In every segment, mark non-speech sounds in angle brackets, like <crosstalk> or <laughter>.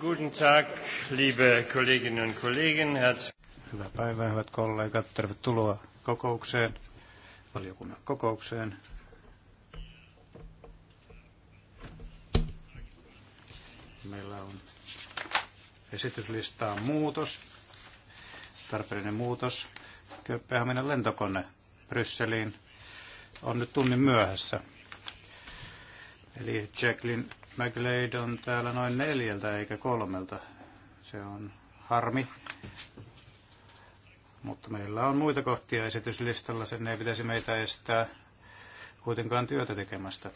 Guten Tag, liebe Kolleginnen und Kollegen. Herz... Hyvää päivää, hyvät kollegat. Tervetuloa kokoukseen, valiokunnan kokoukseen. Meillä on esityslistaan muutos, tarpeellinen muutos. Kööpenhaminan lentokone Brysseliin on nyt tunnin myöhässä. Eli Jacqueline McLeod on täällä noin neljältä eikä kolmelta. Se on harmi. Mutta meillä on muita kohtia esityslistalla, sen ei pitäisi meitä estää kuitenkaan työtä tekemästä.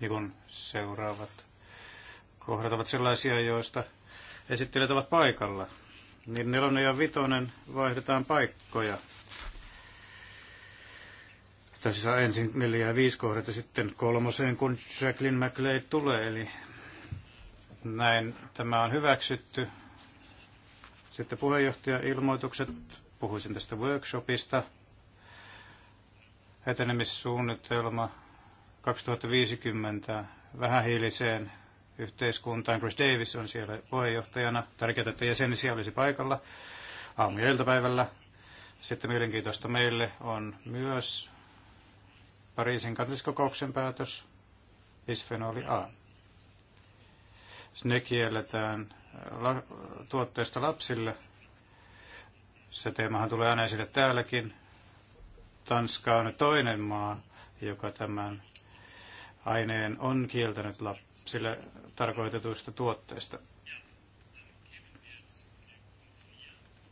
Ja kun seuraavat kohdat ovat sellaisia, joista esittelijät ovat paikalla, niin nelonen ja vitonen vaihdetaan paikkoja tai siis ensin neljä ja viisi kohdat ja sitten kolmoseen, kun Jacqueline McLeod tulee. Eli näin tämä on hyväksytty. Sitten puheenjohtajailmoitukset. Puhuisin tästä workshopista. Etenemissuunnitelma 2050 vähähiiliseen yhteiskuntaan. Chris Davis on siellä puheenjohtajana. Tärkeää, että jäsenisiä olisi paikalla aamu- ja iltapäivällä. Sitten mielenkiintoista meille on myös Pariisin katiskokouksen päätös, bisfenoli A. Ne kielletään äh, la- tuotteesta lapsille. Se teemahan tulee aina esille täälläkin. Tanska on toinen maa, joka tämän aineen on kieltänyt lapsille tarkoitetuista tuotteista.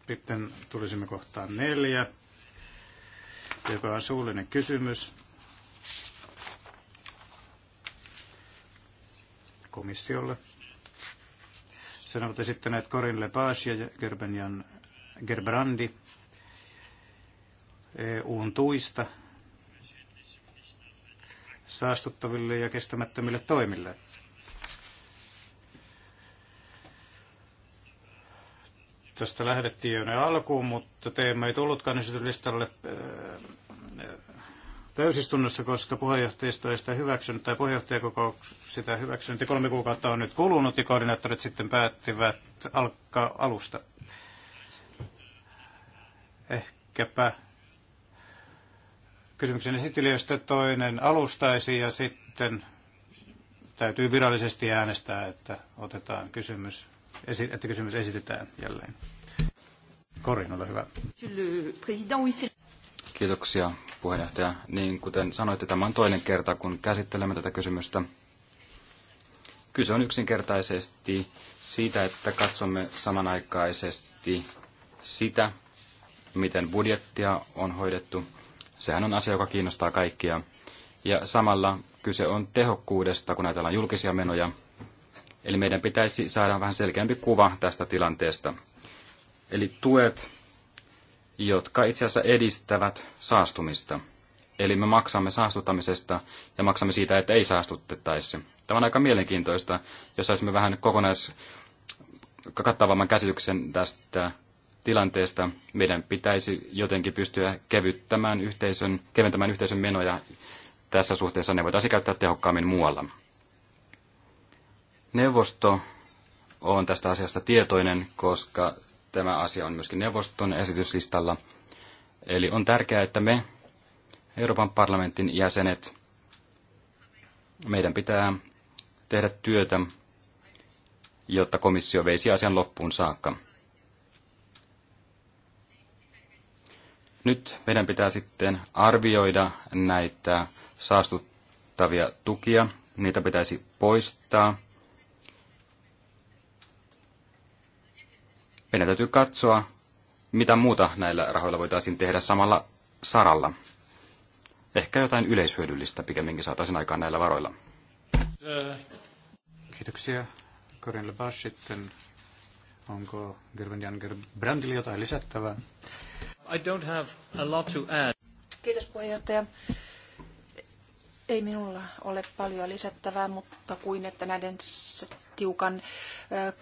Sitten tulisimme kohtaan neljä, joka on suullinen kysymys. komissiolle. Sen ovat esittäneet Corinne Lepage ja Gerbenjan, Gerbrandi EUn tuista saastuttaville ja kestämättömille toimille. Tästä lähdettiin jo ne alkuun, mutta teema ei tullutkaan esityslistalle äh, täysistunnossa, koska puheenjohtajisto ei sitä hyväksynyt tai puheenjohtajakokous sitä hyväksynyt. Ja kolme kuukautta on nyt kulunut ja koordinaattorit sitten päättivät alkaa alusta. Ehkäpä kysymyksen esittelijöistä toinen alustaisi ja sitten täytyy virallisesti äänestää, että otetaan kysymys, että kysymys esitetään jälleen. Korin, ole hyvä. Kiitoksia puheenjohtaja. Niin kuten sanoitte, tämä on toinen kerta, kun käsittelemme tätä kysymystä. Kyse on yksinkertaisesti siitä, että katsomme samanaikaisesti sitä, miten budjettia on hoidettu. Sehän on asia, joka kiinnostaa kaikkia. Ja samalla kyse on tehokkuudesta, kun ajatellaan julkisia menoja. Eli meidän pitäisi saada vähän selkeämpi kuva tästä tilanteesta. Eli tuet jotka itse asiassa edistävät saastumista. Eli me maksamme saastuttamisesta ja maksamme siitä, että ei saastuttettaisi. Tämä on aika mielenkiintoista, jos saisimme vähän kokonais kattavamman käsityksen tästä tilanteesta. Meidän pitäisi jotenkin pystyä kevyttämään yhteisön, keventämään yhteisön menoja tässä suhteessa. Ne voitaisiin käyttää tehokkaammin muualla. Neuvosto on tästä asiasta tietoinen, koska Tämä asia on myöskin neuvoston esityslistalla. Eli on tärkeää, että me, Euroopan parlamentin jäsenet, meidän pitää tehdä työtä, jotta komissio veisi asian loppuun saakka. Nyt meidän pitää sitten arvioida näitä saastuttavia tukia. Niitä pitäisi poistaa Meidän täytyy katsoa, mitä muuta näillä rahoilla voitaisiin tehdä samalla saralla. Ehkä jotain yleishyödyllistä pikemminkin saataisiin aikaan näillä varoilla. Kiitoksia. Karin Lepage sitten. Onko Gerben Janger Brandille jotain lisättävää? I don't have a lot to add. Kiitos puheenjohtaja. Ei minulla ole paljon lisättävää, mutta kuin että näiden tiukan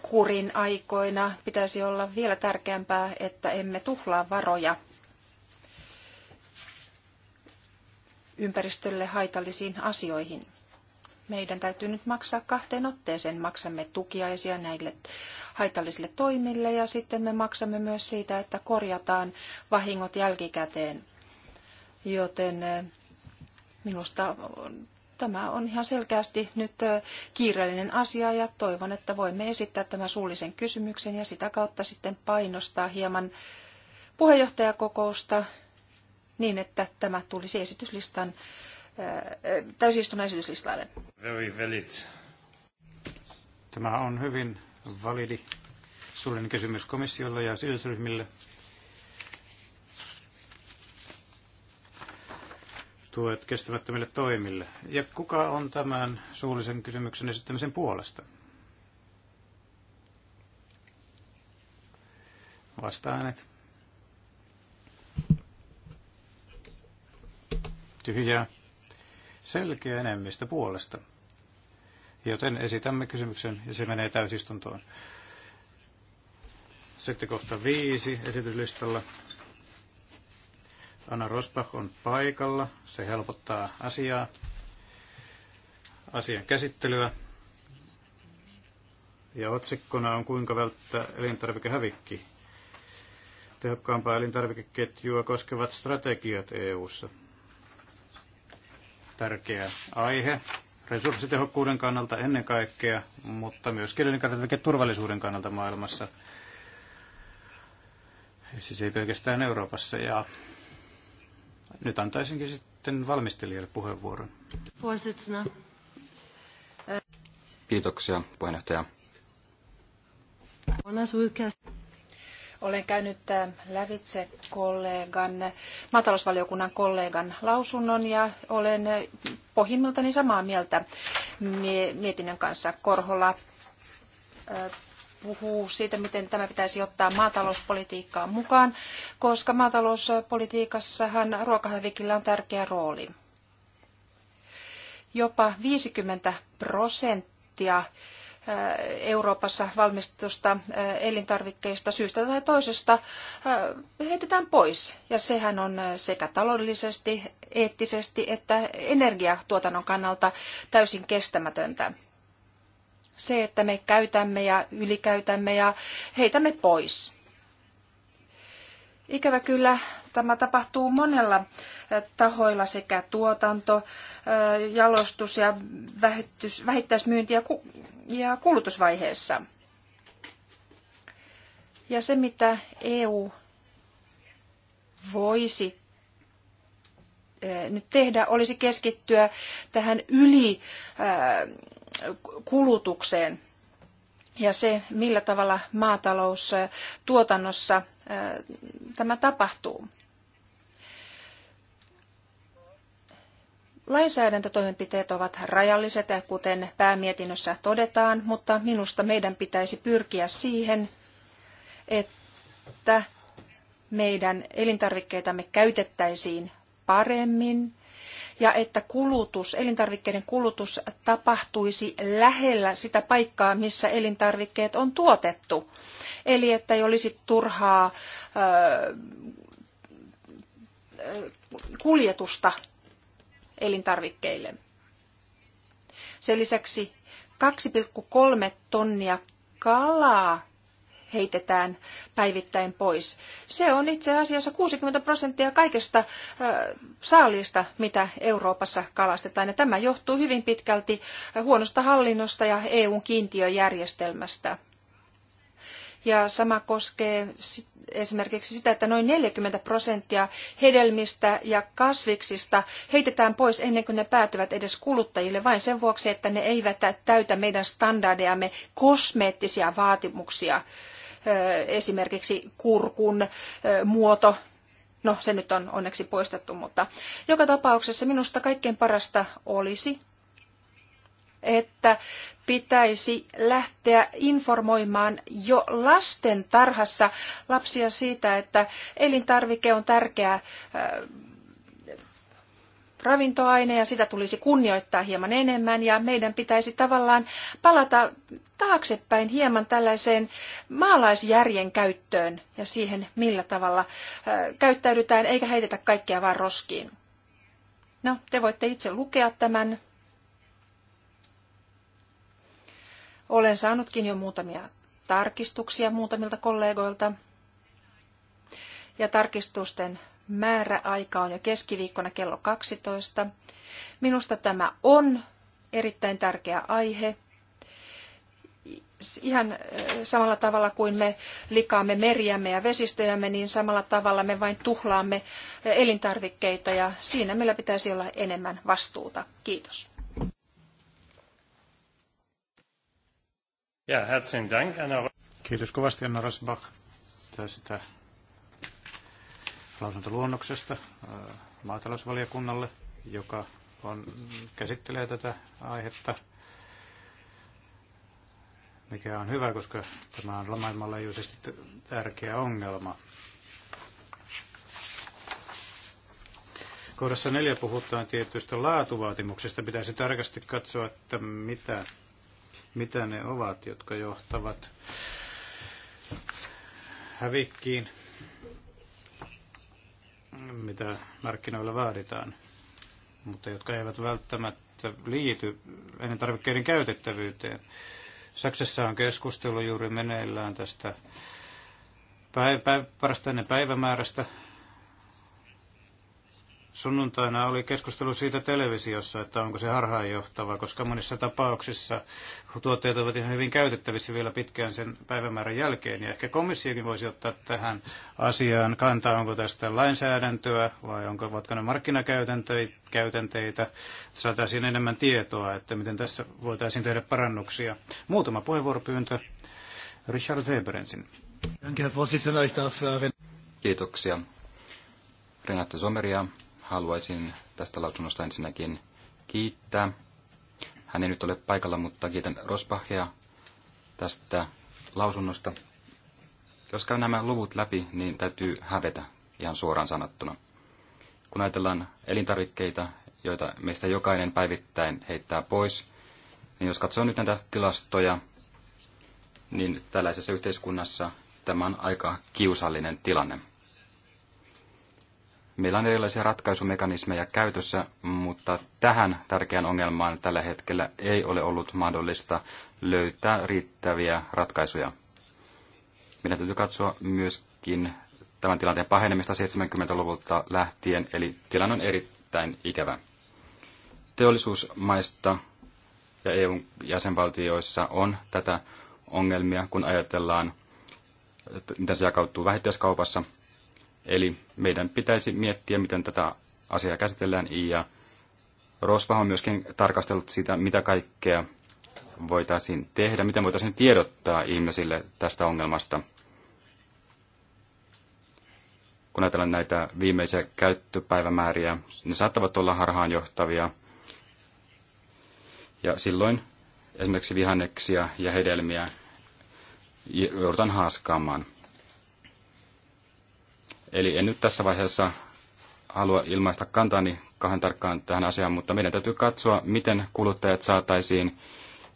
kurin aikoina pitäisi olla vielä tärkeämpää, että emme tuhlaa varoja ympäristölle haitallisiin asioihin. Meidän täytyy nyt maksaa kahteen otteeseen. Maksamme tukiaisia näille haitallisille toimille ja sitten me maksamme myös siitä, että korjataan vahingot jälkikäteen. Joten minusta on Tämä on ihan selkeästi nyt kiireellinen asia ja toivon, että voimme esittää tämän suullisen kysymyksen ja sitä kautta sitten painostaa hieman puheenjohtajakokousta niin, että tämä tulisi esityslistan, täysistunnan esityslistalle. Very valid. Tämä on hyvin validi suullinen kysymys komissiolle ja sidosryhmille. tuet kestämättömille toimille. Ja kuka on tämän suullisen kysymyksen esittämisen puolesta? Vasta-äänet. Tyhjää. Selkeä enemmistö puolesta. Joten esitämme kysymyksen ja se menee täysistuntoon. Sitten kohta viisi esityslistalla. Anna Rosbach on paikalla. Se helpottaa asiaa, asian käsittelyä. Ja otsikkona on kuinka välttää elintarvikehävikki. Tehokkaampaa elintarvikeketjua koskevat strategiat EU:ssa. Tärkeä aihe resurssitehokkuuden kannalta ennen kaikkea, mutta myös turvallisuuden kannalta maailmassa. Siis ei pelkästään Euroopassa. Ja nyt antaisinkin sitten valmistelijalle puheenvuoron. Kiitoksia, puheenjohtaja. Olen käynyt äh, lävitse kollegan, maatalousvaliokunnan kollegan lausunnon ja olen äh, pohjimmiltani samaa mieltä mietinnön kanssa. Korhola äh, puhuu siitä, miten tämä pitäisi ottaa maatalouspolitiikkaan mukaan, koska maatalouspolitiikassahan ruokahävikillä on tärkeä rooli. Jopa 50 prosenttia äh, Euroopassa valmistusta äh, elintarvikkeista syystä tai toisesta äh, heitetään pois. Ja sehän on sekä taloudellisesti, eettisesti että energiatuotannon kannalta täysin kestämätöntä se, että me käytämme ja ylikäytämme ja heitämme pois. Ikävä kyllä tämä tapahtuu monella tahoilla sekä tuotanto, jalostus ja vähittäismyynti ja kulutusvaiheessa. Ja se, mitä EU voisi nyt tehdä, olisi keskittyä tähän yli kulutukseen ja se, millä tavalla maataloustuotannossa tämä tapahtuu. Lainsäädäntötoimenpiteet ovat rajalliset, kuten päämietinnössä todetaan, mutta minusta meidän pitäisi pyrkiä siihen, että meidän elintarvikkeitamme käytettäisiin paremmin ja että kulutus, elintarvikkeiden kulutus tapahtuisi lähellä sitä paikkaa, missä elintarvikkeet on tuotettu. Eli että ei olisi turhaa kuljetusta elintarvikkeille. Sen lisäksi 2,3 tonnia kalaa heitetään päivittäin pois. Se on itse asiassa 60 prosenttia kaikesta saaliista, mitä Euroopassa kalastetaan. Ja tämä johtuu hyvin pitkälti huonosta hallinnosta ja EUn kiintiöjärjestelmästä. Ja sama koskee esimerkiksi sitä, että noin 40 prosenttia hedelmistä ja kasviksista heitetään pois ennen kuin ne päätyvät edes kuluttajille vain sen vuoksi, että ne eivät täytä meidän standardeamme kosmeettisia vaatimuksia esimerkiksi kurkun muoto. No, se nyt on onneksi poistettu, mutta joka tapauksessa minusta kaikkein parasta olisi, että pitäisi lähteä informoimaan jo lasten tarhassa lapsia siitä, että elintarvike on tärkeä ravintoaine ja sitä tulisi kunnioittaa hieman enemmän ja meidän pitäisi tavallaan palata taaksepäin hieman tällaiseen maalaisjärjen käyttöön ja siihen, millä tavalla käyttäydytään eikä heitetä kaikkea vaan roskiin. No, te voitte itse lukea tämän. Olen saanutkin jo muutamia tarkistuksia muutamilta kollegoilta. Ja tarkistusten määräaika on jo keskiviikkona kello 12. Minusta tämä on erittäin tärkeä aihe. Ihan äh, samalla tavalla kuin me likaamme meriämme ja vesistöjämme, niin samalla tavalla me vain tuhlaamme äh, elintarvikkeita ja siinä meillä pitäisi olla enemmän vastuuta. Kiitos. Ja, Anna. Kiitos kovasti Anna Rosbach tästä lausuntoluonnoksesta maatalousvaliokunnalle, joka on, käsittelee tätä aihetta, mikä on hyvä, koska tämä on maailmanlaajuisesti tärkeä ongelma. Kohdassa neljä puhutaan tietyistä laatuvaatimuksista. Pitäisi tarkasti katsoa, että mitä, mitä ne ovat, jotka johtavat hävikkiin mitä markkinoilla vaaditaan, mutta jotka eivät välttämättä liity tarvikkeiden käytettävyyteen. Saksassa on keskustelu juuri meneillään tästä päiv- päiv- parasta ennen päivämäärästä, Sunnuntaina oli keskustelu siitä televisiossa, että onko se harhaanjohtava, koska monissa tapauksissa tuotteet ovat ihan hyvin käytettävissä vielä pitkään sen päivämäärän jälkeen. Ja ehkä komissiokin voisi ottaa tähän asiaan kantaa, onko tästä lainsäädäntöä vai onko, vaikka ne markkinakäytänteitä. Saataisiin enemmän tietoa, että miten tässä voitaisiin tehdä parannuksia. Muutama puheenvuoropyyntö. Richard Zebrensin. Äh, Kiitoksia. Renate Zomeria haluaisin tästä lausunnosta ensinnäkin kiittää. Hän ei nyt ole paikalla, mutta kiitän Rosbachia tästä lausunnosta. Jos käy nämä luvut läpi, niin täytyy hävetä ihan suoraan sanottuna. Kun ajatellaan elintarvikkeita, joita meistä jokainen päivittäin heittää pois, niin jos katsoo nyt näitä tilastoja, niin tällaisessa yhteiskunnassa tämä on aika kiusallinen tilanne. Meillä on erilaisia ratkaisumekanismeja käytössä, mutta tähän tärkeään ongelmaan tällä hetkellä ei ole ollut mahdollista löytää riittäviä ratkaisuja. Meidän täytyy katsoa myöskin tämän tilanteen pahenemista 70-luvulta lähtien, eli tilanne on erittäin ikävä. Teollisuusmaista ja EUn jäsenvaltioissa on tätä ongelmia, kun ajatellaan, miten se jakautuu vähittäiskaupassa – Eli meidän pitäisi miettiä, miten tätä asiaa käsitellään. Ja Rosbach on myöskin tarkastellut sitä, mitä kaikkea voitaisiin tehdä, miten voitaisiin tiedottaa ihmisille tästä ongelmasta. Kun ajatellaan näitä viimeisiä käyttöpäivämääriä, ne saattavat olla harhaanjohtavia. Ja silloin esimerkiksi vihanneksia ja hedelmiä joudutaan haaskaamaan – Eli en nyt tässä vaiheessa halua ilmaista kantani kahden tarkkaan tähän asiaan, mutta meidän täytyy katsoa, miten kuluttajat saataisiin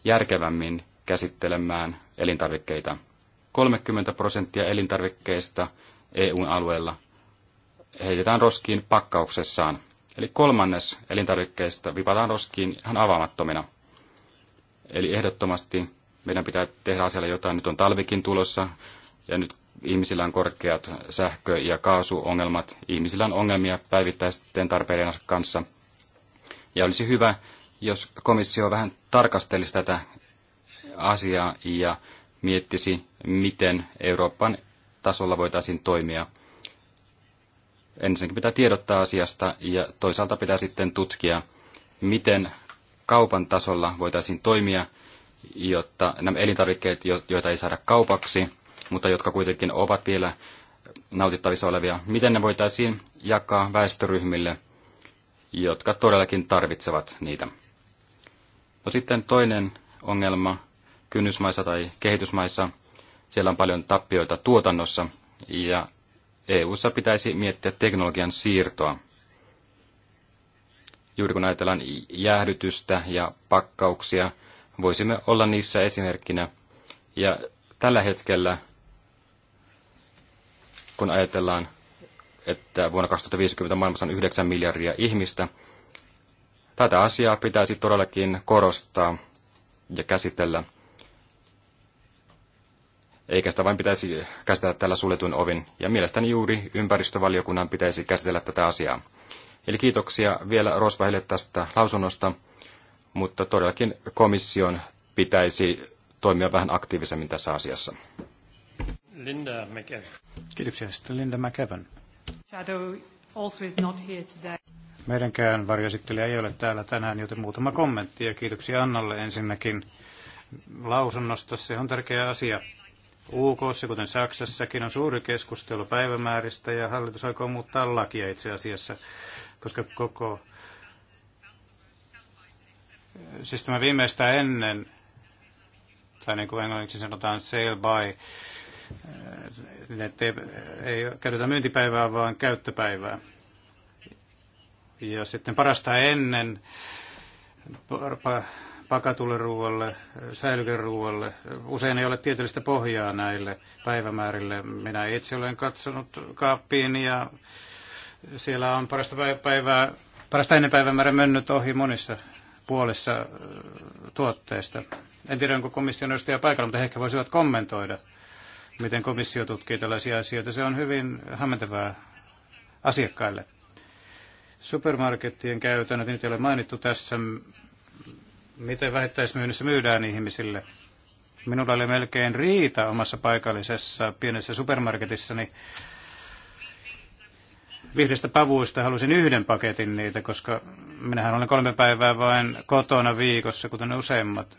järkevämmin käsittelemään elintarvikkeita. 30 prosenttia elintarvikkeista EUn alueella heitetään roskiin pakkauksessaan. Eli kolmannes elintarvikkeista vipataan roskiin ihan avaamattomina. Eli ehdottomasti meidän pitää tehdä asialle jotain. Nyt on talvikin tulossa ja nyt ihmisillä on korkeat sähkö- ja kaasuongelmat, ihmisillä on ongelmia päivittäisten tarpeiden kanssa. Ja olisi hyvä, jos komissio vähän tarkastelisi tätä asiaa ja miettisi, miten Euroopan tasolla voitaisiin toimia. Ensinnäkin pitää tiedottaa asiasta ja toisaalta pitää sitten tutkia, miten kaupan tasolla voitaisiin toimia, jotta nämä elintarvikkeet, joita ei saada kaupaksi, mutta jotka kuitenkin ovat vielä nautittavissa olevia, miten ne voitaisiin jakaa väestöryhmille, jotka todellakin tarvitsevat niitä. No sitten toinen ongelma kynnysmaissa tai kehitysmaissa, siellä on paljon tappioita tuotannossa ja EU:ssa pitäisi miettiä teknologian siirtoa. Juuri kun ajatellaan jäähdytystä ja pakkauksia, voisimme olla niissä esimerkkinä. Ja tällä hetkellä kun ajatellaan, että vuonna 2050 maailmassa on 9 miljardia ihmistä, tätä asiaa pitäisi todellakin korostaa ja käsitellä. Eikä sitä vain pitäisi käsitellä tällä suljetun ovin. Ja mielestäni juuri ympäristövaliokunnan pitäisi käsitellä tätä asiaa. Eli kiitoksia vielä Rosvahille tästä lausunnosta, mutta todellakin komission pitäisi toimia vähän aktiivisemmin tässä asiassa. Linda McEvan. Kiitoksia. Sitten Linda McEvan. Shadow also is not here today. Meidänkään varjoesittelijä ei ole täällä tänään, joten muutama kommentti ja kiitoksia Annalle ensinnäkin lausunnosta. Se on tärkeä asia. UK, kuten Saksassakin, on suuri keskustelu päivämääristä ja hallitus aikoo muuttaa lakia itse asiassa, koska koko... Siis tämä viimeistä ennen, tai niin kuin englanniksi sanotaan, sale by, Äh, ettei, ei käytetä myyntipäivää, vaan käyttöpäivää. Ja sitten parasta ennen pakatulle ruoalle, säilykeruoalle. Usein ei ole tieteellistä pohjaa näille päivämäärille. Minä itse olen katsonut kaappiin ja siellä on parasta, päivää, parasta ennen päivämäärä mennyt ohi monissa puolessa äh, tuotteista. En tiedä, onko komission edustaja paikalla, mutta he ehkä voisivat kommentoida miten komissio tutkii tällaisia asioita. Se on hyvin hämmentävää asiakkaille. Supermarkettien käytännöt, niitä ei ole mainittu tässä, miten vähittäismyynnissä myydään ihmisille. Minulla oli melkein riita omassa paikallisessa pienessä supermarketissani. Vihdestä pavuista halusin yhden paketin niitä, koska minähän olen kolme päivää vain kotona viikossa, kuten useimmat.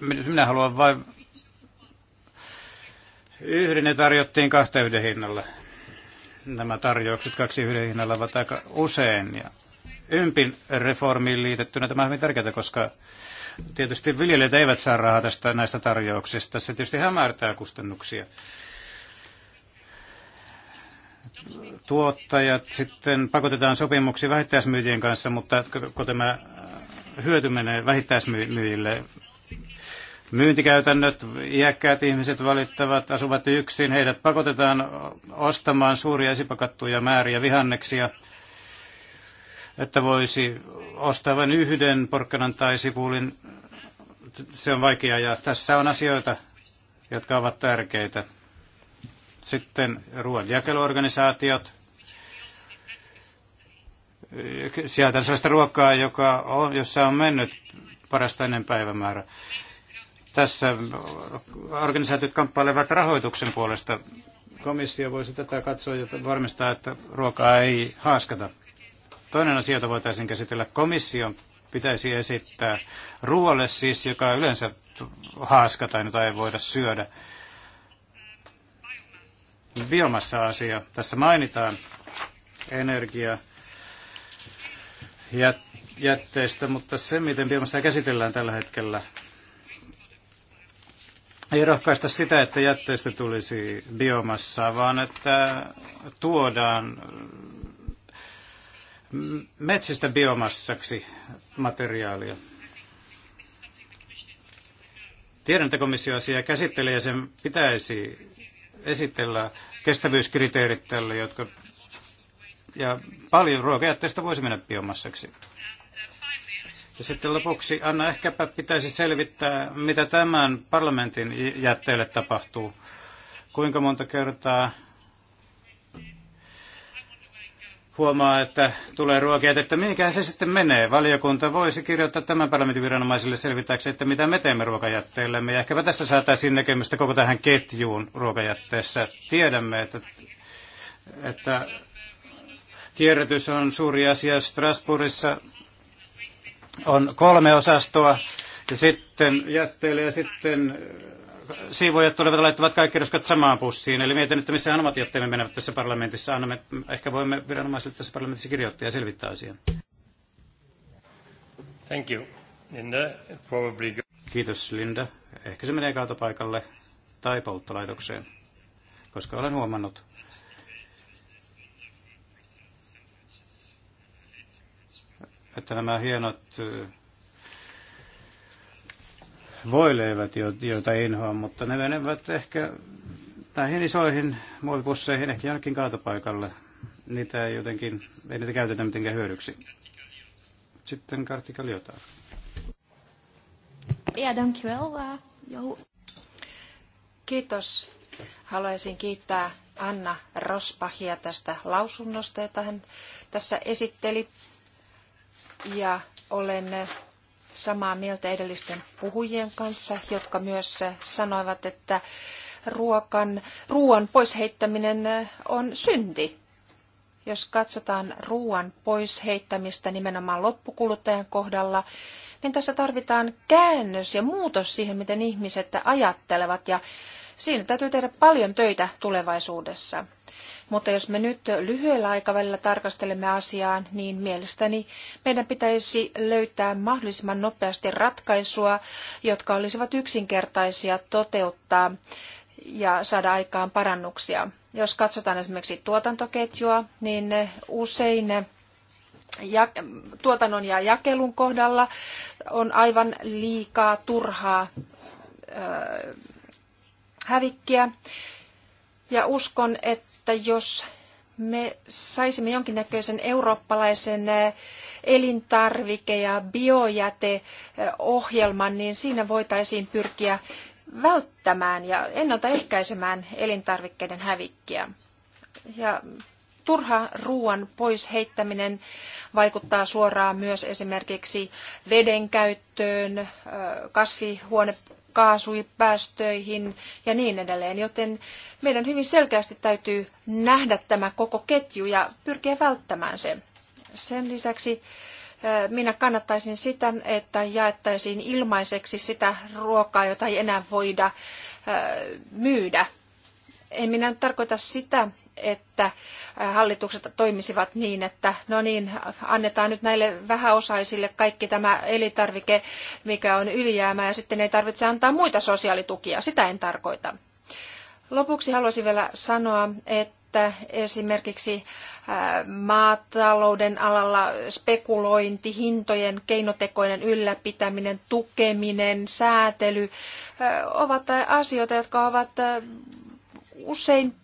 Minä haluan vain Yhden ne tarjottiin kahta yhden hinnalla. Nämä tarjoukset kaksi yhden hinnalla ovat aika usein. Ja ympin reformiin liitettynä tämä on hyvin tärkeää, koska tietysti viljelijät eivät saa rahaa tästä, näistä tarjouksista. Se tietysti hämärtää kustannuksia. Tuottajat sitten pakotetaan sopimuksiin vähittäismyyjien kanssa, mutta kun tämä hyöty menee vähittäismyyjille, myyntikäytännöt, iäkkäät ihmiset valittavat, asuvat yksin, heidät pakotetaan ostamaan suuria esipakattuja määriä vihanneksia, että voisi ostaa vain yhden porkkanan tai sipulin. Se on vaikeaa ja tässä on asioita, jotka ovat tärkeitä. Sitten ruoanjakeluorganisaatiot. Sieltä sellaista ruokaa, joka on, jossa on mennyt parasta ennen päivämäärä. Tässä organisaatiot kamppailevat rahoituksen puolesta. Komissio voisi tätä katsoa ja varmistaa, että ruokaa ei haaskata. Toinen asia, jota voitaisiin käsitellä, komissio pitäisi esittää ruoalle siis, joka yleensä haaskataan, jota ei voida syödä. Biomassa-asia. Tässä mainitaan energia jätteistä, mutta se, miten biomassa käsitellään tällä hetkellä, ei rohkaista sitä, että jätteistä tulisi biomassaa, vaan että tuodaan mm, metsistä biomassaksi materiaalia. Tiedontekomissio asia asiaa käsittelee ja sen pitäisi esitellä kestävyyskriteerit tälle, jotka ja paljon ruokajätteistä voisi mennä biomassaksi. Ja sitten lopuksi, Anna, ehkäpä pitäisi selvittää, mitä tämän parlamentin jätteelle tapahtuu. Kuinka monta kertaa huomaa, että tulee ruokia, että mihinkähän se sitten menee. Valiokunta voisi kirjoittaa tämän parlamentin viranomaisille selvittääkseen, että mitä me teemme ruokajätteillemme. Ja ehkäpä tässä saataisiin näkemystä koko tähän ketjuun ruokajätteessä. Tiedämme, että, että kierrätys on suuri asia Strasbourgissa on kolme osastoa ja sitten jätteille ja sitten äh, siivoja tulevat laittavat kaikki roskat samaan pussiin. Eli mietin, että missä omat jätteemme menevät tässä parlamentissa. Annamme, ehkä voimme viranomaisille tässä parlamentissa kirjoittaa ja selvittää asian. Thank you. Linda, probably... Kiitos Linda. Ehkä se menee kaatopaikalle tai polttolaitokseen, koska olen huomannut, että nämä hienot voileivät, joita inhoa, mutta ne menevät ehkä näihin isoihin muovipusseihin, ehkä jonnekin kaatopaikalle. Niitä ei jotenkin, ei niitä käytetä mitenkään hyödyksi. Sitten Kartika Liota. Eh, Kiitos. Haluaisin kiittää Anna Rospahia tästä lausunnosta, jota hän tässä esitteli ja olen samaa mieltä edellisten puhujien kanssa, jotka myös sanoivat, että ruokan, ruoan poisheittäminen on synti. Jos katsotaan ruoan poisheittämistä nimenomaan loppukuluttajan kohdalla, niin tässä tarvitaan käännös ja muutos siihen, miten ihmiset ajattelevat ja siinä täytyy tehdä paljon töitä tulevaisuudessa. Mutta jos me nyt lyhyellä aikavälillä tarkastelemme asiaa, niin mielestäni meidän pitäisi löytää mahdollisimman nopeasti ratkaisua, jotka olisivat yksinkertaisia toteuttaa ja saada aikaan parannuksia. Jos katsotaan esimerkiksi tuotantoketjua, niin usein ja, tuotannon ja jakelun kohdalla on aivan liikaa turhaa ö, hävikkiä. Ja uskon, että että jos me saisimme jonkinnäköisen eurooppalaisen eh, elintarvike- ja biojäteohjelman, niin siinä voitaisiin pyrkiä välttämään ja ennaltaehkäisemään elintarvikkeiden hävikkiä. Ja turha ruoan pois heittäminen vaikuttaa suoraan myös esimerkiksi veden käyttöön, eh, kasvihuone kaasupäästöihin ja niin edelleen. Joten meidän hyvin selkeästi täytyy nähdä tämä koko ketju ja pyrkiä välttämään se. Sen lisäksi minä kannattaisin sitä, että jaettaisiin ilmaiseksi sitä ruokaa, jota ei enää voida myydä. En minä tarkoita sitä, että äh, hallitukset toimisivat niin, että no niin, annetaan nyt näille vähäosaisille kaikki tämä elintarvike, mikä on ylijäämää, ja sitten ei tarvitse antaa muita sosiaalitukia. Sitä en tarkoita. Lopuksi haluaisin vielä sanoa, että esimerkiksi äh, maatalouden alalla spekulointi, hintojen keinotekoinen ylläpitäminen, tukeminen, säätely äh, ovat asioita, jotka ovat usein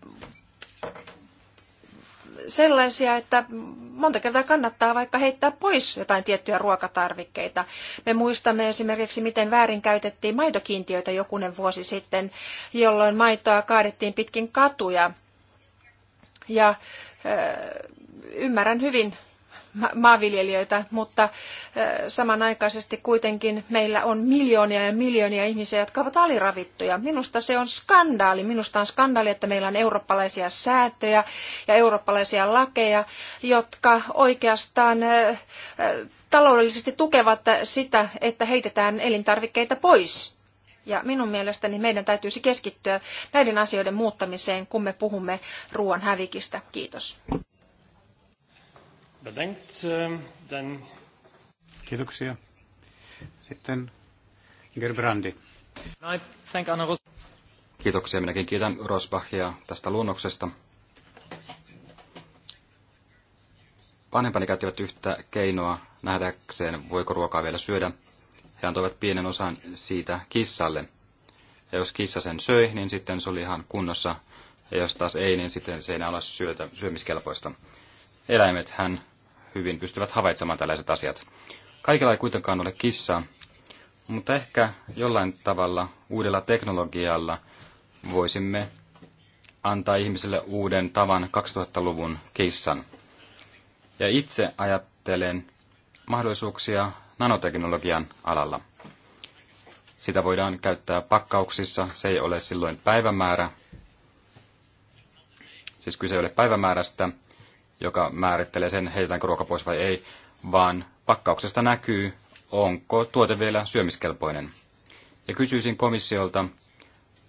sellaisia, että monta kertaa kannattaa vaikka heittää pois jotain tiettyjä ruokatarvikkeita. Me muistamme esimerkiksi, miten väärin käytettiin maitokiintiöitä jokunen vuosi sitten, jolloin maitoa kaadettiin pitkin katuja. Ja ymmärrän hyvin maanviljelijöitä, mutta samanaikaisesti kuitenkin meillä on miljoonia ja miljoonia ihmisiä, jotka ovat aliravittuja. Minusta se on skandaali. Minusta on skandaali, että meillä on eurooppalaisia sääntöjä ja eurooppalaisia lakeja, jotka oikeastaan taloudellisesti tukevat sitä, että heitetään elintarvikkeita pois. Ja minun mielestäni meidän täytyisi keskittyä näiden asioiden muuttamiseen, kun me puhumme ruoan hävikistä. Kiitos bedankt. Eh, Kiitoksia. Sitten Gerbrandi. I thank Anna Ros- Kiitoksia. Minäkin kiitän Rosbachia tästä luonnoksesta. Vanhempani käyttivät yhtä keinoa nähdäkseen, voiko ruokaa vielä syödä. He antoivat pienen osan siitä kissalle. Ja jos kissa sen söi, niin sitten se oli ihan kunnossa. Ja jos taas ei, niin sitten se ei enää ole syötä, syömiskelpoista. Eläimet hän hyvin pystyvät havaitsemaan tällaiset asiat. Kaikilla ei kuitenkaan ole kissaa, mutta ehkä jollain tavalla uudella teknologialla voisimme antaa ihmisille uuden tavan 2000-luvun kissan. Ja itse ajattelen mahdollisuuksia nanoteknologian alalla. Sitä voidaan käyttää pakkauksissa, se ei ole silloin päivämäärä. Siis kyse ei ole päivämäärästä, joka määrittelee sen, heitetäänkö ruoka pois vai ei, vaan pakkauksesta näkyy, onko tuote vielä syömiskelpoinen. Ja kysyisin komissiolta,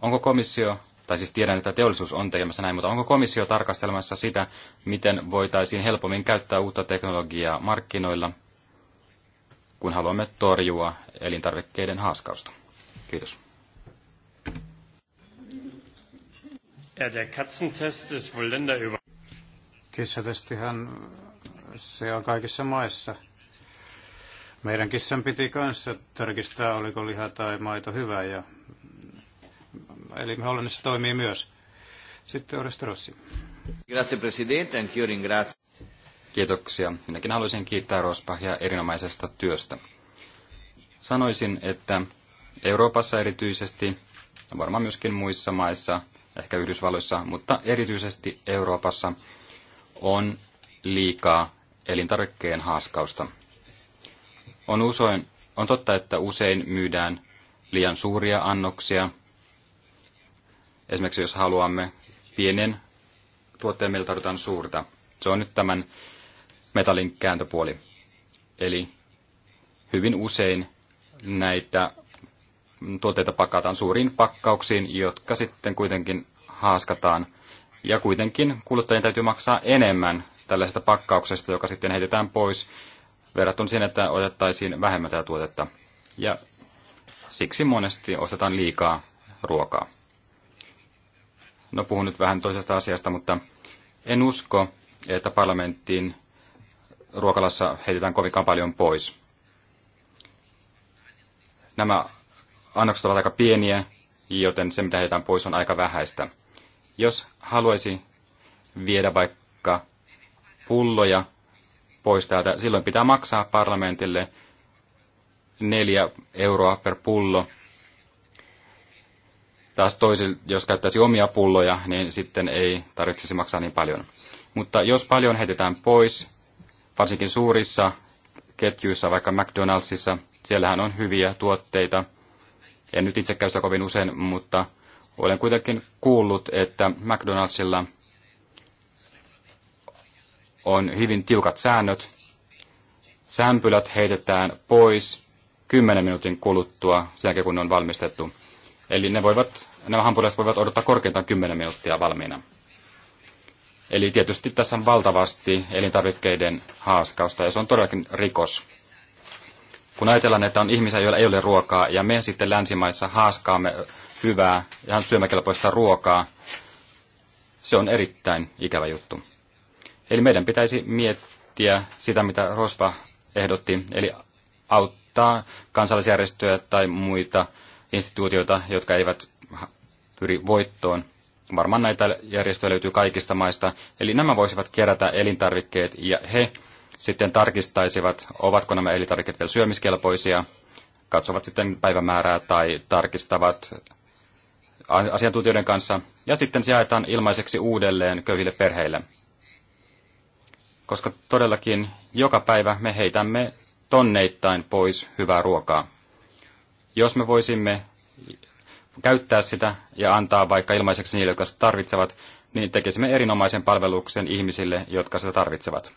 onko komissio, tai siis tiedän, että teollisuus on tekemässä näin, mutta onko komissio tarkastelemassa sitä, miten voitaisiin helpommin käyttää uutta teknologiaa markkinoilla, kun haluamme torjua elintarvikkeiden haaskausta? Kiitos. Ja, der Katzentest ist wohl Kissatestihan se on kaikissa maissa. Meidän kissan piti kanssa tarkistaa, oliko liha tai maito hyvä. Ja, eli Hollannissa toimii myös. Sitten Oreste Rossi. Grazie Presidente, anch'io ringrazio. Kiitoksia. Minäkin haluaisin kiittää Rospahia erinomaisesta työstä. Sanoisin, että Euroopassa erityisesti, varmaan myöskin muissa maissa, ehkä Yhdysvalloissa, mutta erityisesti Euroopassa – on liikaa elintarvikkeen haaskausta. On, usoin, on totta, että usein myydään liian suuria annoksia. Esimerkiksi jos haluamme pienen tuotteen, meillä tarvitaan suurta. Se on nyt tämän metallin kääntöpuoli. Eli hyvin usein näitä tuotteita pakataan suuriin pakkauksiin, jotka sitten kuitenkin haaskataan ja kuitenkin kuluttajien täytyy maksaa enemmän tällaisesta pakkauksesta, joka sitten heitetään pois verrattuna siihen, että otettaisiin vähemmän tätä tuotetta. Ja siksi monesti ostetaan liikaa ruokaa. No puhun nyt vähän toisesta asiasta, mutta en usko, että parlamenttiin ruokalassa heitetään kovinkaan paljon pois. Nämä annokset ovat aika pieniä, joten se mitä heitetään pois on aika vähäistä. Jos haluaisi viedä vaikka pulloja pois täältä, silloin pitää maksaa parlamentille neljä euroa per pullo. Taas toisin, jos käyttäisi omia pulloja, niin sitten ei tarvitsisi maksaa niin paljon. Mutta jos paljon heitetään pois, varsinkin suurissa ketjuissa, vaikka McDonaldsissa, siellähän on hyviä tuotteita. En nyt itse käy sitä kovin usein, mutta olen kuitenkin kuullut, että McDonaldsilla on hyvin tiukat säännöt. Sämpylät heitetään pois 10 minuutin kuluttua sen jälkeen, kun ne on valmistettu. Eli ne voivat, nämä hampurilaiset voivat odottaa korkeintaan 10 minuuttia valmiina. Eli tietysti tässä on valtavasti elintarvikkeiden haaskausta, ja se on todellakin rikos. Kun ajatellaan, että on ihmisiä, joilla ei ole ruokaa, ja me sitten länsimaissa haaskaamme hyvää ihan syömäkelpoista ruokaa. Se on erittäin ikävä juttu. Eli meidän pitäisi miettiä sitä, mitä Rospa ehdotti, eli auttaa kansallisjärjestöjä tai muita instituutioita, jotka eivät pyri voittoon. Varmaan näitä järjestöjä löytyy kaikista maista. Eli nämä voisivat kerätä elintarvikkeet ja he sitten tarkistaisivat, ovatko nämä elintarvikkeet vielä syömiskelpoisia, katsovat sitten päivämäärää tai tarkistavat asiantuntijoiden kanssa, ja sitten se jaetaan ilmaiseksi uudelleen köyhille perheille. Koska todellakin joka päivä me heitämme tonneittain pois hyvää ruokaa. Jos me voisimme käyttää sitä ja antaa vaikka ilmaiseksi niille, jotka sitä tarvitsevat, niin tekisimme erinomaisen palveluksen ihmisille, jotka sitä tarvitsevat.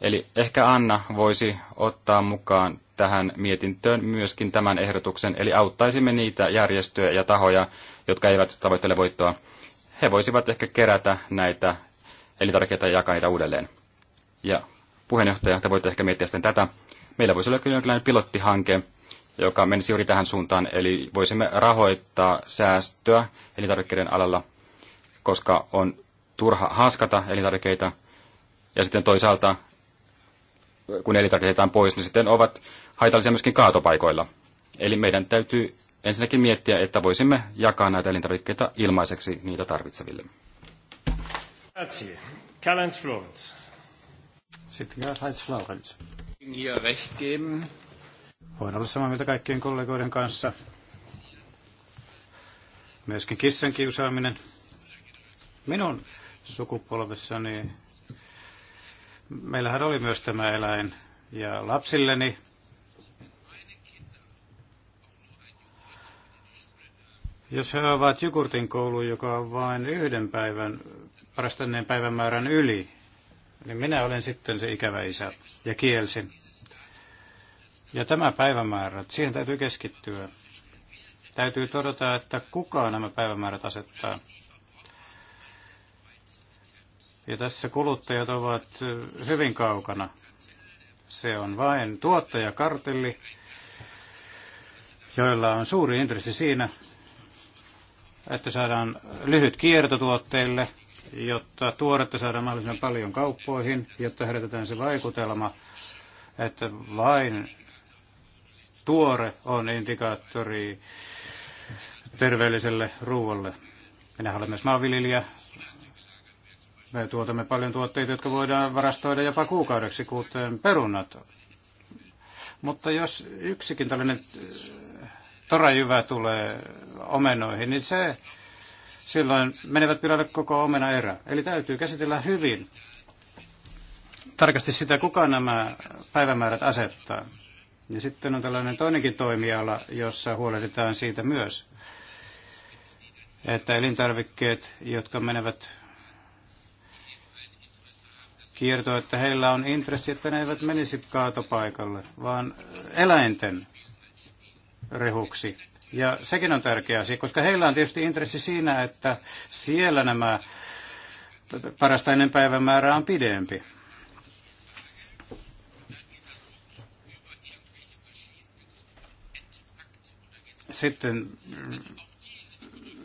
Eli ehkä Anna voisi ottaa mukaan tähän mietintöön myöskin tämän ehdotuksen, eli auttaisimme niitä järjestöjä ja tahoja, jotka eivät tavoittele voittoa. He voisivat ehkä kerätä näitä elintarvikkeita ja jakaa niitä uudelleen. Ja puheenjohtaja, te voitte ehkä miettiä sitten tätä. Meillä voisi olla kyllä jonkinlainen pilottihanke, joka menisi juuri tähän suuntaan, eli voisimme rahoittaa säästöä elintarvikkeiden alalla, koska on turha haaskata elintarvikkeita, ja sitten toisaalta kun elintarvikkeita pois, niin sitten ovat haitallisia myöskin kaatopaikoilla. Eli meidän täytyy ensinnäkin miettiä, että voisimme jakaa näitä elintarvikkeita ilmaiseksi niitä tarvitseville. Sitten heinz Florenz. Voin olla samaa mieltä kaikkien kollegoiden kanssa. Myöskin kissan kiusaaminen. Minun sukupolvessani meillähän oli myös tämä eläin. Ja lapsilleni Jos he ovat Jukurtin koulu, joka on vain yhden päivän, parastanneen päivämäärän yli, niin minä olen sitten se ikävä isä ja kielsin. Ja tämä päivämäärä, siihen täytyy keskittyä. Täytyy todeta, että kuka nämä päivämäärät asettaa. Ja tässä kuluttajat ovat hyvin kaukana. Se on vain tuottajakartelli, joilla on suuri intressi siinä, että saadaan lyhyt kierto tuotteille, jotta tuoretta saadaan mahdollisimman paljon kauppoihin, jotta herätetään se vaikutelma, että vain tuore on indikaattori terveelliselle ruoalle. Minä olen myös maanviljelijä. Me tuotamme paljon tuotteita, jotka voidaan varastoida jopa kuukaudeksi, kuten perunat. Mutta jos yksikin tällainen torajyvä tulee omenoihin, niin se silloin menevät pilalle koko omena erä. Eli täytyy käsitellä hyvin tarkasti sitä, kuka nämä päivämäärät asettaa. Ja sitten on tällainen toinenkin toimiala, jossa huolehditaan siitä myös, että elintarvikkeet, jotka menevät kiertoon, että heillä on intressi, että ne eivät menisi kaatopaikalle, vaan eläinten rehuksi. Ja sekin on tärkeä asia, koska heillä on tietysti intressi siinä, että siellä nämä parasta ennen määrä on pidempi. Sitten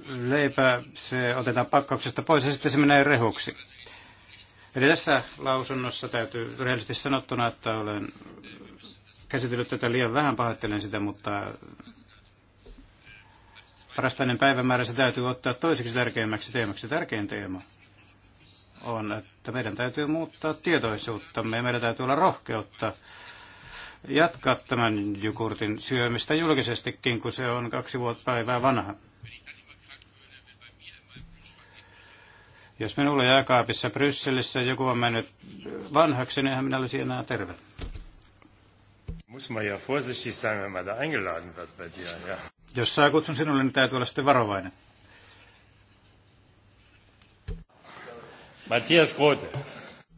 leipä, se otetaan pakkauksesta pois ja sitten se menee rehuksi. Eli tässä lausunnossa täytyy rehellisesti sanottuna, että olen käsitellyt tätä liian vähän, pahoittelen sitä, mutta parastainen päivämäärä se täytyy ottaa toiseksi tärkeimmäksi teemaksi. Tärkein teema on, että meidän täytyy muuttaa tietoisuuttamme ja meidän täytyy olla rohkeutta jatkaa tämän jukurtin syömistä julkisestikin, kun se on kaksi vuotta päivää vanha. Jos minulla jääkaapissa Brysselissä joku on mennyt vanhaksi, niin minä olisi enää terve muss man ja vorsichtig sein, wenn man da eingeladen wird bei dir. Ja. Jos saa kutsun sinulle, niin täytyy olla sitten varovainen. Matthias Grote.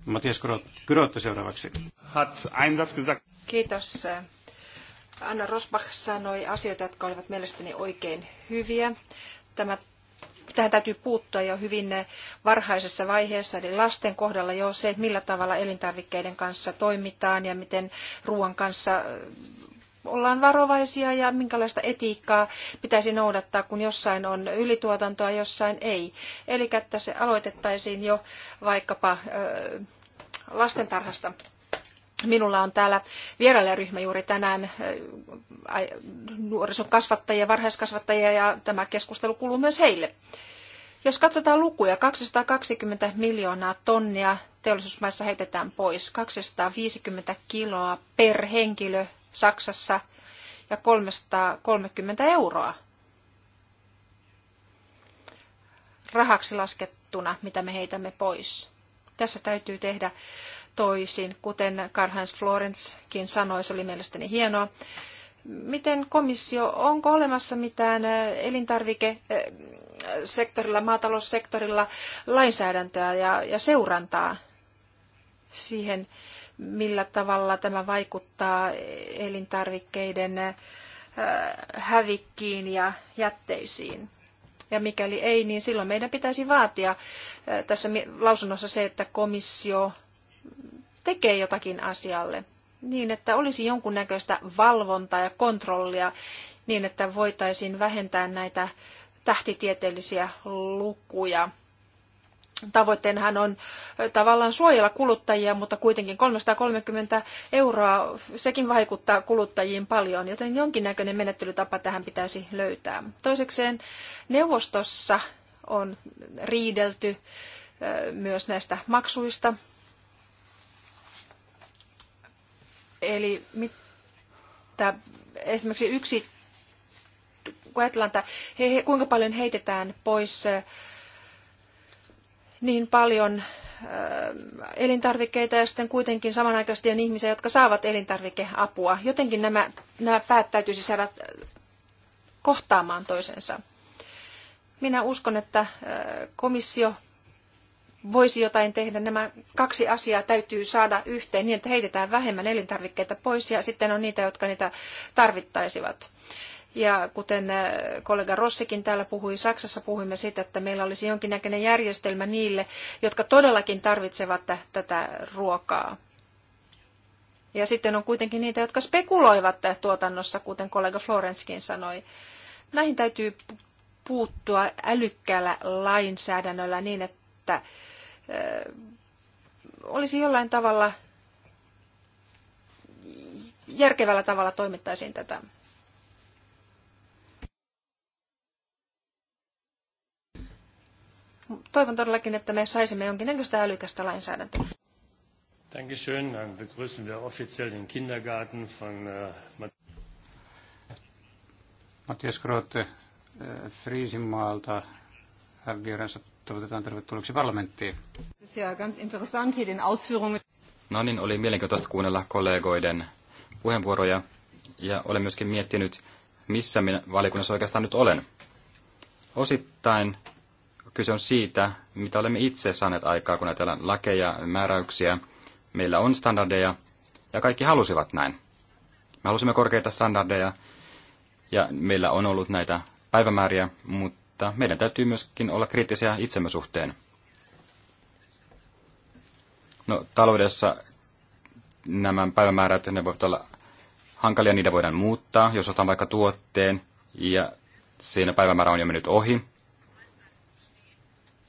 Matthias Grote seuraavaksi. Hat einen Satz gesagt. Kiitos. Anna Rosbach sanoi asioita, jotka olivat mielestäni oikein hyviä. Tämä tähän täytyy puuttua jo hyvin varhaisessa vaiheessa, eli lasten kohdalla jo se, millä tavalla elintarvikkeiden kanssa toimitaan ja miten ruoan kanssa ollaan varovaisia ja minkälaista etiikkaa pitäisi noudattaa, kun jossain on ylituotantoa, jossain ei. Eli että se aloitettaisiin jo vaikkapa lastentarhasta. Minulla on täällä vierailijaryhmä juuri tänään nuorisokasvattajia, varhaiskasvattajia ja tämä keskustelu kuuluu myös heille. Jos katsotaan lukuja, 220 miljoonaa tonnia teollisuusmaissa heitetään pois, 250 kiloa per henkilö Saksassa ja 330 euroa rahaksi laskettuna, mitä me heitämme pois. Tässä täytyy tehdä toisin, kuten Karl-Heinz Florencekin sanoi, se oli mielestäni hienoa. Miten komissio, onko olemassa mitään elintarvikesektorilla, maataloussektorilla lainsäädäntöä ja, ja seurantaa siihen, millä tavalla tämä vaikuttaa elintarvikkeiden hävikkiin ja jätteisiin? ja mikäli ei, niin silloin meidän pitäisi vaatia tässä lausunnossa se, että komissio tekee jotakin asialle niin, että olisi jonkunnäköistä valvontaa ja kontrollia niin, että voitaisiin vähentää näitä tähtitieteellisiä lukuja. Tavoitteenhan on tavallaan suojella kuluttajia, mutta kuitenkin 330 euroa, sekin vaikuttaa kuluttajiin paljon, joten jonkinnäköinen menettelytapa tähän pitäisi löytää. Toisekseen neuvostossa on riidelty myös näistä maksuista, Eli mitä esimerkiksi yksi että he, he, kuinka paljon heitetään pois niin paljon elintarvikkeita ja sitten kuitenkin samanaikaisesti on ihmisiä, jotka saavat elintarvikeapua. Jotenkin nämä, nämä päät täytyisi saada kohtaamaan toisensa. Minä uskon, että komissio voisi jotain tehdä. Nämä kaksi asiaa täytyy saada yhteen niin, että heitetään vähemmän elintarvikkeita pois ja sitten on niitä, jotka niitä tarvittaisivat. Ja kuten äh, kollega Rossikin täällä puhui, Saksassa puhuimme siitä, että meillä olisi jonkinnäköinen järjestelmä niille, jotka todellakin tarvitsevat tätä ruokaa. Ja sitten on kuitenkin niitä, jotka spekuloivat tuotannossa, kuten kollega Florenskin sanoi. Näihin täytyy puuttua älykkäällä lainsäädännöllä niin, että olisi jollain tavalla järkevällä tavalla toimittaisiin tätä. Toivon todellakin, että me saisimme jonkinnäköistä älykästä lainsäädäntöä. Dankeschön. Dann begrüßen wir offiziell den Kindergarten von äh, Matthias Grote äh, Friisinmaalta vieraansa toivotetaan tervetulleeksi parlamenttiin. No niin, oli mielenkiintoista kuunnella kollegoiden puheenvuoroja ja olen myöskin miettinyt, missä minä valiokunnassa oikeastaan nyt olen. Osittain kyse on siitä, mitä olemme itse saaneet aikaa, kun ajatellaan lakeja, määräyksiä. Meillä on standardeja ja kaikki halusivat näin. Me halusimme korkeita standardeja ja meillä on ollut näitä päivämääriä, mutta mutta meidän täytyy myöskin olla kriittisiä itsemme suhteen. No, taloudessa nämä päivämäärät, ne voivat olla hankalia, niitä voidaan muuttaa. Jos otan vaikka tuotteen ja siinä päivämäärä on jo mennyt ohi,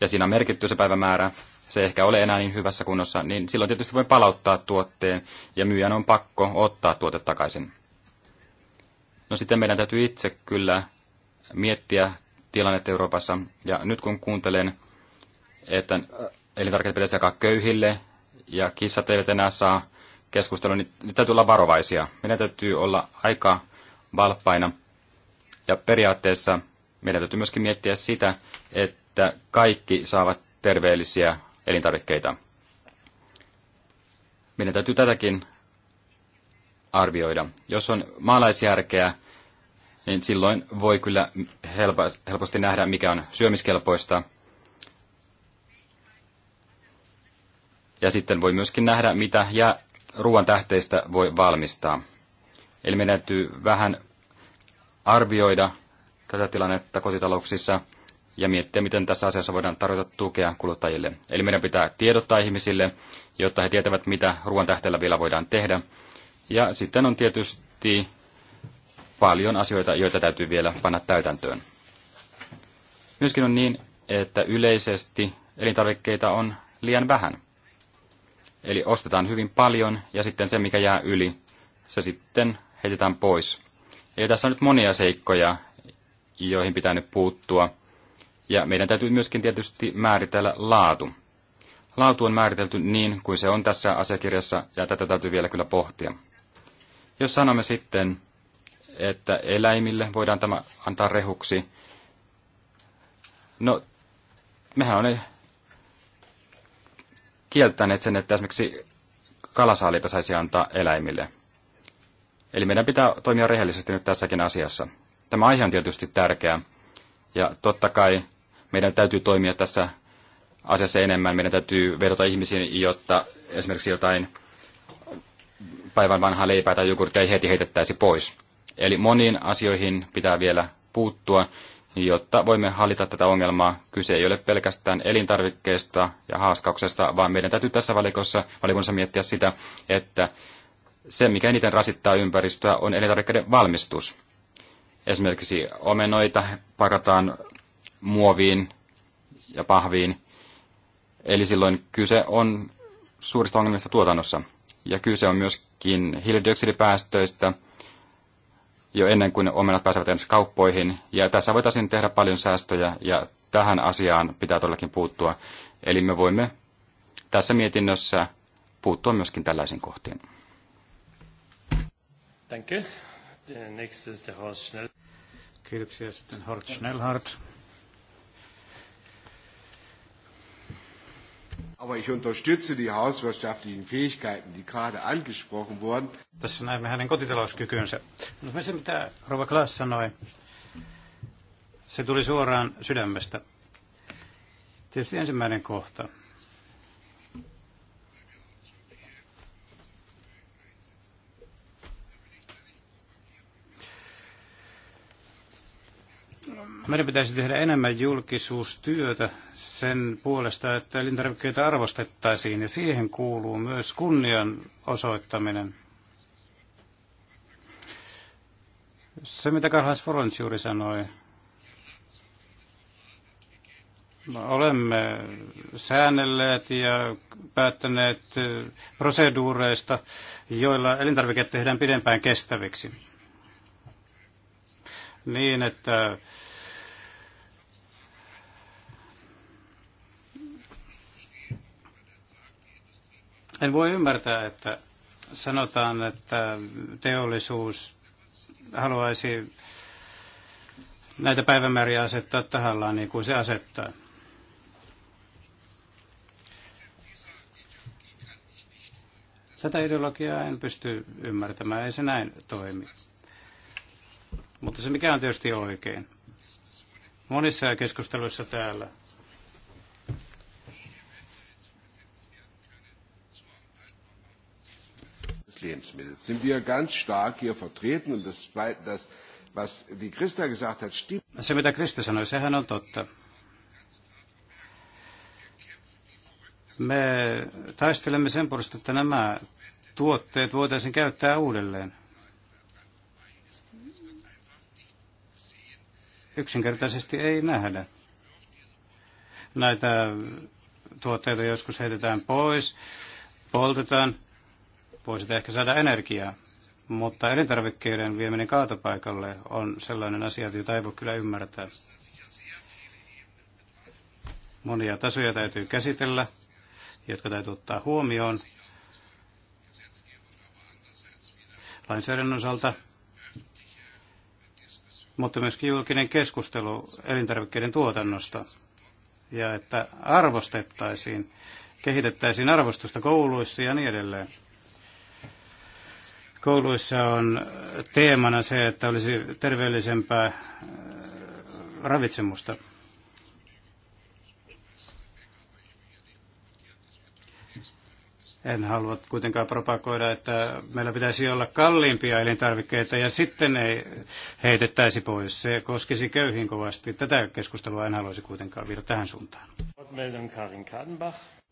ja siinä on merkitty se päivämäärä, se ei ehkä ole enää niin hyvässä kunnossa, niin silloin tietysti voi palauttaa tuotteen ja myyjän on pakko ottaa tuote takaisin. No sitten meidän täytyy itse kyllä miettiä tilannetta Euroopassa. Ja nyt kun kuuntelen, että äh, elintarvikkeet pitäisi jakaa köyhille ja kissat eivät enää saa keskustelua, niin, niin täytyy olla varovaisia. Meidän täytyy olla aika valppaina. Ja periaatteessa meidän täytyy myöskin miettiä sitä, että kaikki saavat terveellisiä elintarvikkeita. Meidän täytyy tätäkin arvioida. Jos on maalaisjärkeä, niin silloin voi kyllä helposti nähdä, mikä on syömiskelpoista. Ja sitten voi myöskin nähdä, mitä ja ruoan tähteistä voi valmistaa. Eli meidän täytyy vähän arvioida tätä tilannetta kotitalouksissa ja miettiä, miten tässä asiassa voidaan tarjota tukea kuluttajille. Eli meidän pitää tiedottaa ihmisille, jotta he tietävät, mitä ruoan tähteellä vielä voidaan tehdä. Ja sitten on tietysti paljon asioita, joita täytyy vielä panna täytäntöön. Myöskin on niin, että yleisesti elintarvikkeita on liian vähän. Eli ostetaan hyvin paljon ja sitten se, mikä jää yli, se sitten heitetään pois. Eli tässä on nyt monia seikkoja, joihin pitää nyt puuttua. Ja meidän täytyy myöskin tietysti määritellä laatu. Laatu on määritelty niin kuin se on tässä asiakirjassa, ja tätä täytyy vielä kyllä pohtia. Jos sanomme sitten, että eläimille voidaan tämä antaa rehuksi. No, mehän on kieltäneet sen, että esimerkiksi kalasaalita saisi antaa eläimille. Eli meidän pitää toimia rehellisesti nyt tässäkin asiassa. Tämä aihe on tietysti tärkeä. Ja totta kai meidän täytyy toimia tässä asiassa enemmän. Meidän täytyy vedota ihmisiin, jotta esimerkiksi jotain päivän vanhaa leipää tai jogurttia ei heti heitettäisi pois. Eli moniin asioihin pitää vielä puuttua, jotta voimme hallita tätä ongelmaa. Kyse ei ole pelkästään elintarvikkeista ja haaskauksesta, vaan meidän täytyy tässä valikossa, valikunnassa miettiä sitä, että se, mikä eniten rasittaa ympäristöä, on elintarvikkeiden valmistus. Esimerkiksi omenoita pakataan muoviin ja pahviin, eli silloin kyse on suurista ongelmista tuotannossa. Ja kyse on myöskin hiilidioksidipäästöistä, jo ennen kuin omenat pääsevät ensi kauppoihin. Ja tässä voitaisiin tehdä paljon säästöjä ja tähän asiaan pitää todellakin puuttua. Eli me voimme tässä mietinnössä puuttua myöskin tällaisiin kohtiin. Danke. Kiitoksia sitten Horst Schnellhardt. Aber ich unterstütze die hauswirtschaftlichen Fähigkeiten, die gerade angesprochen wurden. Tässä näemme hänen kotitalouskykynsä. No Mutta se, mitä Rova Klaas sanoi, se tuli suoraan sydämestä. Tietysti ensimmäinen kohta, Meidän pitäisi tehdä enemmän julkisuustyötä sen puolesta, että elintarvikkeita arvostettaisiin ja siihen kuuluu myös kunnian osoittaminen. Se, mitä Karhais Forens juuri sanoi, olemme säännelleet ja päättäneet proseduureista, joilla elintarvikkeet tehdään pidempään kestäviksi. Niin, että En voi ymmärtää, että sanotaan, että teollisuus haluaisi näitä päivämääriä asettaa tahallaan niin kuin se asettaa. Tätä ideologiaa en pysty ymmärtämään, ei se näin toimi. Mutta se mikä on tietysti oikein. Monissa keskusteluissa täällä Lebensmittel sind wir ganz stark hier vertreten und das, das was die Christa gesagt hat, stimmt. Se mitä Krista sanoi, sehän on totta. Me taistelemme sen puolesta, että nämä tuotteet voitaisiin käyttää uudelleen. Yksinkertaisesti ei nähdä. Näitä tuotteita joskus heitetään pois, poltetaan voisit ehkä saada energiaa, mutta elintarvikkeiden vieminen kaatopaikalle on sellainen asia, jota ei voi kyllä ymmärtää. Monia tasoja täytyy käsitellä, jotka täytyy ottaa huomioon. Lainsäädännön osalta mutta myöskin julkinen keskustelu elintarvikkeiden tuotannosta ja että arvostettaisiin, kehitettäisiin arvostusta kouluissa ja niin edelleen. Kouluissa on teemana se, että olisi terveellisempää äh, ravitsemusta. En halua kuitenkaan propagoida, että meillä pitäisi olla kalliimpia elintarvikkeita ja sitten ei heitettäisi pois. Se koskisi köyhiin kovasti. Tätä keskustelua en haluaisi kuitenkaan viedä tähän suuntaan.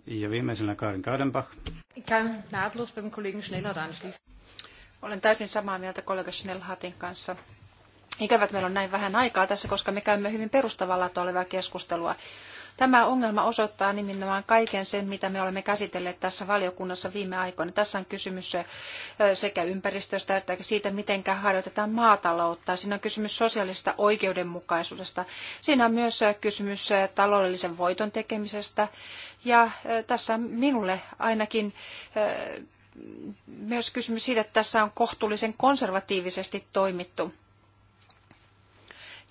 Ja viimeisenä Karin Kadenbach. Olen täysin samaa mieltä kollega Schnellhatin kanssa. Ikävät meillä on näin vähän aikaa tässä, koska me käymme hyvin perustavalla olevaa keskustelua. Tämä ongelma osoittaa nimenomaan kaiken sen, mitä me olemme käsitelleet tässä valiokunnassa viime aikoina. Tässä on kysymys sekä ympäristöstä että siitä, miten harjoitetaan maataloutta. Siinä on kysymys sosiaalista oikeudenmukaisuudesta. Siinä on myös kysymys taloudellisen voiton tekemisestä. Ja tässä minulle ainakin myös kysymys siitä, että tässä on kohtuullisen konservatiivisesti toimittu.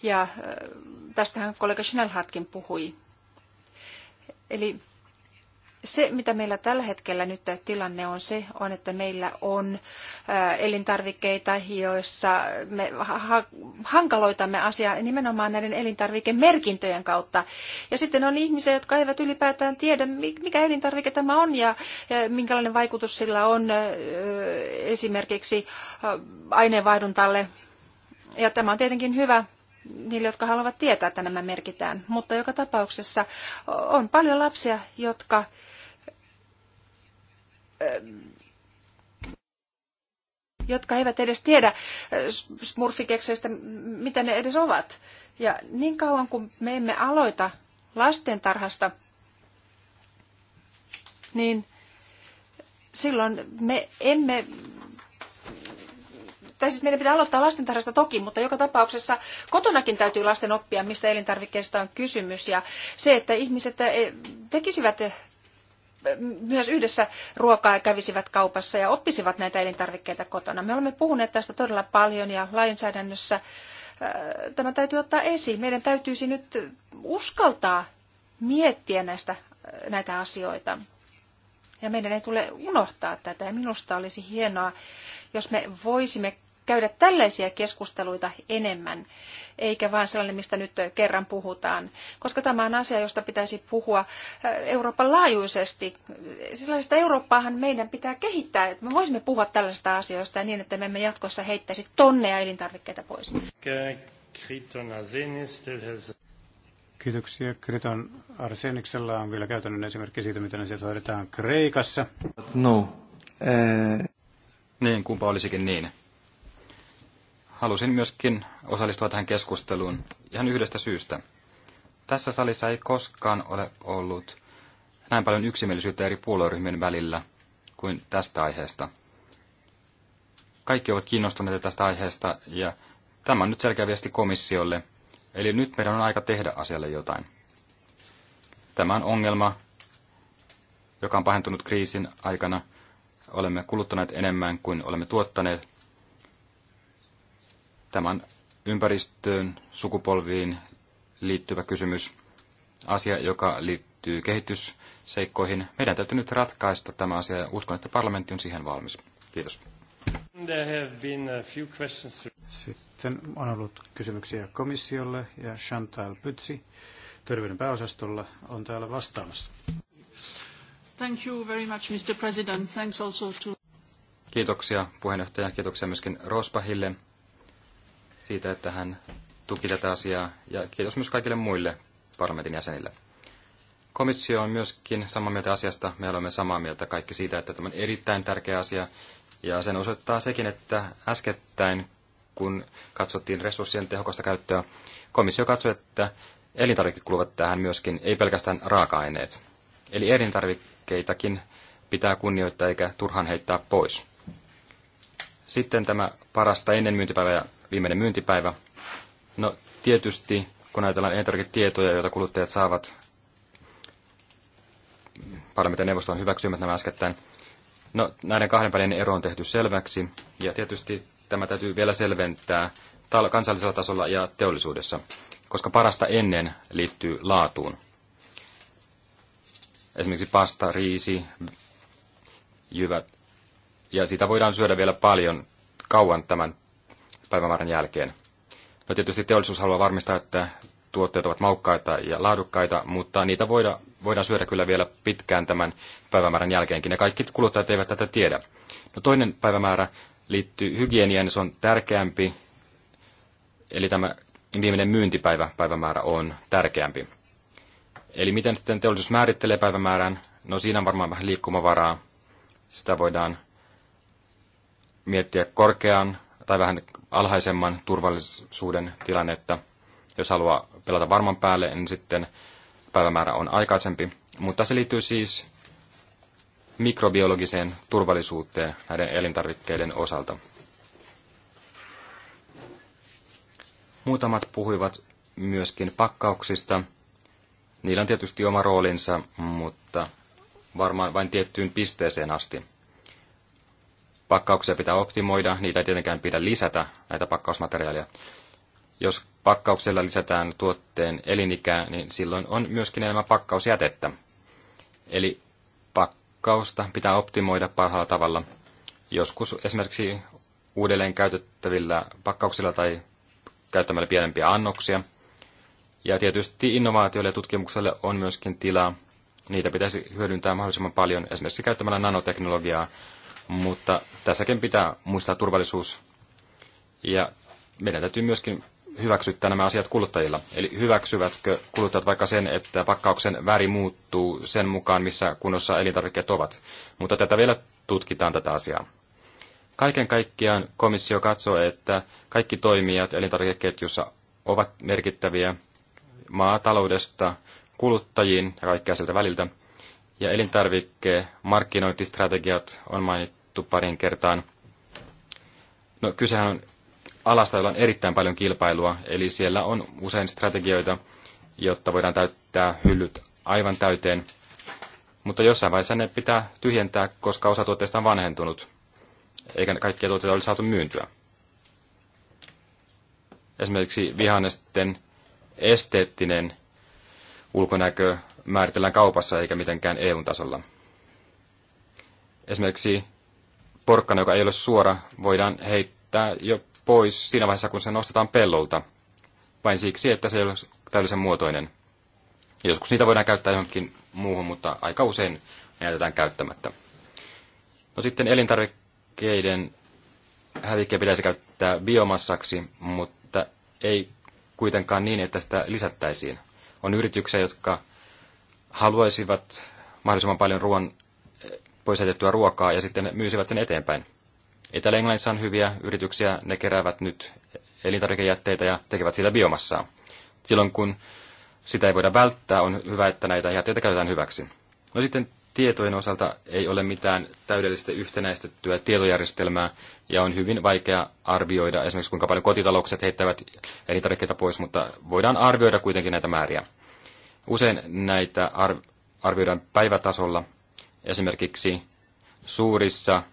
Ja tästähän kollega Schnellhartkin puhui. Eli se, mitä meillä tällä hetkellä nyt tilanne on se, on, että meillä on elintarvikkeita, joissa me hankaloitamme asiaa nimenomaan näiden elintarvikemerkintöjen kautta. Ja sitten on ihmisiä, jotka eivät ylipäätään tiedä, mikä elintarvike tämä on ja minkälainen vaikutus sillä on esimerkiksi aineenvaihduntalle. Ja tämä on tietenkin hyvä niille, jotka haluavat tietää, että nämä merkitään. Mutta joka tapauksessa on paljon lapsia, jotka jotka eivät edes tiedä äh, smurfikekseistä, mitä ne edes ovat. Ja niin kauan kuin me emme aloita lastentarhasta, niin silloin me emme tai siis meidän pitää aloittaa lastentarhasta toki, mutta joka tapauksessa kotonakin täytyy lasten oppia, mistä elintarvikkeista on kysymys. Ja se, että ihmiset äh, tekisivät myös yhdessä ruokaa kävisivät kaupassa ja oppisivat näitä elintarvikkeita kotona. Me olemme puhuneet tästä todella paljon ja lainsäädännössä äh, tämä täytyy ottaa esiin. Meidän täytyisi nyt uskaltaa miettiä näistä, äh, näitä asioita. Ja meidän ei tule unohtaa tätä. Ja minusta olisi hienoa, jos me voisimme käydä tällaisia keskusteluita enemmän, eikä vain sellainen, mistä nyt kerran puhutaan, koska tämä on asia, josta pitäisi puhua äh, Euroopan laajuisesti. Sellaista Eurooppaahan meidän pitää kehittää, että me voisimme puhua tällaisista asioista ja niin, että me emme jatkossa heittäisi tonneja elintarvikkeita pois. Kiitoksia. Kriton Arseniksella on vielä käytännön esimerkki siitä, miten asiat hoidetaan Kreikassa. No. Ää... Eh. Niin, kumpa olisikin niin halusin myöskin osallistua tähän keskusteluun ihan yhdestä syystä. Tässä salissa ei koskaan ole ollut näin paljon yksimielisyyttä eri puolueryhmien välillä kuin tästä aiheesta. Kaikki ovat kiinnostuneita tästä aiheesta ja tämä on nyt selkeä viesti komissiolle, eli nyt meidän on aika tehdä asialle jotain. Tämä on ongelma, joka on pahentunut kriisin aikana. Olemme kuluttaneet enemmän kuin olemme tuottaneet, Tämän ympäristöön, sukupolviin liittyvä kysymys, asia, joka liittyy kehitysseikkoihin. Meidän täytyy nyt ratkaista tämä asia ja uskon, että parlamentti on siihen valmis. Kiitos. Sitten on ollut kysymyksiä komissiolle ja Chantal Pytsi terveyden pääosastolla on täällä vastaamassa. Thank you very much, Mr. President. Thanks also to... Kiitoksia puheenjohtaja, kiitoksia myöskin Rospahille siitä, että hän tuki tätä asiaa ja kiitos myös kaikille muille parlamentin jäsenille. Komissio on myöskin samaa mieltä asiasta. Me olemme samaa mieltä kaikki siitä, että tämä on erittäin tärkeä asia. Ja sen osoittaa sekin, että äskettäin, kun katsottiin resurssien tehokasta käyttöä, komissio katsoi, että elintarvikkeet kuuluvat tähän myöskin, ei pelkästään raaka-aineet. Eli elintarvikkeitakin pitää kunnioittaa eikä turhan heittää pois. Sitten tämä parasta ennen myyntipäivää viimeinen myyntipäivä. No tietysti, kun ajatellaan elintarviketietoja, joita kuluttajat saavat, parlamentin neuvosto on hyväksymät nämä äskettäin. No näiden kahden välinen ero on tehty selväksi, ja tietysti tämä täytyy vielä selventää kansallisella tasolla ja teollisuudessa, koska parasta ennen liittyy laatuun. Esimerkiksi pasta, riisi, jyvät, ja sitä voidaan syödä vielä paljon kauan tämän päivämäärän jälkeen. No tietysti teollisuus haluaa varmistaa, että tuotteet ovat maukkaita ja laadukkaita, mutta niitä voida, voidaan syödä kyllä vielä pitkään tämän päivämäärän jälkeenkin, ja kaikki kuluttajat eivät tätä tiedä. No toinen päivämäärä liittyy hygieniaan, se on tärkeämpi, eli tämä viimeinen myyntipäivä päivämäärä on tärkeämpi. Eli miten sitten teollisuus määrittelee päivämäärän? No siinä on varmaan vähän liikkumavaraa. Sitä voidaan miettiä korkean tai vähän alhaisemman turvallisuuden tilannetta. Jos haluaa pelata varman päälle, niin sitten päivämäärä on aikaisempi. Mutta se liittyy siis mikrobiologiseen turvallisuuteen näiden elintarvikkeiden osalta. Muutamat puhuivat myöskin pakkauksista. Niillä on tietysti oma roolinsa, mutta varmaan vain tiettyyn pisteeseen asti. Pakkauksia pitää optimoida, niitä ei tietenkään pidä lisätä, näitä pakkausmateriaaleja. Jos pakkauksella lisätään tuotteen elinikää, niin silloin on myöskin enemmän pakkausjätettä. Eli pakkausta pitää optimoida parhaalla tavalla. Joskus esimerkiksi uudelleen käytettävillä pakkauksilla tai käyttämällä pienempiä annoksia. Ja tietysti innovaatioille ja tutkimukselle on myöskin tilaa. Niitä pitäisi hyödyntää mahdollisimman paljon esimerkiksi käyttämällä nanoteknologiaa mutta tässäkin pitää muistaa turvallisuus. Ja meidän täytyy myöskin hyväksyttää nämä asiat kuluttajilla. Eli hyväksyvätkö kuluttajat vaikka sen, että pakkauksen väri muuttuu sen mukaan, missä kunnossa elintarvikkeet ovat. Mutta tätä vielä tutkitaan tätä asiaa. Kaiken kaikkiaan komissio katsoo, että kaikki toimijat elintarvikeketjussa ovat merkittäviä maataloudesta kuluttajiin ja kaikkea siltä väliltä – ja elintarvikkeen markkinointistrategiat on mainittu parin kertaan. No, kysehän on alasta, jolla on erittäin paljon kilpailua, eli siellä on usein strategioita, jotta voidaan täyttää hyllyt aivan täyteen, mutta jossain vaiheessa ne pitää tyhjentää, koska osa tuotteista on vanhentunut, eikä kaikkia tuotteita ole saatu myyntyä. Esimerkiksi vihannesten esteettinen ulkonäkö määritellään kaupassa eikä mitenkään EU-tasolla. Esimerkiksi porkkana, joka ei ole suora, voidaan heittää jo pois siinä vaiheessa, kun se nostetaan pellolta, vain siksi, että se ei ole täydellisen muotoinen. Joskus niitä voidaan käyttää johonkin muuhun, mutta aika usein ne jätetään käyttämättä. No sitten elintarvikkeiden hävikkiä pitäisi käyttää biomassaksi, mutta ei kuitenkaan niin, että sitä lisättäisiin. On yrityksiä, jotka haluaisivat mahdollisimman paljon ruoan, eh, pois jätettyä ruokaa ja sitten myysivät sen eteenpäin. Etelä-Englannissa on hyviä yrityksiä, ne keräävät nyt elintarvikejätteitä ja tekevät siitä biomassaa. Silloin kun sitä ei voida välttää, on hyvä, että näitä jätteitä käytetään hyväksi. No sitten tietojen osalta ei ole mitään täydellistä yhtenäistettyä tietojärjestelmää ja on hyvin vaikea arvioida esimerkiksi kuinka paljon kotitaloukset heittävät elintarvikkeita pois, mutta voidaan arvioida kuitenkin näitä määriä. Usein näitä arvioidaan päivätasolla, esimerkiksi suurissa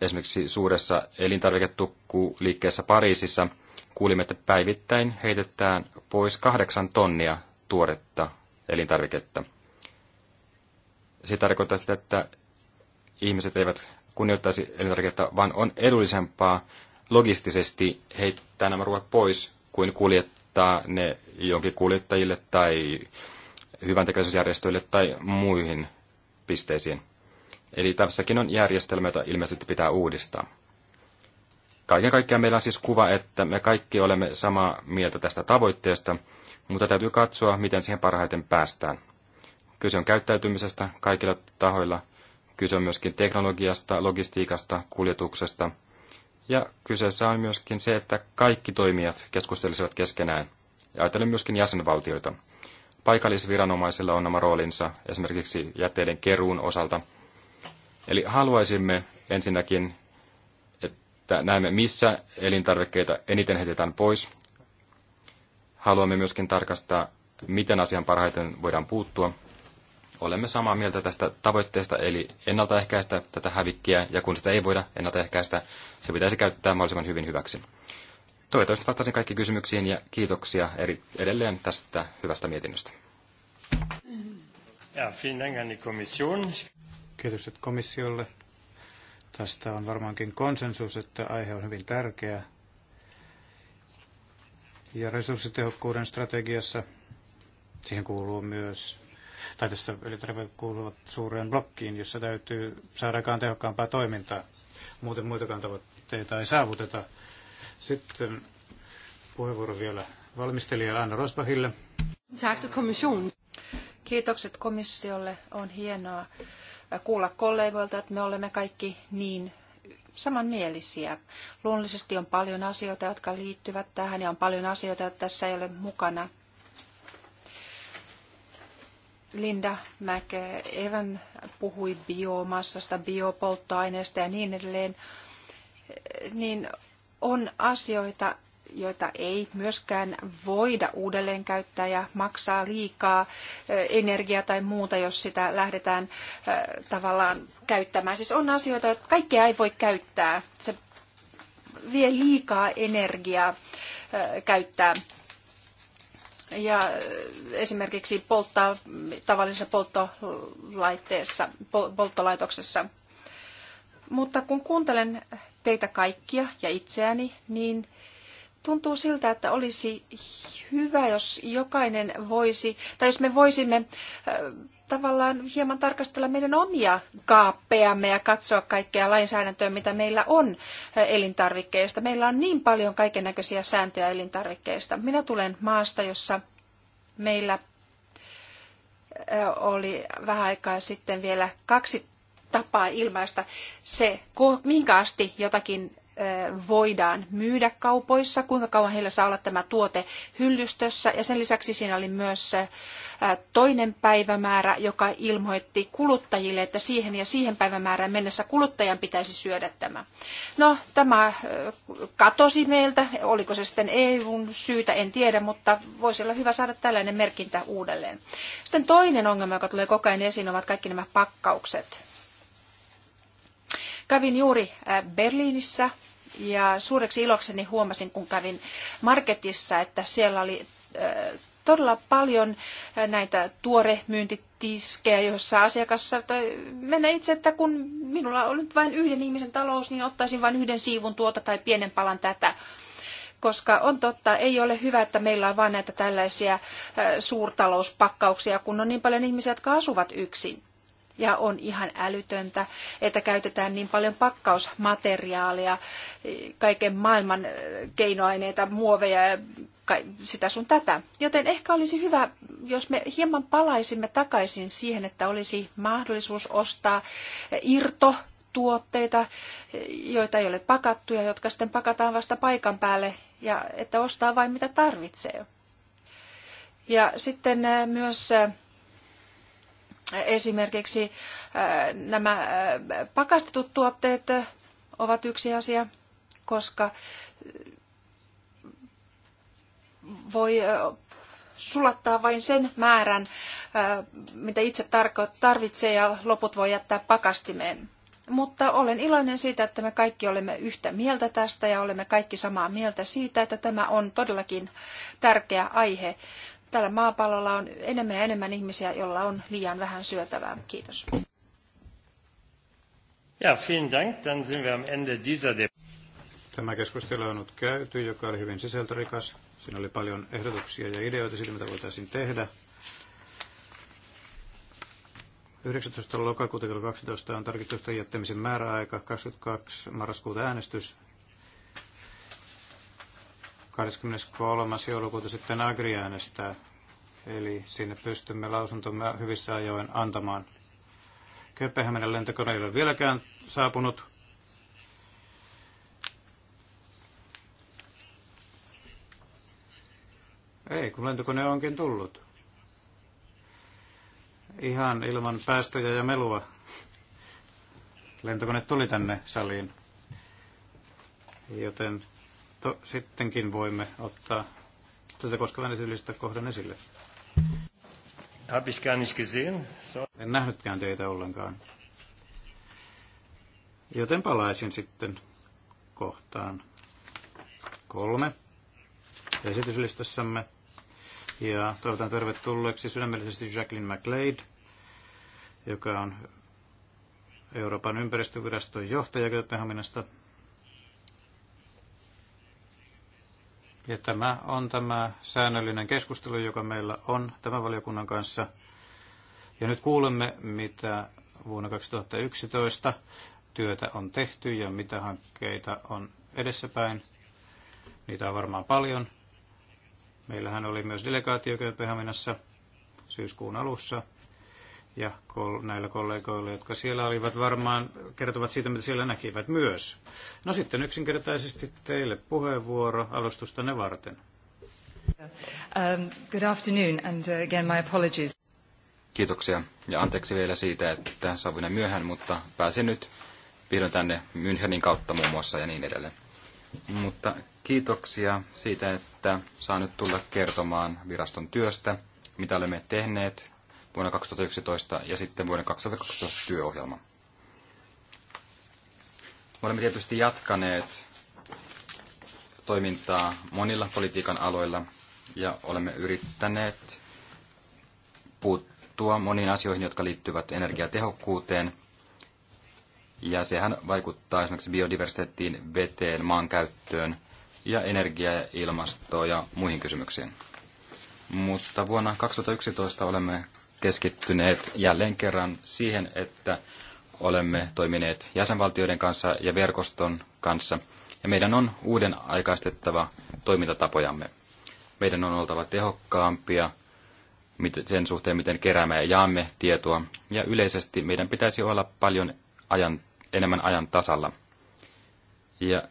esimerkiksi suuressa elintarviketukkuliikkeessä Pariisissa kuulimme, että päivittäin heitetään pois kahdeksan tonnia tuoretta elintarviketta. Se tarkoittaa sitä, että ihmiset eivät kunnioittaisi elintarviketta, vaan on edullisempaa logistisesti heittää nämä ruoat pois kuin kuljettaa laittaa ne jonkin kuljettajille tai hyvän tai muihin pisteisiin. Eli tässäkin on järjestelmä, jota ilmeisesti pitää uudistaa. Kaiken kaikkiaan meillä on siis kuva, että me kaikki olemme samaa mieltä tästä tavoitteesta, mutta täytyy katsoa, miten siihen parhaiten päästään. Kyse on käyttäytymisestä kaikilla tahoilla. Kyse on myöskin teknologiasta, logistiikasta, kuljetuksesta – ja kyseessä on myöskin se, että kaikki toimijat keskustelisivat keskenään. Ja ajatellen myöskin jäsenvaltioita. Paikallisviranomaisilla on nämä roolinsa esimerkiksi jätteiden keruun osalta. Eli haluaisimme ensinnäkin, että näemme missä elintarvikkeita eniten heitetään pois. Haluamme myöskin tarkastaa, miten asian parhaiten voidaan puuttua olemme samaa mieltä tästä tavoitteesta, eli ennaltaehkäistä tätä hävikkiä, ja kun sitä ei voida ennaltaehkäistä, se pitäisi käyttää mahdollisimman hyvin hyväksi. Toivottavasti vastasin kaikki kysymyksiin ja kiitoksia eri, edelleen tästä hyvästä mietinnöstä. Ja, Kiitokset komissiolle. Tästä on varmaankin konsensus, että aihe on hyvin tärkeä. Ja resurssitehokkuuden strategiassa siihen kuuluu myös tai tässä öljytarve kuuluvat suureen blokkiin, jossa täytyy saada aikaan tehokkaampaa toimintaa. Muuten muitakaan tavoitteita ei saavuteta. Sitten puheenvuoro vielä valmistelijalle Anna Rosbachille. Kiitokset komissiolle. On hienoa kuulla kollegoilta, että me olemme kaikki niin samanmielisiä. Luonnollisesti on paljon asioita, jotka liittyvät tähän ja on paljon asioita, joita tässä ei ole mukana. Linda McEvan puhui biomassasta, biopolttoaineesta ja niin edelleen, niin on asioita, joita ei myöskään voida uudelleen käyttää ja maksaa liikaa energiaa tai muuta, jos sitä lähdetään tavallaan käyttämään. Siis on asioita, joita kaikkea ei voi käyttää. Se vie liikaa energiaa käyttää ja äh, esimerkiksi polttaa tavallisessa polttolaitteessa, polttolaitoksessa. Mutta kun kuuntelen teitä kaikkia ja itseäni, niin tuntuu siltä, että olisi hyvä, jos jokainen voisi, tai jos me voisimme tavallaan hieman tarkastella meidän omia kaappeamme ja katsoa kaikkea lainsäädäntöä, mitä meillä on elintarvikkeista. Meillä on niin paljon kaiken näköisiä sääntöjä elintarvikkeista. Minä tulen maasta, jossa meillä oli vähän aikaa sitten vielä kaksi tapaa ilmaista se, minkä asti jotakin voidaan myydä kaupoissa, kuinka kauan heillä saa olla tämä tuote hyllystössä. Ja sen lisäksi siinä oli myös toinen päivämäärä, joka ilmoitti kuluttajille, että siihen ja siihen päivämäärään mennessä kuluttajan pitäisi syödä tämä. No, tämä katosi meiltä. Oliko se sitten EUn syytä, en tiedä, mutta voisi olla hyvä saada tällainen merkintä uudelleen. Sitten toinen ongelma, joka tulee koko ajan esiin, ovat kaikki nämä pakkaukset Kävin juuri äh, Berliinissä ja suureksi ilokseni huomasin, kun kävin marketissa, että siellä oli äh, todella paljon äh, näitä tuore myyntitiskejä, joissa asiakas saattoi mennä itse, että kun minulla on nyt vain yhden ihmisen talous, niin ottaisin vain yhden siivun tuota tai pienen palan tätä. Koska on totta, ei ole hyvä, että meillä on vain näitä tällaisia suurtalouspakkauksia, kun on niin paljon ihmisiä, jotka asuvat yksin. Ja on ihan älytöntä, että käytetään niin paljon pakkausmateriaalia, kaiken maailman keinoaineita, muoveja ja sitä sun tätä. Joten ehkä olisi hyvä, jos me hieman palaisimme takaisin siihen, että olisi mahdollisuus ostaa irto tuotteita, joita ei ole pakattu ja jotka sitten pakataan vasta paikan päälle ja että ostaa vain mitä tarvitsee. Ja sitten myös Esimerkiksi äh, nämä äh, pakastetut tuotteet äh, ovat yksi asia, koska voi sulattaa vain sen määrän, mitä itse tarvitsee ja loput voi jättää pakastimeen. Mutta olen iloinen siitä, että me kaikki olemme yhtä mieltä tästä ja olemme kaikki samaa mieltä siitä, että tämä on todellakin tärkeä aihe tällä maapallolla on enemmän ja enemmän ihmisiä, joilla on liian vähän syötävää. Kiitos. Ja, vielen Dank. Dann sind wir am Ende dieser Tämä keskustelu on nyt käyty, joka oli hyvin sisältörikas. Siinä oli paljon ehdotuksia ja ideoita siitä, mitä voitaisiin tehdä. 19. lokakuuta kello 12 on tarkistusten jättämisen määräaika, 22. marraskuuta äänestys 23. joulukuuta sitten agriäänestää. eli sinne pystymme lausuntomme hyvissä ajoin antamaan. Kööpenhaminan lentokone ei ole vieläkään saapunut. Ei, kun lentokone onkin tullut. Ihan ilman päästöjä ja melua. Lentokone tuli tänne saliin. Joten to, sittenkin voimme ottaa tätä koskevan esillistä kohdan esille. Hab ich gar nicht gesehen. So. En nähnytkään teitä ollenkaan. Joten palaisin sitten kohtaan kolme esityslistassamme. Ja toivotan tervetulleeksi sydämellisesti Jacqueline McLeod, joka on Euroopan ympäristöviraston johtaja Kööpenhaminasta. Ja tämä on tämä säännöllinen keskustelu, joka meillä on tämän valiokunnan kanssa. Ja nyt kuulemme, mitä vuonna 2011 työtä on tehty ja mitä hankkeita on edessäpäin. Niitä on varmaan paljon. Meillähän oli myös delegaatio Kööpenhaminassa syyskuun alussa ja kol- näillä kollegoilla, jotka siellä olivat, varmaan kertovat siitä, mitä siellä näkivät myös. No sitten yksinkertaisesti teille puheenvuoro alustustanne varten. Um, good afternoon and uh, again my apologies. Kiitoksia ja anteeksi vielä siitä, että saavuin myöhään, mutta pääsin nyt vihdoin tänne Münchenin kautta muun muassa ja niin edelleen. Mutta kiitoksia siitä, että saan nyt tulla kertomaan viraston työstä, mitä olemme tehneet vuonna 2011 ja sitten vuoden 2012 työohjelma. Me olemme tietysti jatkaneet toimintaa monilla politiikan aloilla ja olemme yrittäneet puuttua moniin asioihin, jotka liittyvät energiatehokkuuteen. Ja sehän vaikuttaa esimerkiksi biodiversiteettiin, veteen, maankäyttöön ja energia- ilmastoon ja muihin kysymyksiin. Mutta vuonna 2011 olemme keskittyneet jälleen kerran siihen, että olemme toimineet jäsenvaltioiden kanssa ja verkoston kanssa, ja meidän on uuden aikaistettava toimintatapojamme. Meidän on oltava tehokkaampia sen suhteen, miten keräämme ja jaamme tietoa, ja yleisesti meidän pitäisi olla paljon ajan, enemmän ajan tasalla. Ja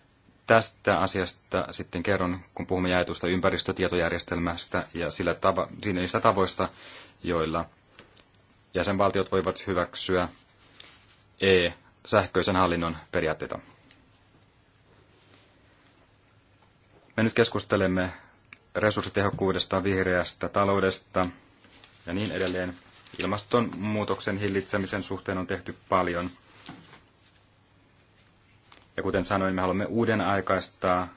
tästä asiasta sitten kerron, kun puhumme jaetusta ympäristötietojärjestelmästä ja sillä tava, niistä tavoista, joilla jäsenvaltiot voivat hyväksyä e-sähköisen hallinnon periaatteita. Me nyt keskustelemme resurssitehokkuudesta, vihreästä taloudesta ja niin edelleen. Ilmastonmuutoksen hillitsemisen suhteen on tehty paljon. Ja kuten sanoin, me haluamme uuden aikaistaa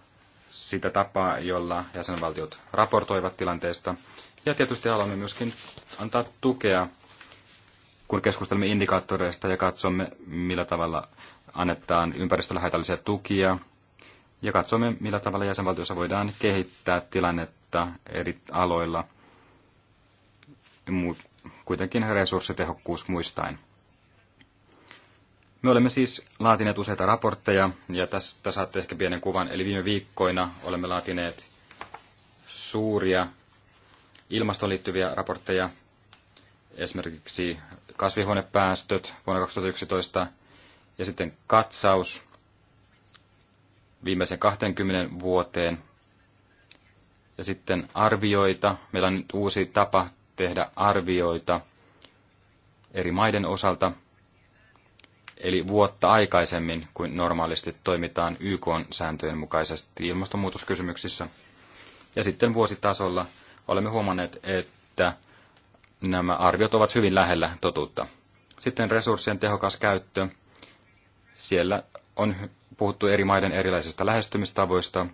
sitä tapaa, jolla jäsenvaltiot raportoivat tilanteesta. Ja tietysti haluamme myöskin antaa tukea kun keskustelemme indikaattoreista ja katsomme, millä tavalla annetaan ympäristölle haitallisia tukia, ja katsomme, millä tavalla jäsenvaltiossa voidaan kehittää tilannetta eri aloilla, kuitenkin resurssitehokkuus muistain. Me olemme siis laatineet useita raportteja, ja tästä saatte ehkä pienen kuvan. Eli viime viikkoina olemme laatineet suuria ilmastoon liittyviä raportteja, esimerkiksi kasvihuonepäästöt vuonna 2011 ja sitten katsaus viimeisen 20 vuoteen. Ja sitten arvioita. Meillä on nyt uusi tapa tehdä arvioita eri maiden osalta, eli vuotta aikaisemmin kuin normaalisti toimitaan YK-sääntöjen mukaisesti ilmastonmuutoskysymyksissä. Ja sitten vuositasolla olemme huomanneet, että nämä arviot ovat hyvin lähellä totuutta. Sitten resurssien tehokas käyttö. Siellä on puhuttu eri maiden erilaisista lähestymistavoista.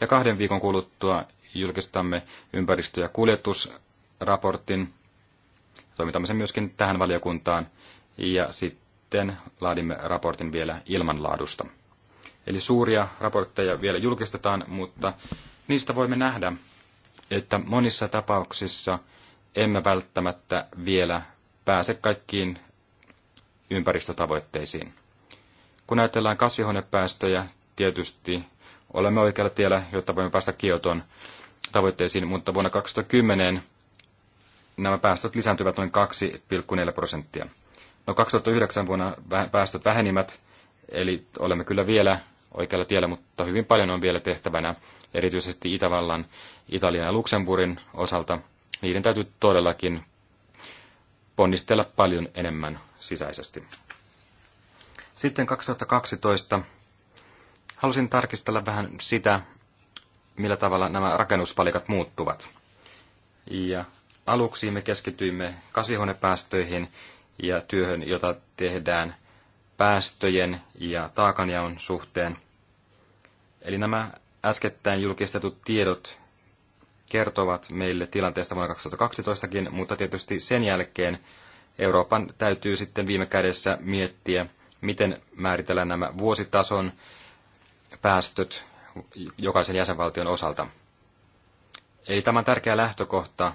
Ja kahden viikon kuluttua julkistamme ympäristö- ja kuljetusraportin. Toimitamme sen myöskin tähän valiokuntaan. Ja sitten laadimme raportin vielä ilmanlaadusta. Eli suuria raportteja vielä julkistetaan, mutta niistä voimme nähdä, että monissa tapauksissa – emme välttämättä vielä pääse kaikkiin ympäristötavoitteisiin. Kun ajatellaan kasvihuonepäästöjä, tietysti olemme oikealla tiellä, jotta voimme päästä Kioton tavoitteisiin, mutta vuonna 2010 nämä päästöt lisääntyvät noin 2,4 prosenttia. No 2009 vuonna päästöt vähenivät, eli olemme kyllä vielä oikealla tiellä, mutta hyvin paljon on vielä tehtävänä, erityisesti Itävallan, Italian ja Luxemburgin osalta – niiden täytyy todellakin ponnistella paljon enemmän sisäisesti. Sitten 2012 halusin tarkistella vähän sitä, millä tavalla nämä rakennuspalikat muuttuvat. Ja aluksi me keskityimme kasvihuonepäästöihin ja työhön, jota tehdään päästöjen ja taakanjaon suhteen. Eli nämä äskettäin julkistetut tiedot kertovat meille tilanteesta vuonna 2012kin, mutta tietysti sen jälkeen Euroopan täytyy sitten viime kädessä miettiä, miten määritellään nämä vuositason päästöt jokaisen jäsenvaltion osalta. Eli tämä on tärkeä lähtökohta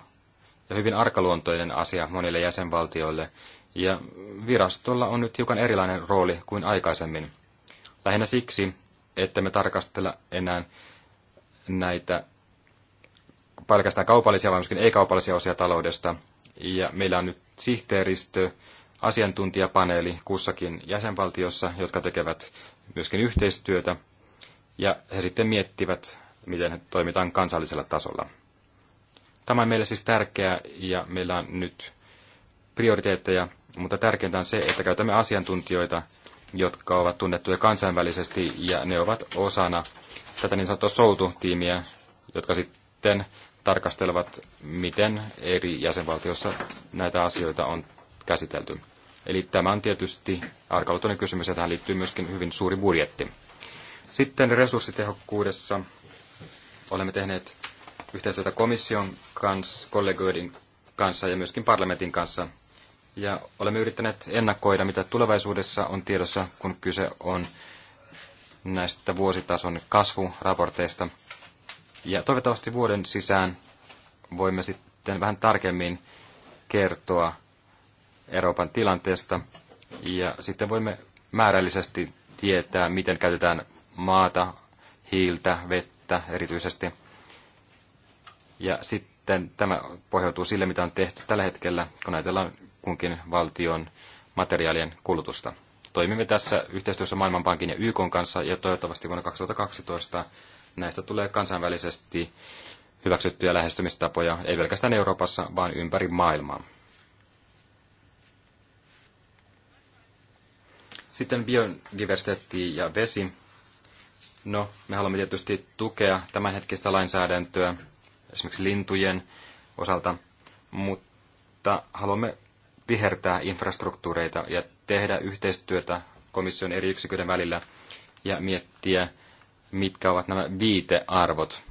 ja hyvin arkaluontoinen asia monille jäsenvaltioille, ja virastolla on nyt hiukan erilainen rooli kuin aikaisemmin. Lähinnä siksi, että me tarkastella enää näitä pelkästään kaupallisia, vaan myöskin ei-kaupallisia osia taloudesta. Ja meillä on nyt sihteeristö, asiantuntijapaneeli kussakin jäsenvaltiossa, jotka tekevät myöskin yhteistyötä. Ja he sitten miettivät, miten toimitaan kansallisella tasolla. Tämä on meille siis tärkeää ja meillä on nyt prioriteetteja, mutta tärkeintä on se, että käytämme asiantuntijoita, jotka ovat tunnettuja kansainvälisesti ja ne ovat osana tätä niin sanottua soutu-tiimiä, jotka sitten tarkastelevat, miten eri jäsenvaltioissa näitä asioita on käsitelty. Eli tämä on tietysti arkaluontoinen kysymys ja tähän liittyy myöskin hyvin suuri budjetti. Sitten resurssitehokkuudessa olemme tehneet yhteistyötä komission kanssa, kollegoiden kanssa ja myöskin parlamentin kanssa. Ja olemme yrittäneet ennakoida, mitä tulevaisuudessa on tiedossa, kun kyse on näistä vuositason kasvuraporteista – ja toivottavasti vuoden sisään voimme sitten vähän tarkemmin kertoa Euroopan tilanteesta ja sitten voimme määrällisesti tietää, miten käytetään maata, hiiltä, vettä erityisesti. Ja sitten tämä pohjautuu sille, mitä on tehty tällä hetkellä, kun ajatellaan kunkin valtion materiaalien kulutusta. Toimimme tässä yhteistyössä Maailmanpankin ja YK kanssa ja toivottavasti vuonna 2012 näistä tulee kansainvälisesti hyväksyttyjä lähestymistapoja, ei pelkästään Euroopassa, vaan ympäri maailmaa. Sitten biodiversiteetti ja vesi. No, me haluamme tietysti tukea tämänhetkistä lainsäädäntöä, esimerkiksi lintujen osalta, mutta haluamme vihertää infrastruktuureita ja tehdä yhteistyötä komission eri yksiköiden välillä ja miettiä mitkä ovat nämä viitearvot,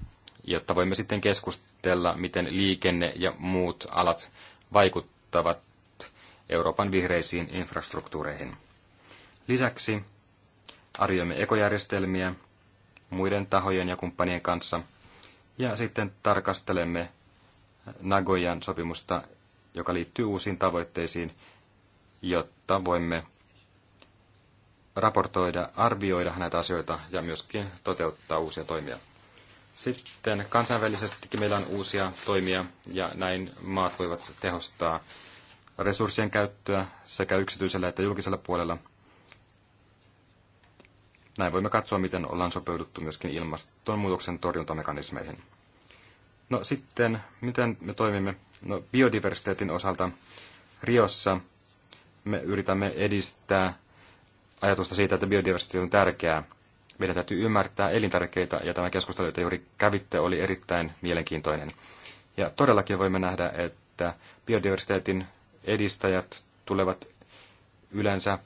jotta voimme sitten keskustella, miten liikenne ja muut alat vaikuttavat Euroopan vihreisiin infrastruktuureihin. Lisäksi arvioimme ekojärjestelmiä muiden tahojen ja kumppanien kanssa ja sitten tarkastelemme Nagojan sopimusta, joka liittyy uusiin tavoitteisiin, jotta voimme raportoida, arvioida näitä asioita ja myöskin toteuttaa uusia toimia. Sitten kansainvälisestikin meillä on uusia toimia ja näin maat voivat tehostaa resurssien käyttöä sekä yksityisellä että julkisella puolella. Näin voimme katsoa, miten ollaan sopeuduttu myöskin ilmastonmuutoksen torjuntamekanismeihin. No sitten, miten me toimimme? No biodiversiteetin osalta Riossa me yritämme edistää ajatusta siitä, että biodiversiteetti on tärkeää. Meidän täytyy ymmärtää elintärkeitä, ja tämä keskustelu, jota juuri kävitte, oli erittäin mielenkiintoinen. Ja todellakin voimme nähdä, että biodiversiteetin edistäjät tulevat yleensä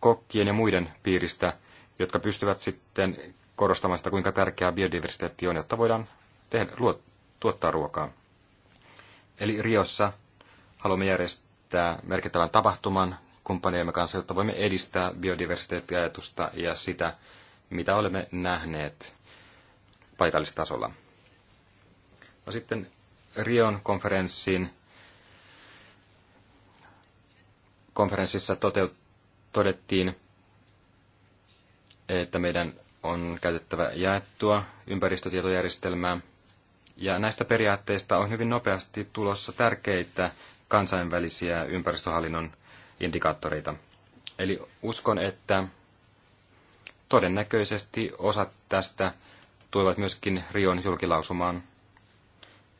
kokkien ja muiden piiristä, jotka pystyvät sitten korostamaan sitä, kuinka tärkeää biodiversiteetti on, jotta voidaan tehdä, luo, tuottaa ruokaa. Eli Riossa haluamme järjestää merkittävän tapahtuman kumppaniemme kanssa, jotta voimme edistää biodiversiteettiajatusta ja sitä, mitä olemme nähneet paikallistasolla. No sitten Rion konferenssiin konferenssissa toteut- todettiin, että meidän on käytettävä jaettua ympäristötietojärjestelmää. Ja näistä periaatteista on hyvin nopeasti tulossa tärkeitä kansainvälisiä ympäristöhallinnon indikaattoreita. Eli uskon, että todennäköisesti osat tästä tulevat myöskin Rion julkilausumaan.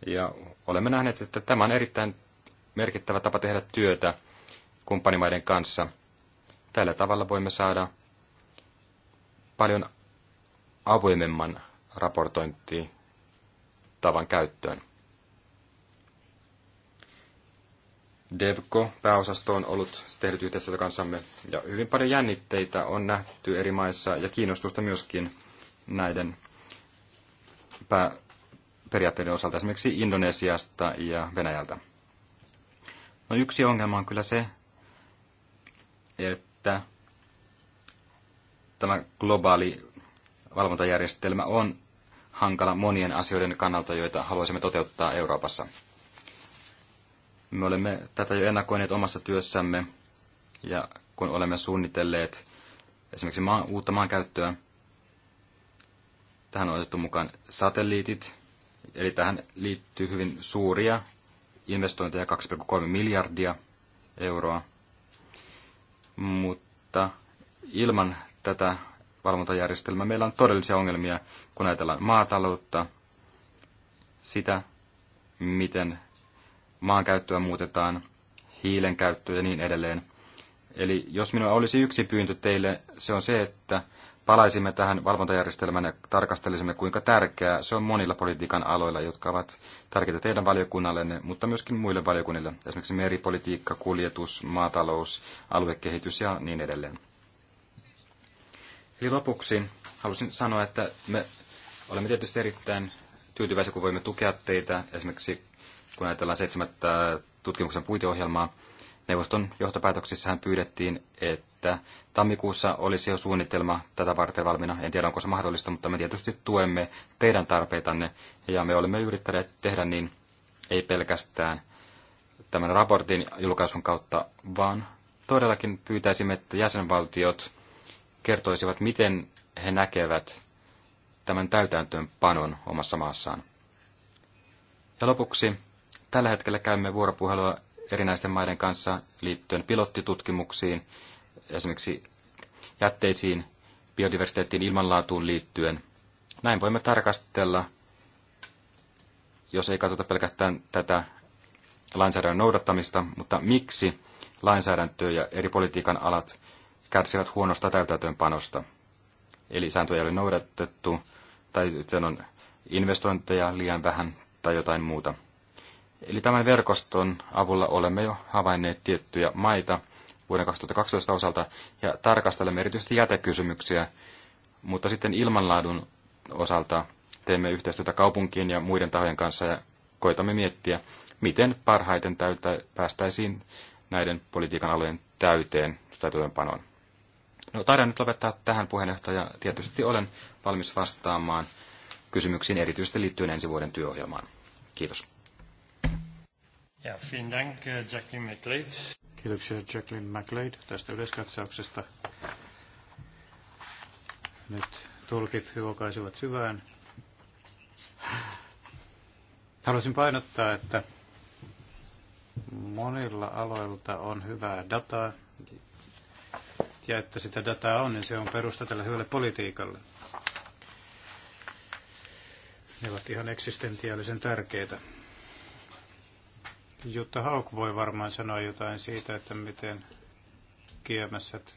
Ja olemme nähneet, että tämä on erittäin merkittävä tapa tehdä työtä kumppanimaiden kanssa. Tällä tavalla voimme saada paljon avoimemman raportointitavan käyttöön. DEVCO-pääosasto on ollut tehnyt yhteistyötä kanssamme ja hyvin paljon jännitteitä on nähty eri maissa ja kiinnostusta myöskin näiden pää- periaatteiden osalta esimerkiksi Indonesiasta ja Venäjältä. No yksi ongelma on kyllä se, että tämä globaali valvontajärjestelmä on hankala monien asioiden kannalta, joita haluaisimme toteuttaa Euroopassa. Me olemme tätä jo ennakoineet omassa työssämme ja kun olemme suunnitelleet esimerkiksi maa, uutta maankäyttöä, tähän on otettu mukaan satelliitit, eli tähän liittyy hyvin suuria investointeja, 2,3 miljardia euroa, mutta ilman tätä valvontajärjestelmää meillä on todellisia ongelmia, kun ajatellaan maataloutta, sitä, miten maankäyttöä muutetaan, hiilen käyttöä ja niin edelleen. Eli jos minulla olisi yksi pyyntö teille, se on se, että palaisimme tähän valvontajärjestelmään ja tarkastelisimme, kuinka tärkeää se on monilla politiikan aloilla, jotka ovat tärkeitä teidän valiokunnallenne, mutta myöskin muille valiokunnille, esimerkiksi meripolitiikka, kuljetus, maatalous, aluekehitys ja niin edelleen. Eli lopuksi halusin sanoa, että me olemme tietysti erittäin tyytyväisiä, kun voimme tukea teitä esimerkiksi kun ajatellaan seitsemättä tutkimuksen puiteohjelmaa, neuvoston johtopäätöksissähän pyydettiin, että tammikuussa olisi jo suunnitelma tätä varten valmiina. En tiedä, onko se mahdollista, mutta me tietysti tuemme teidän tarpeitanne ja me olemme yrittäneet tehdä niin ei pelkästään tämän raportin julkaisun kautta, vaan todellakin pyytäisimme, että jäsenvaltiot kertoisivat, miten he näkevät tämän täytäntöönpanon omassa maassaan. Ja lopuksi Tällä hetkellä käymme vuoropuhelua erinäisten maiden kanssa liittyen pilottitutkimuksiin, esimerkiksi jätteisiin, biodiversiteettiin, ilmanlaatuun liittyen. Näin voimme tarkastella, jos ei katsota pelkästään tätä lainsäädännön noudattamista, mutta miksi lainsäädäntö ja eri politiikan alat kärsivät huonosta täytäntöönpanosta. Eli sääntöjä ei ole noudatettu, tai sitten on investointeja liian vähän tai jotain muuta. Eli tämän verkoston avulla olemme jo havainneet tiettyjä maita vuoden 2012 osalta ja tarkastelemme erityisesti jätekysymyksiä, mutta sitten ilmanlaadun osalta teemme yhteistyötä kaupunkien ja muiden tahojen kanssa ja koitamme miettiä, miten parhaiten täytä, päästäisiin näiden politiikan alojen täyteen täytäntöönpanoon. No, taidan nyt lopettaa tähän puheenjohtaja. Tietysti olen valmis vastaamaan kysymyksiin erityisesti liittyen ensi vuoden työohjelmaan. Kiitos. Ja, vielen Dank, äh, Jacqueline McLeod. Kiitoksia Jacqueline McLeod tästä yleiskatsauksesta. Nyt tulkit huokaisivat syvään. Haluaisin painottaa, että monilla aloilta on hyvää dataa, ja että sitä dataa on, niin se on perusta tälle hyvälle politiikalle. Ne ovat ihan eksistentiaalisen tärkeitä. Jutta Hauk voi varmaan sanoa jotain siitä, että miten kiemässät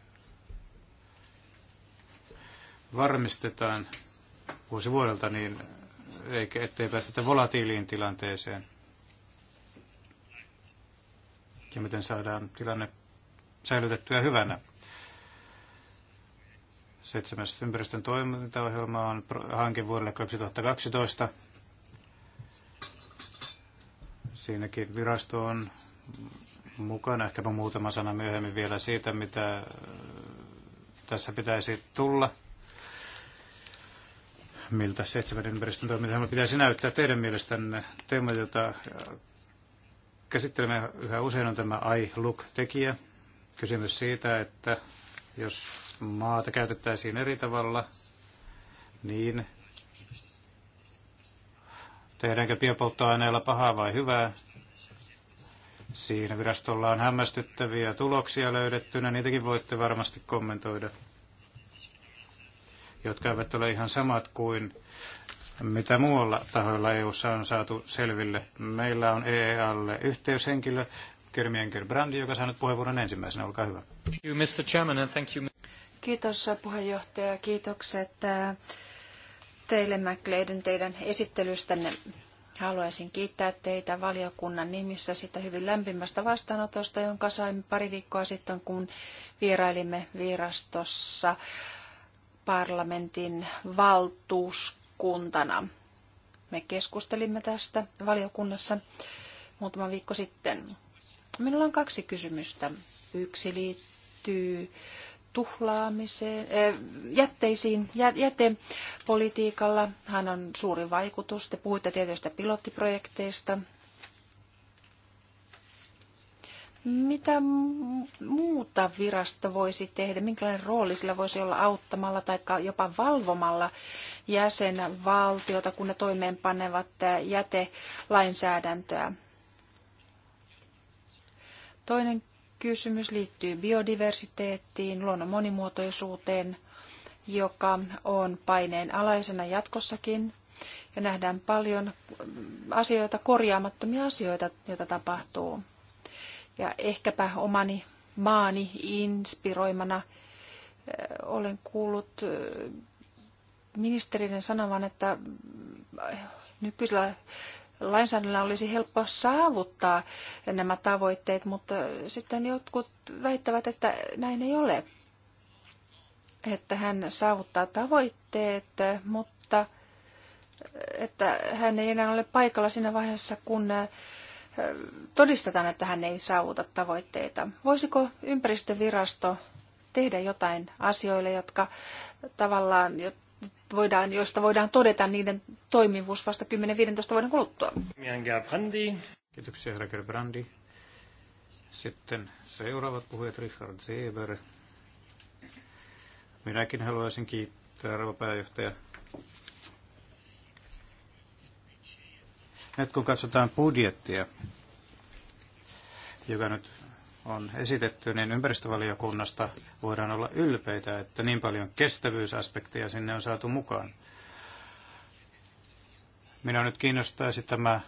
varmistetaan vuosi vuodelta, niin eikä, ettei päästetä volatiiliin tilanteeseen. Ja miten saadaan tilanne säilytettyä hyvänä. Seitsemäs ympäristön toimintaohjelma on hanke vuodelle 2012. Siinäkin virasto on mukana. Ehkäpä muutama sana myöhemmin vielä siitä, mitä äh, tässä pitäisi tulla. Miltä seitsemän ympäristön toimintaohjelma pitäisi näyttää teidän mielestänne? Teema, jota äh, käsittelemme yhä usein, on tämä I-look-tekijä. Kysymys siitä, että jos maata käytettäisiin eri tavalla, niin Tehdäänkö biopolttoaineella pahaa vai hyvää? Siinä virastolla on hämmästyttäviä tuloksia löydettynä, niitäkin voitte varmasti kommentoida, jotka eivät ole ihan samat kuin mitä muualla tahoilla eu on saatu selville. Meillä on EEAlle yhteyshenkilö Kermi Enker Brandi, joka saa nyt puheenvuoron ensimmäisenä. Olkaa hyvä. Kiitos puheenjohtaja. Kiitokset äh, teille McLeiden teidän esittelystänne. Haluaisin kiittää teitä valiokunnan nimissä sitä hyvin lämpimästä vastaanotosta, jonka saimme pari viikkoa sitten, kun vierailimme virastossa parlamentin valtuuskuntana. Me keskustelimme tästä valiokunnassa muutama viikko sitten. Minulla on kaksi kysymystä. Yksi liittyy tuhlaamiseen, eh, jätteisiin, jätepolitiikalla. Hän on suuri vaikutus. Te puhuitte tietyistä pilottiprojekteista. Mitä muuta virasto voisi tehdä? Minkälainen rooli sillä voisi olla auttamalla tai jopa valvomalla jäsenvaltiota, kun ne toimeenpanevat eh, jätelainsäädäntöä? Toinen kysymys liittyy biodiversiteettiin, luonnon monimuotoisuuteen, joka on paineen alaisena jatkossakin. Ja nähdään paljon asioita, korjaamattomia asioita, joita tapahtuu. Ja ehkäpä omani maani inspiroimana eh, olen kuullut eh, ministerien sanovan, että nykyisellä lainsäädännöllä olisi helppo saavuttaa nämä tavoitteet, mutta sitten jotkut väittävät, että näin ei ole. Että hän saavuttaa tavoitteet, mutta että hän ei enää ole paikalla siinä vaiheessa, kun todistetaan, että hän ei saavuta tavoitteita. Voisiko ympäristövirasto tehdä jotain asioille, jotka tavallaan voidaan, joista voidaan todeta niiden toimivuus vasta 10-15 vuoden kuluttua. Kiitoksia, herra Gerbrandi. Sitten seuraavat puhujat, Richard Zeber. Minäkin haluaisin kiittää, arvo pääjohtaja. Nyt kun katsotaan budjettia, joka nyt on esitetty, niin ympäristövaliokunnasta voidaan olla ylpeitä, että niin paljon kestävyysaspekteja sinne on saatu mukaan. Minä nyt kiinnostaisi tämä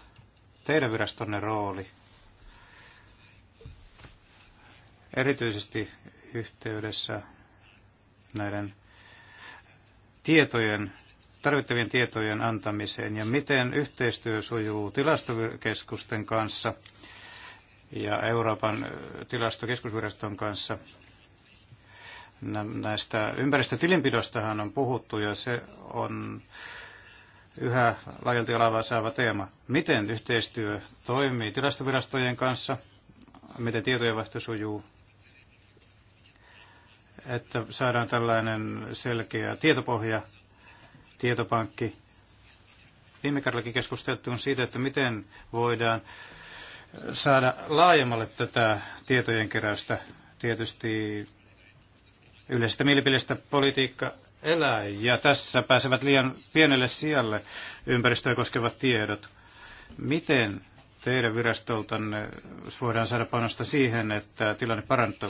teidän virastonne rooli, erityisesti yhteydessä näiden tietojen, tarvittavien tietojen antamiseen ja miten yhteistyö sujuu tilastokeskusten kanssa – ja Euroopan tilastokeskusviraston kanssa. Näistä ympäristötilinpidostahan on puhuttu ja se on yhä laajalti alavaa saava teema. Miten yhteistyö toimii tilastovirastojen kanssa? Miten tietojenvaihto sujuu? Että saadaan tällainen selkeä tietopohja, tietopankki. Viime kerrallakin keskusteltiin siitä, että miten voidaan saada laajemmalle tätä tietojen keräystä. Tietysti yleisestä mielipidestä politiikka elää ja tässä pääsevät liian pienelle sijalle ympäristöä koskevat tiedot. Miten teidän virastoltanne voidaan saada panosta siihen, että tilanne parantuu?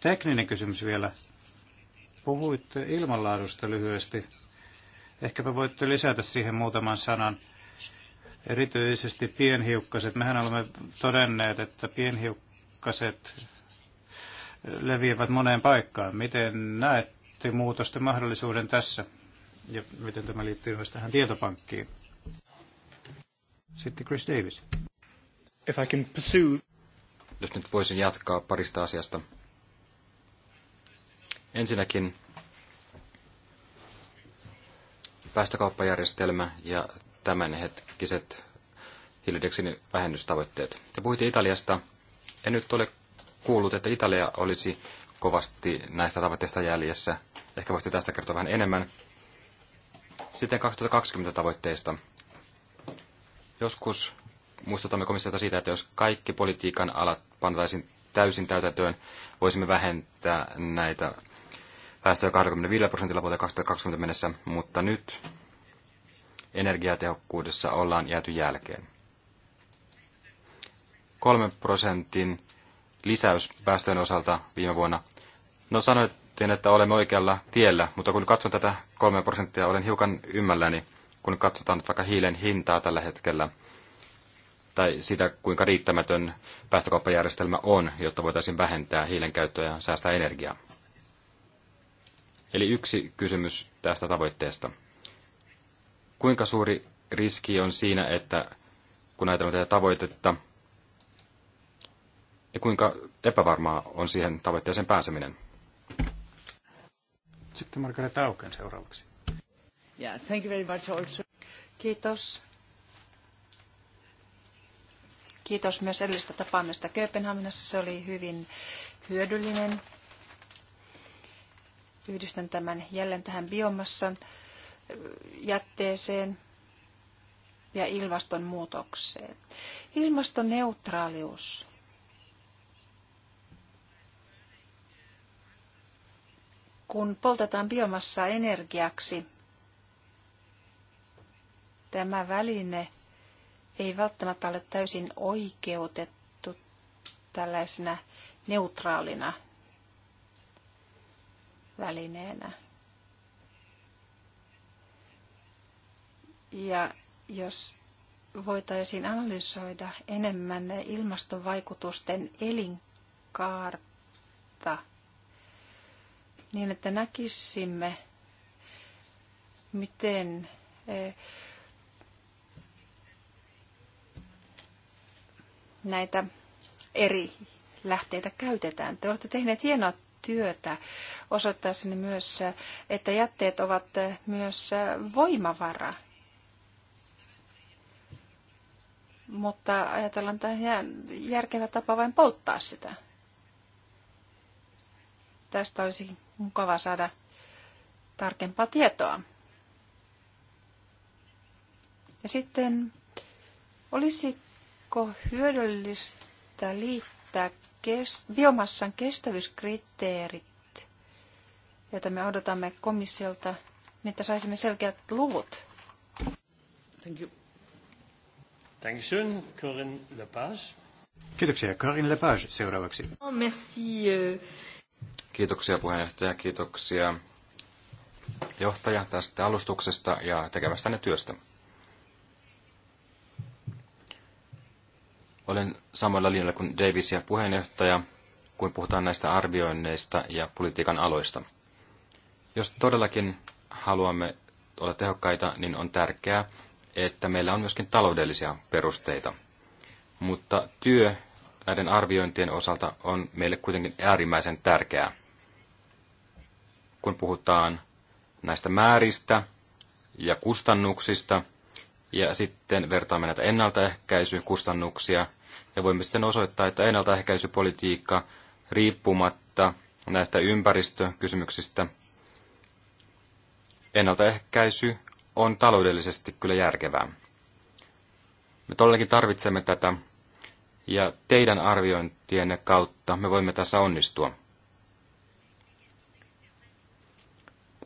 Tekninen kysymys vielä. Puhuitte ilmanlaadusta lyhyesti. Ehkäpä voitte lisätä siihen muutaman sanan. Erityisesti pienhiukkaset. Mehän olemme todenneet, että pienhiukkaset leviävät moneen paikkaan. Miten näette muutosten mahdollisuuden tässä ja miten tämä liittyy myös tähän tietopankkiin? Sitten Chris Davis. If I can pursue... Jos nyt voisin jatkaa parista asiasta. Ensinnäkin päästökauppajärjestelmä ja tämänhetkiset hiilidioksidin vähennystavoitteet. Te puhuitte Italiasta. En nyt ole kuullut, että Italia olisi kovasti näistä tavoitteista jäljessä. Ehkä voisitte tästä kertoa vähän enemmän. Sitten 2020 tavoitteista. Joskus muistutamme komissiota siitä, että jos kaikki politiikan alat pantaisiin täysin täytäntöön, voisimme vähentää näitä päästöjä 25 prosentilla vuoteen 2020 mennessä, mutta nyt energiatehokkuudessa ollaan jääty jälkeen. Kolmen prosentin lisäys päästöjen osalta viime vuonna. No sanoitte, että olemme oikealla tiellä, mutta kun katson tätä 3 prosenttia, olen hiukan ymmälläni, kun katsotaan vaikka hiilen hintaa tällä hetkellä, tai sitä, kuinka riittämätön päästökauppajärjestelmä on, jotta voitaisiin vähentää hiilen käyttöä ja säästää energiaa. Eli yksi kysymys tästä tavoitteesta. Kuinka suuri riski on siinä, että kun ajatellaan tätä tavoitetta, ja kuinka epävarmaa on siihen tavoitteeseen pääseminen? Sitten Margaret Auken seuraavaksi. Yeah, thank you very much also. Kiitos. Kiitos myös edellisestä tapaamista Kööpenhaminassa. Se oli hyvin hyödyllinen. Yhdistän tämän jälleen tähän biomassan jätteeseen ja ilmastonmuutokseen. Ilmastoneutraalius kun poltetaan biomassaa energiaksi, tämä väline ei välttämättä ole täysin oikeutettu tällaisena neutraalina välineenä. Ja jos voitaisiin analysoida enemmän ilmastovaikutusten elinkaarta, niin että näkisimme, miten eh, näitä eri lähteitä käytetään. Te olette tehneet hienoa työtä osoittaessani myös, että jätteet ovat eh, myös eh, voimavara mutta ajatellaan, että ihan järkevä tapa vain polttaa sitä. Tästä olisi mukava saada tarkempaa tietoa. Ja sitten, olisiko hyödyllistä liittää kest- biomassan kestävyyskriteerit, joita me odotamme komissiolta, niin että saisimme selkeät luvut? Thank you. Dankeschön, Corinne Lepage. Kiitoksia, Corinne Lepage seuraavaksi. Oh, merci. Euh. Kiitoksia puheenjohtaja, kiitoksia johtaja tästä alustuksesta ja tekemästäne työstä. Olen samalla linjalla kuin Davis ja puheenjohtaja, kun puhutaan näistä arvioinneista ja politiikan aloista. Jos todellakin haluamme olla tehokkaita, niin on tärkeää, että meillä on myöskin taloudellisia perusteita. Mutta työ näiden arviointien osalta on meille kuitenkin äärimmäisen tärkeää. Kun puhutaan näistä määristä ja kustannuksista, ja sitten vertaamme näitä ennaltaehkäisykustannuksia, ja voimme sitten osoittaa, että ennaltaehkäisypolitiikka riippumatta näistä ympäristökysymyksistä, ennaltaehkäisy on taloudellisesti kyllä järkevää. Me todellakin tarvitsemme tätä ja teidän arviointienne kautta me voimme tässä onnistua.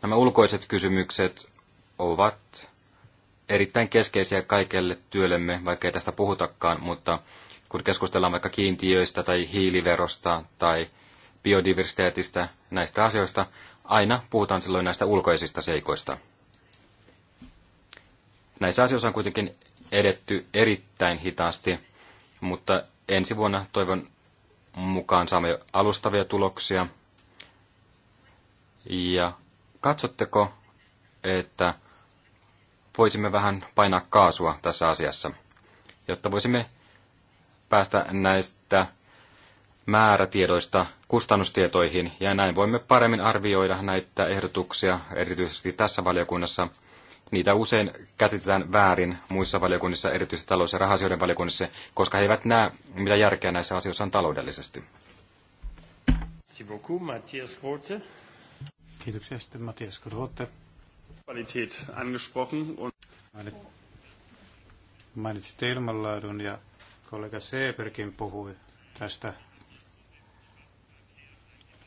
Nämä ulkoiset kysymykset ovat erittäin keskeisiä kaikelle työllemme, vaikkei tästä puhutakaan, mutta kun keskustellaan vaikka kiintiöistä tai hiiliverosta tai biodiversiteetistä, näistä asioista, aina puhutaan silloin näistä ulkoisista seikoista. Näissä asioissa on kuitenkin edetty erittäin hitaasti, mutta ensi vuonna toivon mukaan saamme jo alustavia tuloksia. Ja katsotteko, että voisimme vähän painaa kaasua tässä asiassa, jotta voisimme päästä näistä määrätiedoista kustannustietoihin, ja näin voimme paremmin arvioida näitä ehdotuksia, erityisesti tässä valiokunnassa – niitä usein käsitetään väärin muissa valiokunnissa, erityisesti talous- ja rahasioiden valiokunnissa, koska he eivät näe, mitä järkeä näissä asioissa on taloudellisesti. Kiitoksia sitten Matthias Grote. Mainitsit ilmanlaadun ja kollega Seeperkin puhui tästä.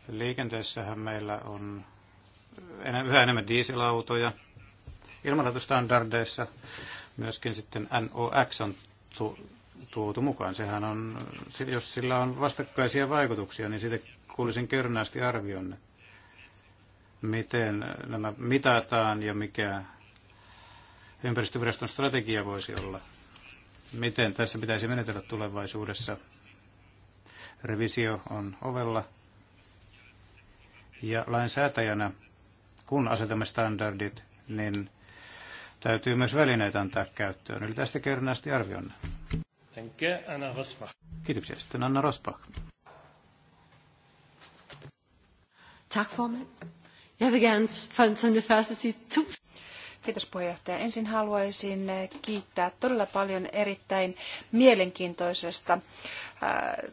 Liikenteessähän meillä on yhä enemmän dieselautoja, ilmanlaatustandardeissa myöskin sitten NOx on tu- tuotu mukaan. Sehän on, jos sillä on vastakkaisia vaikutuksia, niin siitä kuulisin kernaasti arvionne, miten nämä mitataan ja mikä ympäristöviraston strategia voisi olla. Miten tässä pitäisi menetellä tulevaisuudessa? Revisio on ovella. Ja lainsäätäjänä, kun asetamme standardit, niin täytyy myös välineitä antaa käyttöön. Eli tästä kerran asti arvionne. Kiitoksia. Sitten Anna Rosbach. Tak, formand. Jeg vil Kiitos puheenjohtaja. Ensin haluaisin eh, kiittää todella paljon erittäin mielenkiintoisesta eh,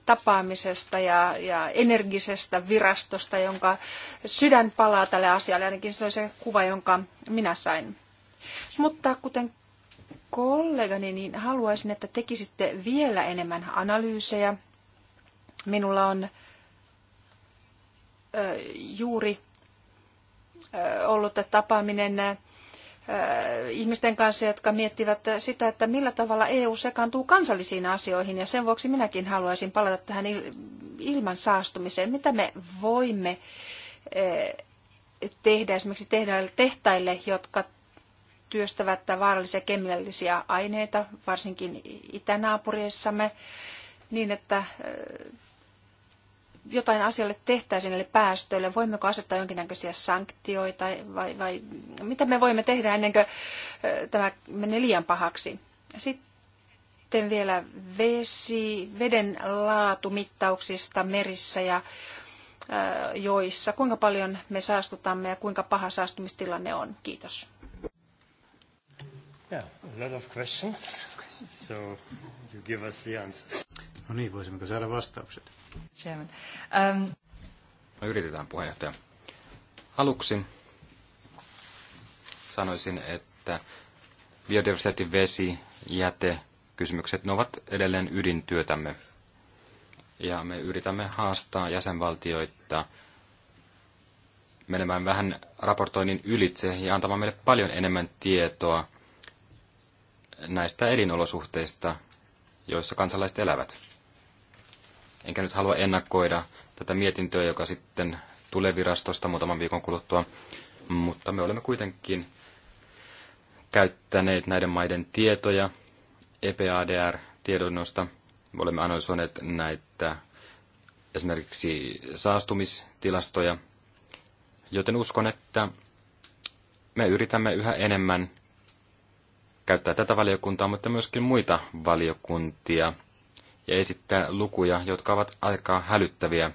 tapaamisesta ja, ja energisestä virastosta, jonka sydän palaa tälle asialle. Ainakin se on se kuva, jonka minä sain. Mutta kuten kollegani, niin haluaisin, että tekisitte vielä enemmän analyysejä. Minulla on juuri ollut tapaaminen ihmisten kanssa, jotka miettivät sitä, että millä tavalla EU sekaantuu kansallisiin asioihin. Ja sen vuoksi minäkin haluaisin palata tähän ilman saastumiseen. Mitä me voimme tehdä esimerkiksi tehtaille, jotka työstävät vaarallisia kemiallisia aineita, varsinkin itänaapureissamme, niin että jotain asialle tehtäisiin näille päästöille? Voimmeko asettaa jonkinnäköisiä sanktioita vai, vai mitä me voimme tehdä ennen kuin tämä menee liian pahaksi? Sitten vielä vesi, veden laatumittauksista merissä ja joissa. Kuinka paljon me saastutamme ja kuinka paha saastumistilanne on? Kiitos a lot of questions. So you give us the answers. No niin, voisimmeko saada vastaukset? Chairman. Um... No yritetään, puheenjohtaja. Aluksi sanoisin, että biodiversiteetti, vesi, jäte, kysymykset, ne ovat edelleen ydintyötämme. Ja me yritämme haastaa jäsenvaltioita menemään vähän raportoinnin ylitse ja antamaan meille paljon enemmän tietoa näistä elinolosuhteista, joissa kansalaiset elävät. Enkä nyt halua ennakoida tätä mietintöä, joka sitten tulee virastosta muutaman viikon kuluttua, mutta me olemme kuitenkin käyttäneet näiden maiden tietoja EPADR-tiedonnosta. Me olemme analysoineet näitä esimerkiksi saastumistilastoja, joten uskon, että me yritämme yhä enemmän – käyttää tätä valiokuntaa, mutta myöskin muita valiokuntia ja esittää lukuja, jotka ovat aika hälyttäviä.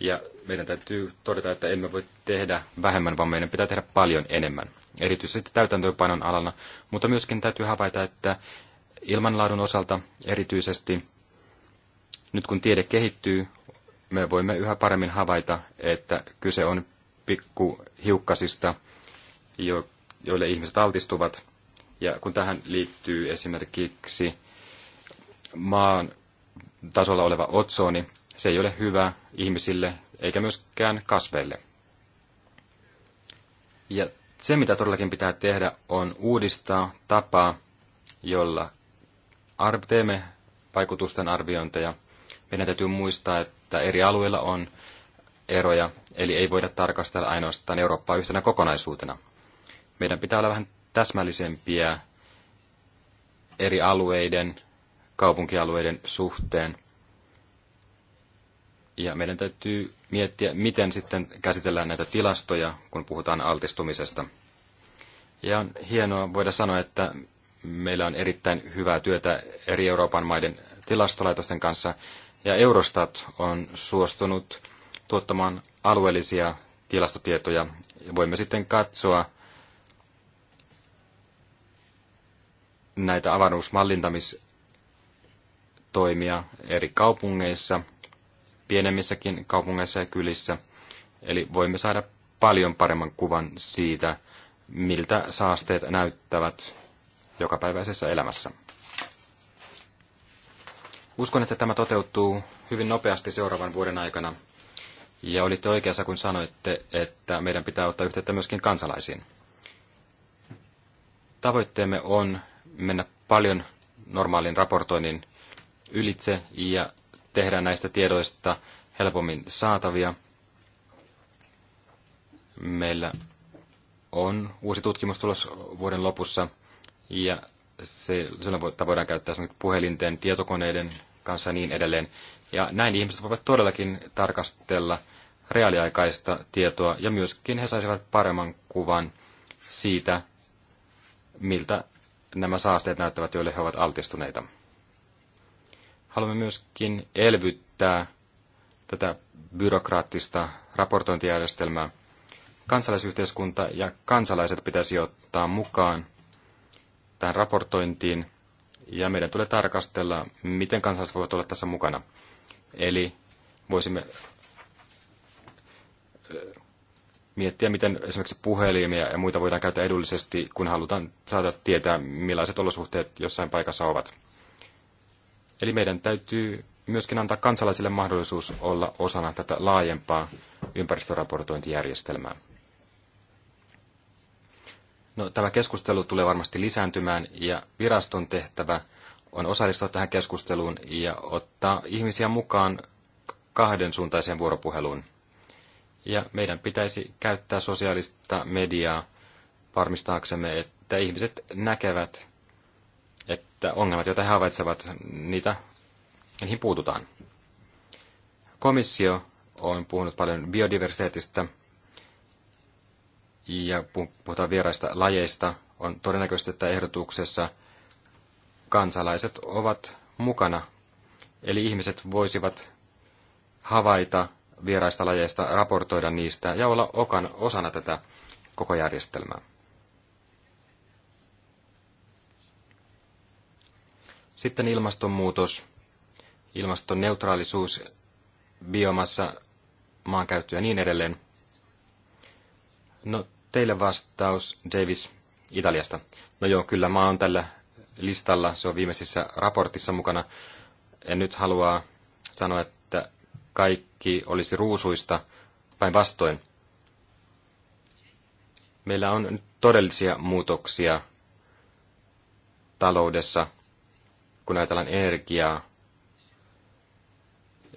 Ja meidän täytyy todeta, että emme voi tehdä vähemmän, vaan meidän pitää tehdä paljon enemmän. Erityisesti täytäntöönpanon alalla, mutta myöskin täytyy havaita, että ilmanlaadun osalta erityisesti nyt kun tiede kehittyy, me voimme yhä paremmin havaita, että kyse on pikkuhiukkasista, joille ihmiset altistuvat. Ja kun tähän liittyy esimerkiksi maan tasolla oleva otsoni, niin se ei ole hyvä ihmisille eikä myöskään kasveille. Ja se, mitä todellakin pitää tehdä, on uudistaa tapaa, jolla teemme vaikutusten arviointeja. Meidän täytyy muistaa, että eri alueilla on eroja, eli ei voida tarkastella ainoastaan Eurooppaa yhtenä kokonaisuutena. Meidän pitää olla vähän täsmällisempiä eri alueiden, kaupunkialueiden suhteen. Ja meidän täytyy miettiä, miten sitten käsitellään näitä tilastoja, kun puhutaan altistumisesta. Ja on hienoa voida sanoa, että meillä on erittäin hyvää työtä eri Euroopan maiden tilastolaitosten kanssa, ja Eurostat on suostunut tuottamaan alueellisia tilastotietoja. ja Voimme sitten katsoa, näitä avaruusmallintamistoimia eri kaupungeissa, pienemmissäkin kaupungeissa ja kylissä. Eli voimme saada paljon paremman kuvan siitä, miltä saasteet näyttävät jokapäiväisessä elämässä. Uskon, että tämä toteutuu hyvin nopeasti seuraavan vuoden aikana. Ja olitte oikeassa, kun sanoitte, että meidän pitää ottaa yhteyttä myöskin kansalaisiin. Tavoitteemme on mennä paljon normaalin raportoinnin ylitse ja tehdä näistä tiedoista helpommin saatavia. Meillä on uusi tutkimustulos vuoden lopussa ja se, sillä voidaan käyttää esimerkiksi puhelinten, tietokoneiden kanssa ja niin edelleen. Ja näin ihmiset voivat todellakin tarkastella reaaliaikaista tietoa ja myöskin he saisivat paremman kuvan siitä, miltä nämä saasteet näyttävät, joille he ovat altistuneita. Haluamme myöskin elvyttää tätä byrokraattista raportointijärjestelmää. Kansalaisyhteiskunta ja kansalaiset pitäisi ottaa mukaan tähän raportointiin, ja meidän tulee tarkastella, miten kansalaiset voivat olla tässä mukana. Eli voisimme miettiä, miten esimerkiksi puhelimia ja muita voidaan käyttää edullisesti, kun halutaan saada tietää, millaiset olosuhteet jossain paikassa ovat. Eli meidän täytyy myöskin antaa kansalaisille mahdollisuus olla osana tätä laajempaa ympäristöraportointijärjestelmää. No, tämä keskustelu tulee varmasti lisääntymään ja viraston tehtävä on osallistua tähän keskusteluun ja ottaa ihmisiä mukaan kahden suuntaiseen vuoropuheluun. Ja meidän pitäisi käyttää sosiaalista mediaa varmistaaksemme, että ihmiset näkevät, että ongelmat, joita he havaitsevat, niitä, niihin puututaan. Komissio on puhunut paljon biodiversiteetistä ja puhutaan vieraista lajeista. On todennäköistä, että ehdotuksessa kansalaiset ovat mukana. Eli ihmiset voisivat havaita vieraista lajeista, raportoida niistä ja olla okan osana tätä koko järjestelmää. Sitten ilmastonmuutos, ilmastoneutraalisuus, biomassa, maankäyttö ja niin edelleen. No, teille vastaus, Davis, Italiasta. No joo, kyllä maa on tällä listalla, se on viimeisessä raportissa mukana. En nyt halua sanoa, että kaikki kaikki olisi ruusuista, päinvastoin. Meillä on todellisia muutoksia taloudessa, kun ajatellaan energiaa.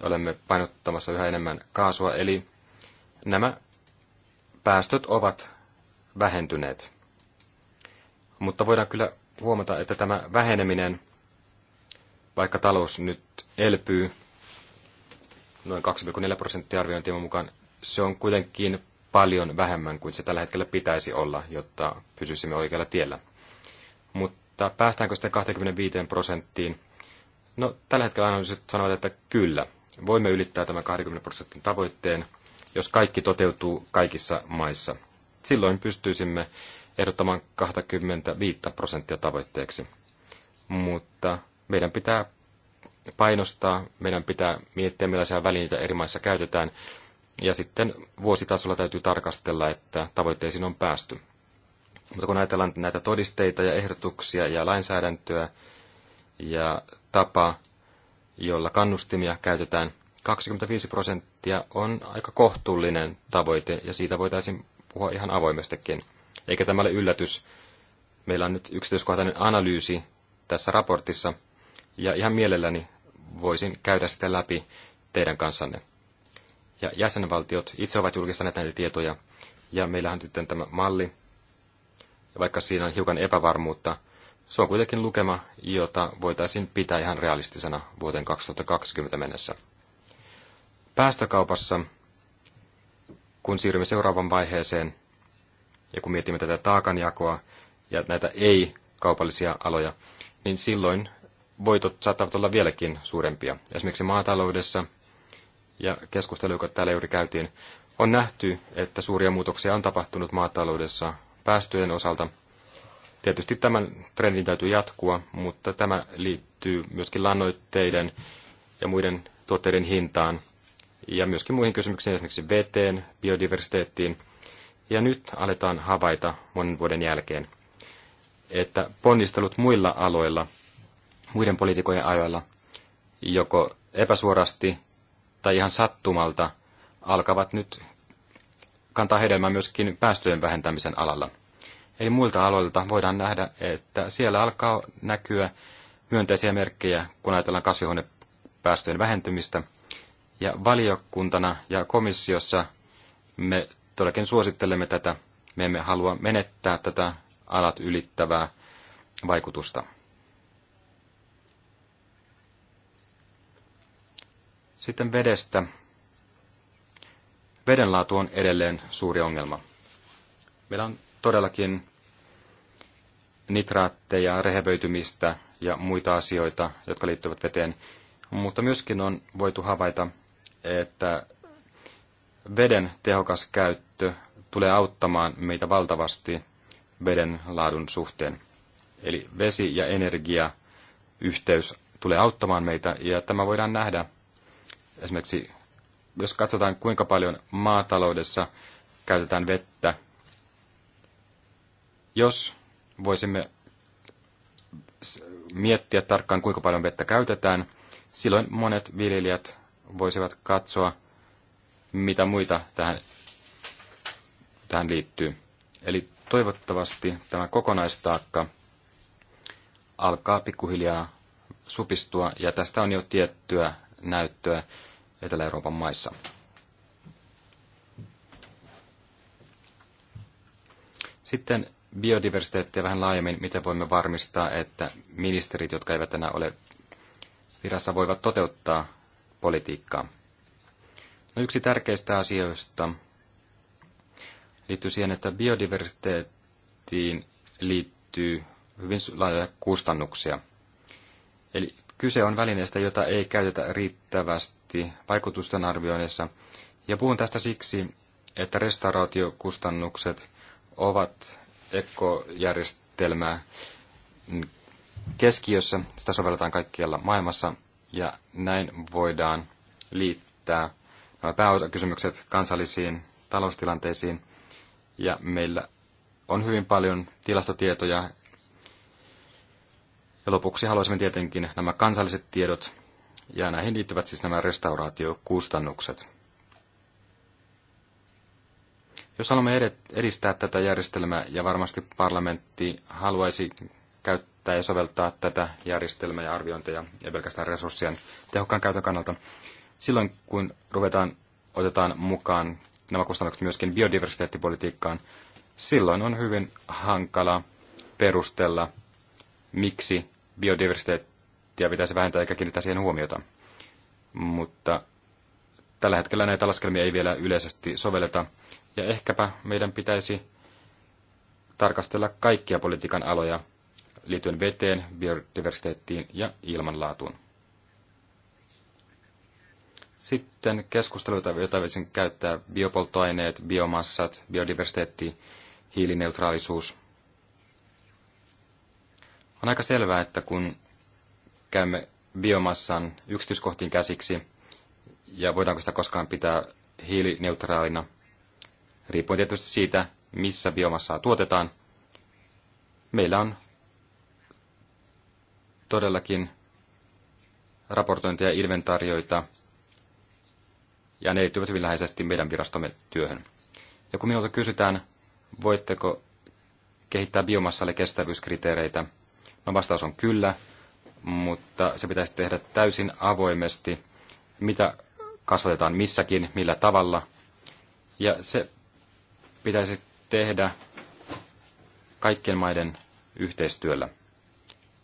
Olemme painottamassa yhä enemmän kaasua, eli nämä päästöt ovat vähentyneet. Mutta voidaan kyllä huomata, että tämä väheneminen, vaikka talous nyt elpyy, noin 2,4 prosenttia arviointien mukaan. Se on kuitenkin paljon vähemmän kuin se tällä hetkellä pitäisi olla, jotta pysyisimme oikealla tiellä. Mutta päästäänkö sitten 25 prosenttiin? No, tällä hetkellä analyysit sanovat, että kyllä, voimme ylittää tämän 20 prosentin tavoitteen, jos kaikki toteutuu kaikissa maissa. Silloin pystyisimme ehdottamaan 25 prosenttia tavoitteeksi. Mutta meidän pitää painostaa, meidän pitää miettiä millaisia välineitä eri maissa käytetään, ja sitten vuositasolla täytyy tarkastella, että tavoitteisiin on päästy. Mutta kun ajatellaan näitä todisteita ja ehdotuksia ja lainsäädäntöä ja tapaa, jolla kannustimia käytetään, 25 prosenttia on aika kohtuullinen tavoite, ja siitä voitaisiin puhua ihan avoimestikin. Eikä tämä ole yllätys. Meillä on nyt yksityiskohtainen analyysi tässä raportissa, ja ihan mielelläni voisin käydä sitä läpi teidän kanssanne. Ja jäsenvaltiot itse ovat julkistaneet näitä tietoja, ja meillähän sitten tämä malli, ja vaikka siinä on hiukan epävarmuutta, se on kuitenkin lukema, jota voitaisiin pitää ihan realistisena vuoteen 2020 mennessä. Päästökaupassa, kun siirrymme seuraavan vaiheeseen, ja kun mietimme tätä taakanjakoa ja näitä ei-kaupallisia aloja, niin silloin voitot saattavat olla vieläkin suurempia. Esimerkiksi maataloudessa ja keskustelu, joka täällä juuri käytiin, on nähty, että suuria muutoksia on tapahtunut maataloudessa päästöjen osalta. Tietysti tämän trendin täytyy jatkua, mutta tämä liittyy myöskin lannoitteiden ja muiden tuotteiden hintaan ja myöskin muihin kysymyksiin, esimerkiksi veteen, biodiversiteettiin. Ja nyt aletaan havaita monen vuoden jälkeen, että ponnistelut muilla aloilla – muiden poliitikojen ajoilla joko epäsuorasti tai ihan sattumalta alkavat nyt kantaa hedelmää myöskin päästöjen vähentämisen alalla. Eli muilta aloilta voidaan nähdä, että siellä alkaa näkyä myönteisiä merkkejä, kun ajatellaan kasvihuonepäästöjen vähentymistä. Ja valiokuntana ja komissiossa me todellakin suosittelemme tätä. Me emme halua menettää tätä alat ylittävää vaikutusta. Sitten vedestä. Vedenlaatu on edelleen suuri ongelma. Meillä on todellakin nitraatteja, rehevöitymistä ja muita asioita, jotka liittyvät veteen. Mutta myöskin on voitu havaita, että veden tehokas käyttö tulee auttamaan meitä valtavasti veden laadun suhteen. Eli vesi ja energia yhteys tulee auttamaan meitä ja tämä voidaan nähdä Esimerkiksi jos katsotaan, kuinka paljon maataloudessa käytetään vettä, jos voisimme miettiä tarkkaan, kuinka paljon vettä käytetään, silloin monet viljelijät voisivat katsoa, mitä muita tähän, tähän liittyy. Eli toivottavasti tämä kokonaistaakka alkaa pikkuhiljaa supistua, ja tästä on jo tiettyä näyttöä Etelä-Euroopan maissa. Sitten biodiversiteettiä vähän laajemmin, miten voimme varmistaa, että ministerit, jotka eivät enää ole virassa, voivat toteuttaa politiikkaa. No, yksi tärkeistä asioista liittyy siihen, että biodiversiteettiin liittyy hyvin laajoja kustannuksia. Eli Kyse on välineestä, jota ei käytetä riittävästi vaikutusten arvioinnissa. Ja puhun tästä siksi, että restauraatiokustannukset ovat ekojärjestelmää keskiössä. Sitä sovelletaan kaikkialla maailmassa ja näin voidaan liittää nämä pääosakysymykset kansallisiin taloustilanteisiin. Ja meillä on hyvin paljon tilastotietoja ja lopuksi haluaisimme tietenkin nämä kansalliset tiedot, ja näihin liittyvät siis nämä restauraatiokustannukset. Jos haluamme edistää tätä järjestelmää, ja varmasti parlamentti haluaisi käyttää ja soveltaa tätä järjestelmää ja arviointeja, ja pelkästään resurssien tehokkaan käytön kannalta, silloin kun ruvetaan, otetaan mukaan nämä kustannukset myöskin biodiversiteettipolitiikkaan, silloin on hyvin hankala perustella, miksi biodiversiteettiä pitäisi vähentää eikä kiinnittää siihen huomiota. Mutta tällä hetkellä näitä laskelmia ei vielä yleisesti sovelleta, ja ehkäpä meidän pitäisi tarkastella kaikkia politiikan aloja liittyen veteen, biodiversiteettiin ja ilmanlaatuun. Sitten keskusteluita, joita voisin käyttää biopolttoaineet, biomassat, biodiversiteetti, hiilineutraalisuus – on aika selvää, että kun käymme biomassan yksityiskohtiin käsiksi ja voidaanko sitä koskaan pitää hiilineutraalina, riippuen tietysti siitä, missä biomassaa tuotetaan, meillä on todellakin raportointia ja inventaarioita, ja ne liittyvät hyvin läheisesti meidän virastomme työhön. Ja kun minulta kysytään, voitteko kehittää biomassalle kestävyyskriteereitä, No vastaus on kyllä, mutta se pitäisi tehdä täysin avoimesti, mitä kasvatetaan missäkin, millä tavalla. Ja se pitäisi tehdä kaikkien maiden yhteistyöllä.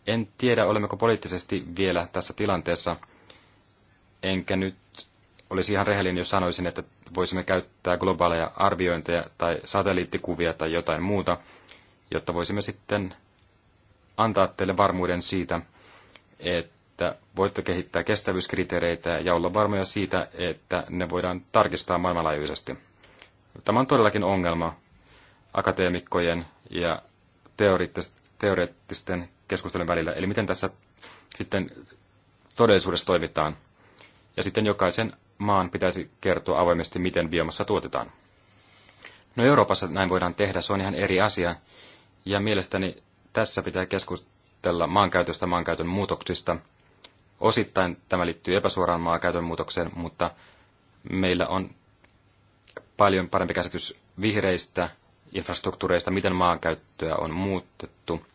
En tiedä, olemmeko poliittisesti vielä tässä tilanteessa, enkä nyt olisi ihan rehellinen, jos sanoisin, että voisimme käyttää globaaleja arviointeja tai satelliittikuvia tai jotain muuta, jotta voisimme sitten antaa teille varmuuden siitä, että voitte kehittää kestävyyskriteereitä ja olla varmoja siitä, että ne voidaan tarkistaa maailmanlaajuisesti. Tämä on todellakin ongelma akateemikkojen ja teoreettisten keskustelun välillä, eli miten tässä sitten todellisuudessa toimitaan. Ja sitten jokaisen maan pitäisi kertoa avoimesti, miten biomassa tuotetaan. No Euroopassa näin voidaan tehdä, se on ihan eri asia. Ja mielestäni tässä pitää keskustella maankäytöstä, maankäytön muutoksista. Osittain tämä liittyy epäsuoraan maankäytön muutokseen, mutta meillä on paljon parempi käsitys vihreistä infrastruktuureista, miten maankäyttöä on muutettu.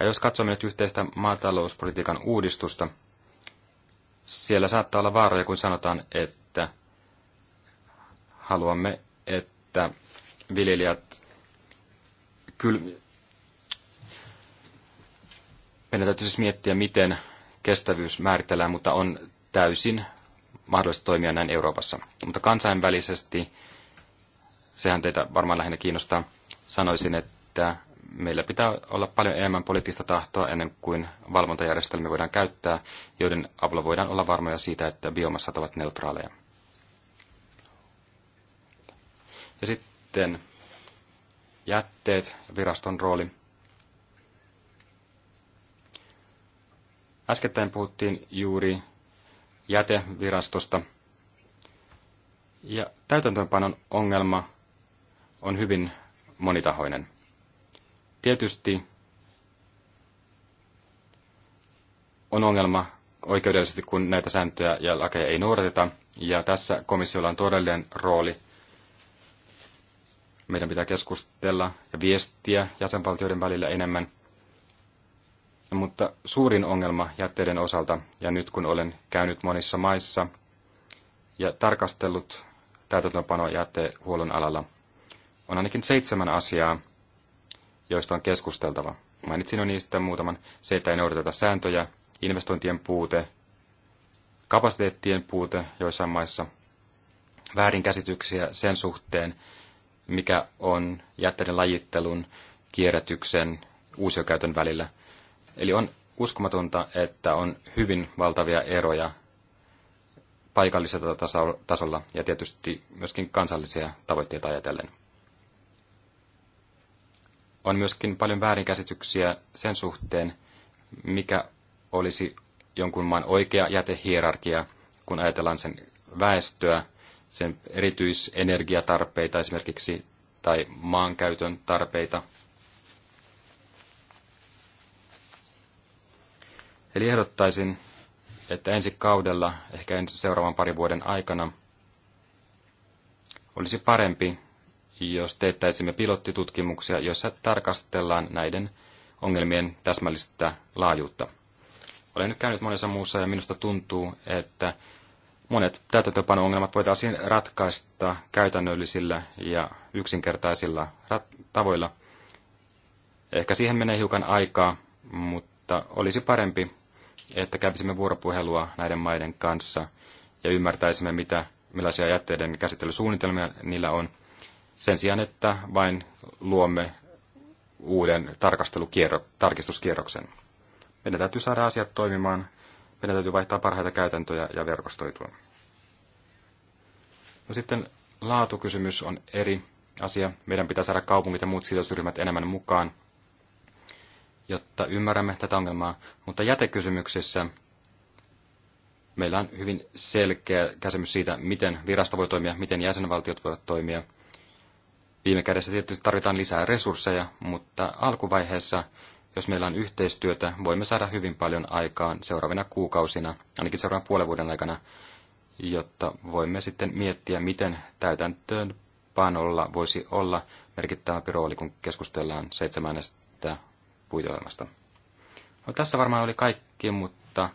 Ja jos katsomme nyt yhteistä maatalouspolitiikan uudistusta, siellä saattaa olla vaaroja, kun sanotaan, että haluamme, että viljelijät kyl, meidän täytyy siis miettiä, miten kestävyys määritellään, mutta on täysin mahdollista toimia näin Euroopassa. Mutta kansainvälisesti, sehän teitä varmaan lähinnä kiinnostaa, sanoisin, että meillä pitää olla paljon enemmän poliittista tahtoa ennen kuin valvontajärjestelmiä voidaan käyttää, joiden avulla voidaan olla varmoja siitä, että biomassat ovat neutraaleja. Ja sitten jätteet, viraston rooli. Äskettäin puhuttiin juuri jätevirastosta. Ja täytäntöönpanon ongelma on hyvin monitahoinen. Tietysti on ongelma oikeudellisesti, kun näitä sääntöjä ja lakeja ei noudateta. Ja tässä komissiolla on todellinen rooli. Meidän pitää keskustella ja viestiä jäsenvaltioiden välillä enemmän – mutta suurin ongelma jätteiden osalta, ja nyt kun olen käynyt monissa maissa ja tarkastellut täytäntöönpano jätehuollon alalla, on ainakin seitsemän asiaa, joista on keskusteltava. Mainitsin jo niistä muutaman. Se, että ei noudateta sääntöjä, investointien puute, kapasiteettien puute joissain maissa, väärinkäsityksiä sen suhteen, mikä on jätteiden lajittelun, kierrätyksen, uusiokäytön välillä – Eli on uskomatonta, että on hyvin valtavia eroja paikallisella tasolla ja tietysti myöskin kansallisia tavoitteita ajatellen. On myöskin paljon väärinkäsityksiä sen suhteen, mikä olisi jonkun maan oikea jätehierarkia, kun ajatellaan sen väestöä, sen erityisenergiatarpeita esimerkiksi tai maankäytön tarpeita Eli ehdottaisin, että ensi kaudella, ehkä ensi seuraavan parin vuoden aikana, olisi parempi, jos teettäisimme pilottitutkimuksia, joissa tarkastellaan näiden ongelmien täsmällistä laajuutta. Olen nyt käynyt monessa muussa ja minusta tuntuu, että monet täytäntöpano-ongelmat voitaisiin ratkaista käytännöllisillä ja yksinkertaisilla tavoilla. Ehkä siihen menee hiukan aikaa, mutta olisi parempi, että kävisimme vuoropuhelua näiden maiden kanssa ja ymmärtäisimme, mitä, millaisia jätteiden käsittelysuunnitelmia niillä on, sen sijaan, että vain luomme uuden tarkistuskierroksen. Meidän täytyy saada asiat toimimaan, meidän täytyy vaihtaa parhaita käytäntöjä ja verkostoitua. No sitten laatukysymys on eri asia. Meidän pitää saada kaupungit ja muut sidosryhmät enemmän mukaan – jotta ymmärrämme tätä ongelmaa. Mutta jätekysymyksissä meillä on hyvin selkeä käsitys siitä, miten virasto voi toimia, miten jäsenvaltiot voivat toimia. Viime kädessä tietysti tarvitaan lisää resursseja, mutta alkuvaiheessa, jos meillä on yhteistyötä, voimme saada hyvin paljon aikaan seuraavina kuukausina, ainakin seuraavan puolen vuoden aikana, jotta voimme sitten miettiä, miten täytäntöönpanolla voisi olla merkittävä rooli, kun keskustellaan seitsemännestä puiteohjelmasta. No, tässä varmaan oli kaikki, mutta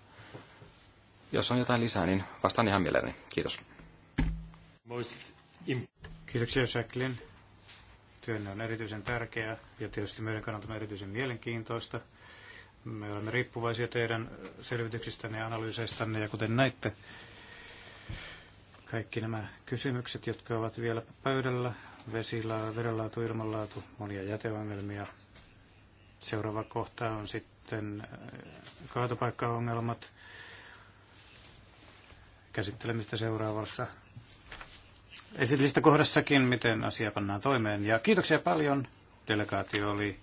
jos on jotain lisää, niin vastaan ihan mielelläni. Kiitos. Kiitoksia Jacqueline. Työnne on erityisen tärkeää ja tietysti meidän kannaltamme erityisen mielenkiintoista. Me olemme riippuvaisia teidän selvityksistänne ja analyyseistanne ja kuten näitte, kaikki nämä kysymykset, jotka ovat vielä pöydällä, vesilaa, vedenlaatu, ilmanlaatu, monia jäteongelmia, Seuraava kohta on sitten äh, kaatopaikkaongelmat. Käsittelemistä seuraavassa esitellistä kohdassakin, miten asia pannaan toimeen. Ja kiitoksia paljon. Delegaatio oli,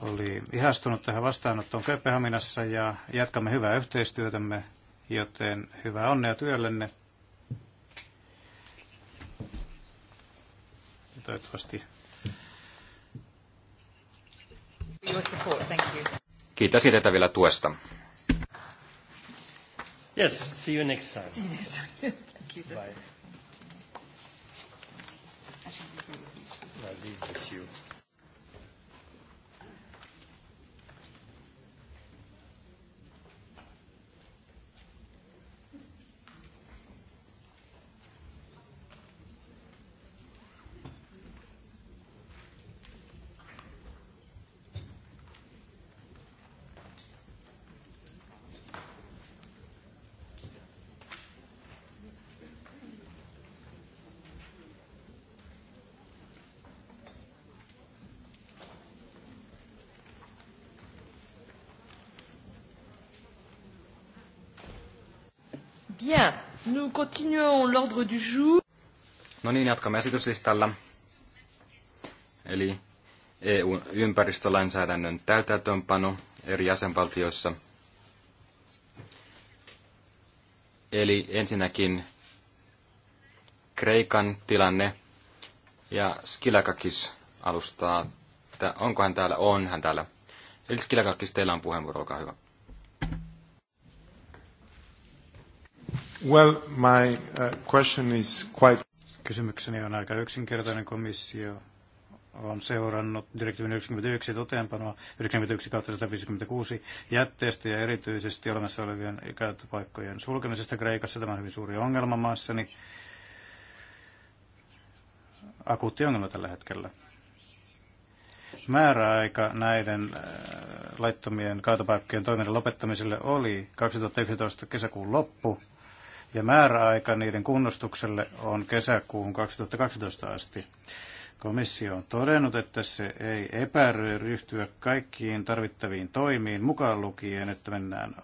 oli ihastunut tähän vastaanottoon Kööpenhaminassa ja jatkamme hyvää yhteistyötämme, joten hyvää onnea työllenne. Ja toivottavasti your support. Thank you. Kiitäisin teitä vielä tuesta. Yes, see you next time. See you next time. <laughs> Thank you. Bye. I should be with you. I'll leave with you. Bien, nous continuons l'ordre du jour. No niin, jatkamme esityslistalla. Eli eu ympäristölainsäädännön täytäntöönpano eri jäsenvaltioissa. Eli ensinnäkin Kreikan tilanne ja Skilakakis alustaa. Onko hän täällä? On hän täällä. Eli Skilakakis, teillä on puheenvuoro, olkaa hyvä. Well, my uh, question is quite... Kysymykseni on aika yksinkertainen. Komissio on seurannut direktiivin 99 toteenpanoa 91-156 jätteestä ja erityisesti olemassa olevien käyttöpaikkojen sulkemisesta Kreikassa. Tämä on hyvin suuri ongelma maassani. Akuutti ongelma tällä hetkellä. Määräaika näiden äh, laittomien kaatopaikkojen toiminnan lopettamiselle oli 2011 kesäkuun loppu ja määräaika niiden kunnostukselle on kesäkuun 2012 asti. Komissio on todennut, että se ei epäröi ryhtyä kaikkiin tarvittaviin toimiin mukaan lukien, että mennään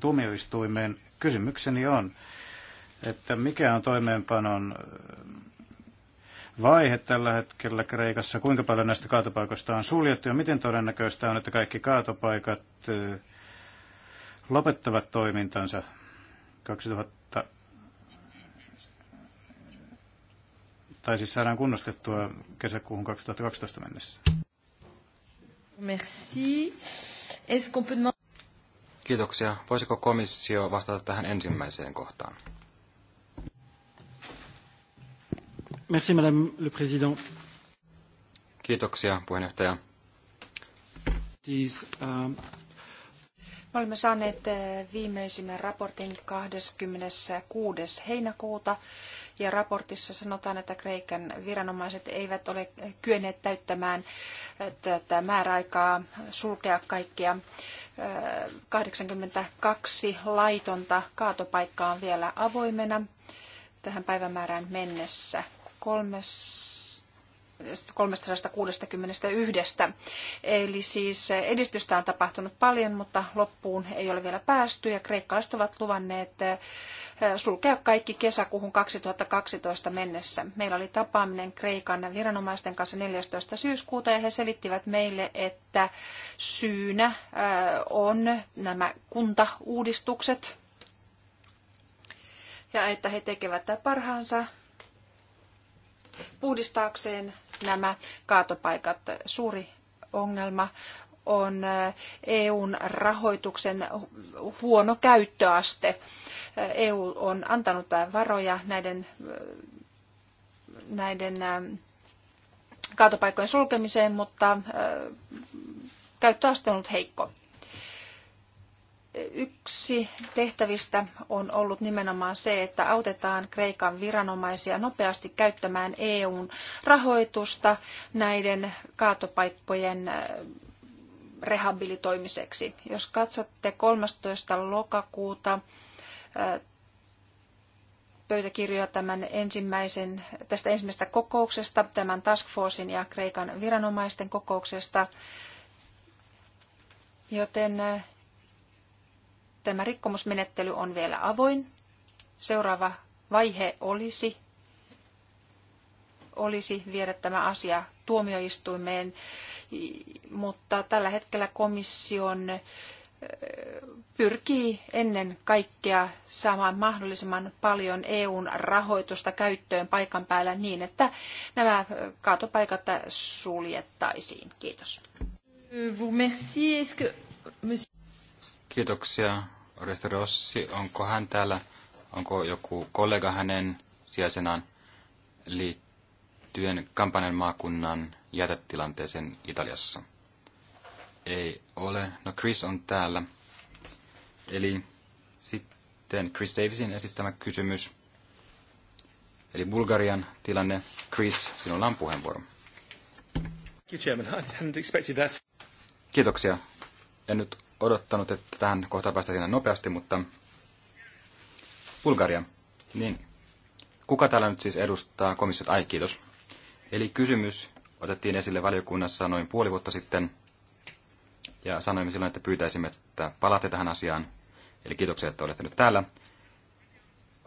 tuomioistuimeen. Kysymykseni on, että mikä on toimeenpanon vaihe tällä hetkellä Kreikassa, kuinka paljon näistä kaatopaikoista on suljettu ja miten todennäköistä on, että kaikki kaatopaikat lopettavat toimintansa 2000 tai siis saadaan kunnostettua kesäkuuhun 2012 mennessä. Merci. Kiitoksia. Voisiko komissio vastata tähän ensimmäiseen kohtaan? Merci, Madame le Président. Kiitoksia, puheenjohtaja. Siis, ähm, Me olemme saaneet äh, viimeisimmän raportin 26. heinäkuuta ja raportissa sanotaan, että Kreikan viranomaiset eivät ole kyenneet täyttämään äh, tätä määräaikaa sulkea kaikkia 82 äh, laitonta kaatopaikkaa on vielä avoimena tähän päivämäärään mennessä. 361. Eli siis äh, edistystä on tapahtunut paljon, mutta loppuun ei ole vielä päästy ja kreikkalaiset ovat luvanneet sulkea kaikki kesäkuuhun 2012 mennessä. Meillä oli tapaaminen Kreikan viranomaisten kanssa 14. syyskuuta ja he selittivät meille, että syynä on nämä kuntauudistukset ja että he tekevät parhaansa puhdistaakseen nämä kaatopaikat. Suuri ongelma on EUn rahoituksen huono käyttöaste. EU on antanut varoja näiden, näiden kaatopaikkojen sulkemiseen, mutta käyttöaste on ollut heikko. Yksi tehtävistä on ollut nimenomaan se, että autetaan Kreikan viranomaisia nopeasti käyttämään EUn rahoitusta näiden kaatopaikkojen rehabilitoimiseksi. Jos katsotte 13. lokakuuta äh, pöytäkirjoja tämän ensimmäisen, tästä ensimmäisestä kokouksesta, tämän Task Forcein ja Kreikan viranomaisten kokouksesta, joten äh, tämä rikkomusmenettely on vielä avoin. Seuraava vaihe olisi, olisi viedä tämä asia tuomioistuimeen mutta tällä hetkellä komission pyrkii ennen kaikkea saamaan mahdollisimman paljon EUn rahoitusta käyttöön paikan päällä niin, että nämä kaatopaikat suljettaisiin. Kiitos. Kiitoksia. Oreste Rossi, onko hän täällä? Onko joku kollega hänen sijaisenaan liittyen Kampanjan maakunnan jätetilanteeseen Italiassa? Ei ole. No Chris on täällä. Eli sitten Chris Davisin esittämä kysymys. Eli Bulgarian tilanne. Chris, sinulla on puheenvuoro. Kiitoksia. En nyt odottanut, että tähän kohtaan päästäisiin nopeasti, mutta Bulgaria. Niin. Kuka täällä nyt siis edustaa komissiota? Ai, kiitos. Eli kysymys, otettiin esille valiokunnassa noin puoli vuotta sitten, ja sanoimme silloin, että pyytäisimme, että palaatte tähän asiaan. Eli kiitoksia, että olette nyt täällä.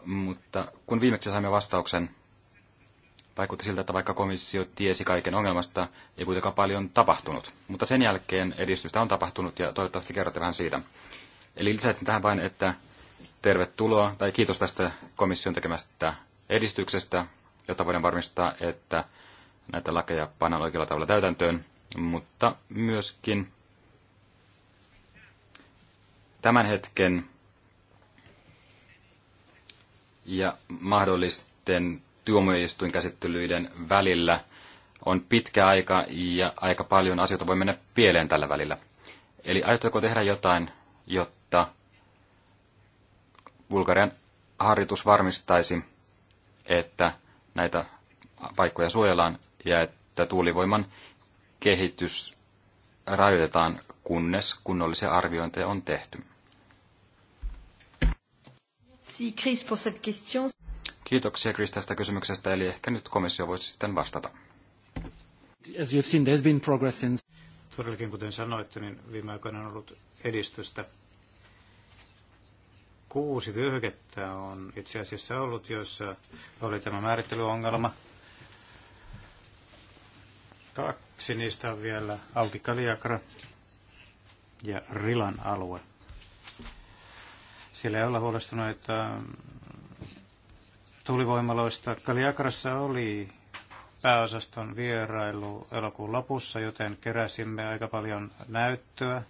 Mutta kun viimeksi saimme vastauksen, vaikutti siltä, että vaikka komissio tiesi kaiken ongelmasta, ei kuitenkaan paljon tapahtunut. Mutta sen jälkeen edistystä on tapahtunut ja toivottavasti kerrotte vähän siitä. Eli lisäisin tähän vain, että tervetuloa tai kiitos tästä komission tekemästä edistyksestä, jotta voidaan varmistaa, että näitä lakeja pannaan oikealla tavalla täytäntöön, mutta myöskin tämän hetken ja mahdollisten tuomioistuinkäsittelyiden välillä on pitkä aika ja aika paljon asioita voi mennä pieleen tällä välillä. Eli aiotteko tehdä jotain, jotta Bulgarian harjoitus varmistaisi, että näitä paikkoja suojellaan ja että tuulivoiman kehitys rajoitetaan, kunnes kunnollisia arviointeja on tehty. Kiitoksia Chris tästä kysymyksestä, eli ehkä nyt komissio voisi sitten vastata. As you've seen, there's been progress in... Todellakin, kuten sanoitte, niin viime aikoina on ollut edistystä. Kuusi vyöhykettä on itse asiassa ollut, joissa oli tämä määrittelyongelma, Kaksi niistä on vielä auki Kaliakra ja Rilan alue. Siellä ei olla huolestuneita tulivoimaloista. Kaliakrassa oli pääosaston vierailu elokuun lopussa, joten keräsimme aika paljon näyttöä.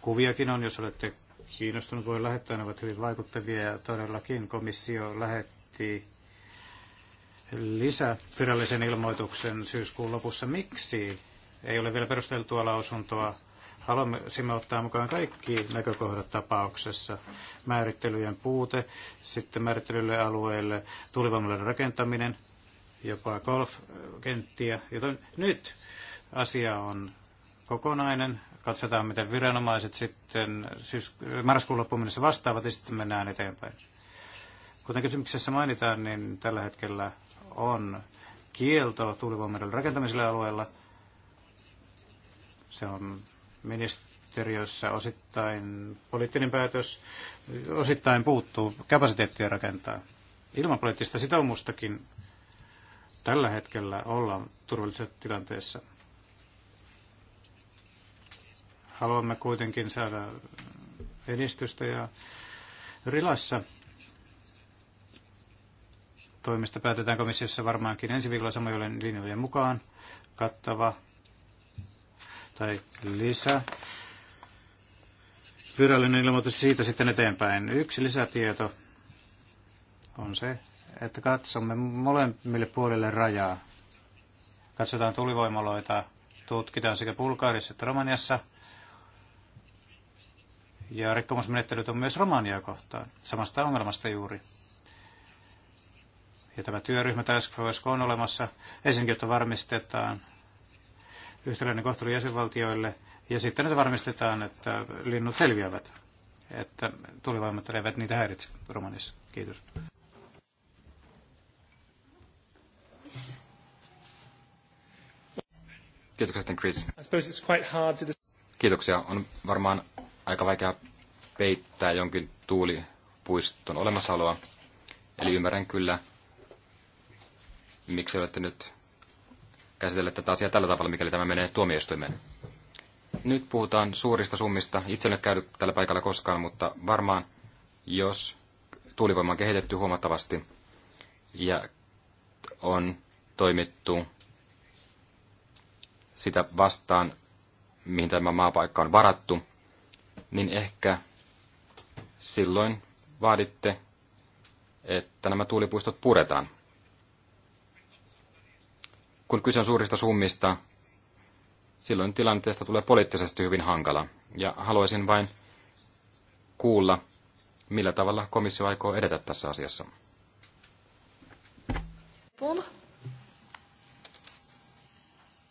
Kuviakin on, jos olette kiinnostunut, voi lähettää, ne ovat hyvin vaikuttavia ja todellakin komissio lähetti lisävirallisen ilmoituksen syyskuun lopussa. Miksi ei ole vielä perusteltua lausuntoa? Haluamme ottaa mukaan kaikki näkökohdat tapauksessa. Määrittelyjen puute, sitten määrittelylle alueelle tulivoimalle rakentaminen, jopa golfkenttiä. Joten nyt asia on kokonainen. Katsotaan, miten viranomaiset sitten syys- marraskuun loppuun mennessä vastaavat ja sitten mennään eteenpäin. Kuten kysymyksessä mainitaan, niin tällä hetkellä on kielto tuulivoimaiden rakentamiselle alueella. Se on ministeriössä osittain poliittinen päätös, osittain puuttuu kapasiteettia rakentaa. Ilman poliittista sitoumustakin tällä hetkellä ollaan turvallisessa tilanteessa. Haluamme kuitenkin saada edistystä ja Rilassa toimista päätetään komissiossa varmaankin ensi viikolla samojen linjojen mukaan kattava tai lisä. Virallinen ilmoitus siitä sitten eteenpäin. Yksi lisätieto on se, että katsomme molemmille puolille rajaa. Katsotaan tulivoimaloita, tutkitaan sekä Bulgaarissa että Romaniassa. Ja rikkomusmenettelyt on myös Romaniaa kohtaan, samasta ongelmasta juuri ja tämä työryhmä Task Force on olemassa, ensinnäkin, jotta varmistetaan yhtäläinen kohtelu jäsenvaltioille, ja sitten, että varmistetaan, että linnut selviävät, että tulivoimat eivät niitä häiritse Romanissa. Kiitos. Kiitoksia sitten Kiitoksia. On varmaan aika vaikea peittää jonkin tuulipuiston olemassaoloa. Eli ymmärrän kyllä miksi olette nyt käsitellä tätä asiaa tällä tavalla, mikäli tämä menee tuomioistuimeen. Nyt puhutaan suurista summista. Itse en ole käynyt tällä paikalla koskaan, mutta varmaan jos tuulivoima on kehitetty huomattavasti ja on toimittu sitä vastaan, mihin tämä maapaikka on varattu, niin ehkä silloin vaaditte, että nämä tuulipuistot puretaan kun kyse on suurista summista, silloin tilanteesta tulee poliittisesti hyvin hankala. Ja haluaisin vain kuulla, millä tavalla komissio aikoo edetä tässä asiassa.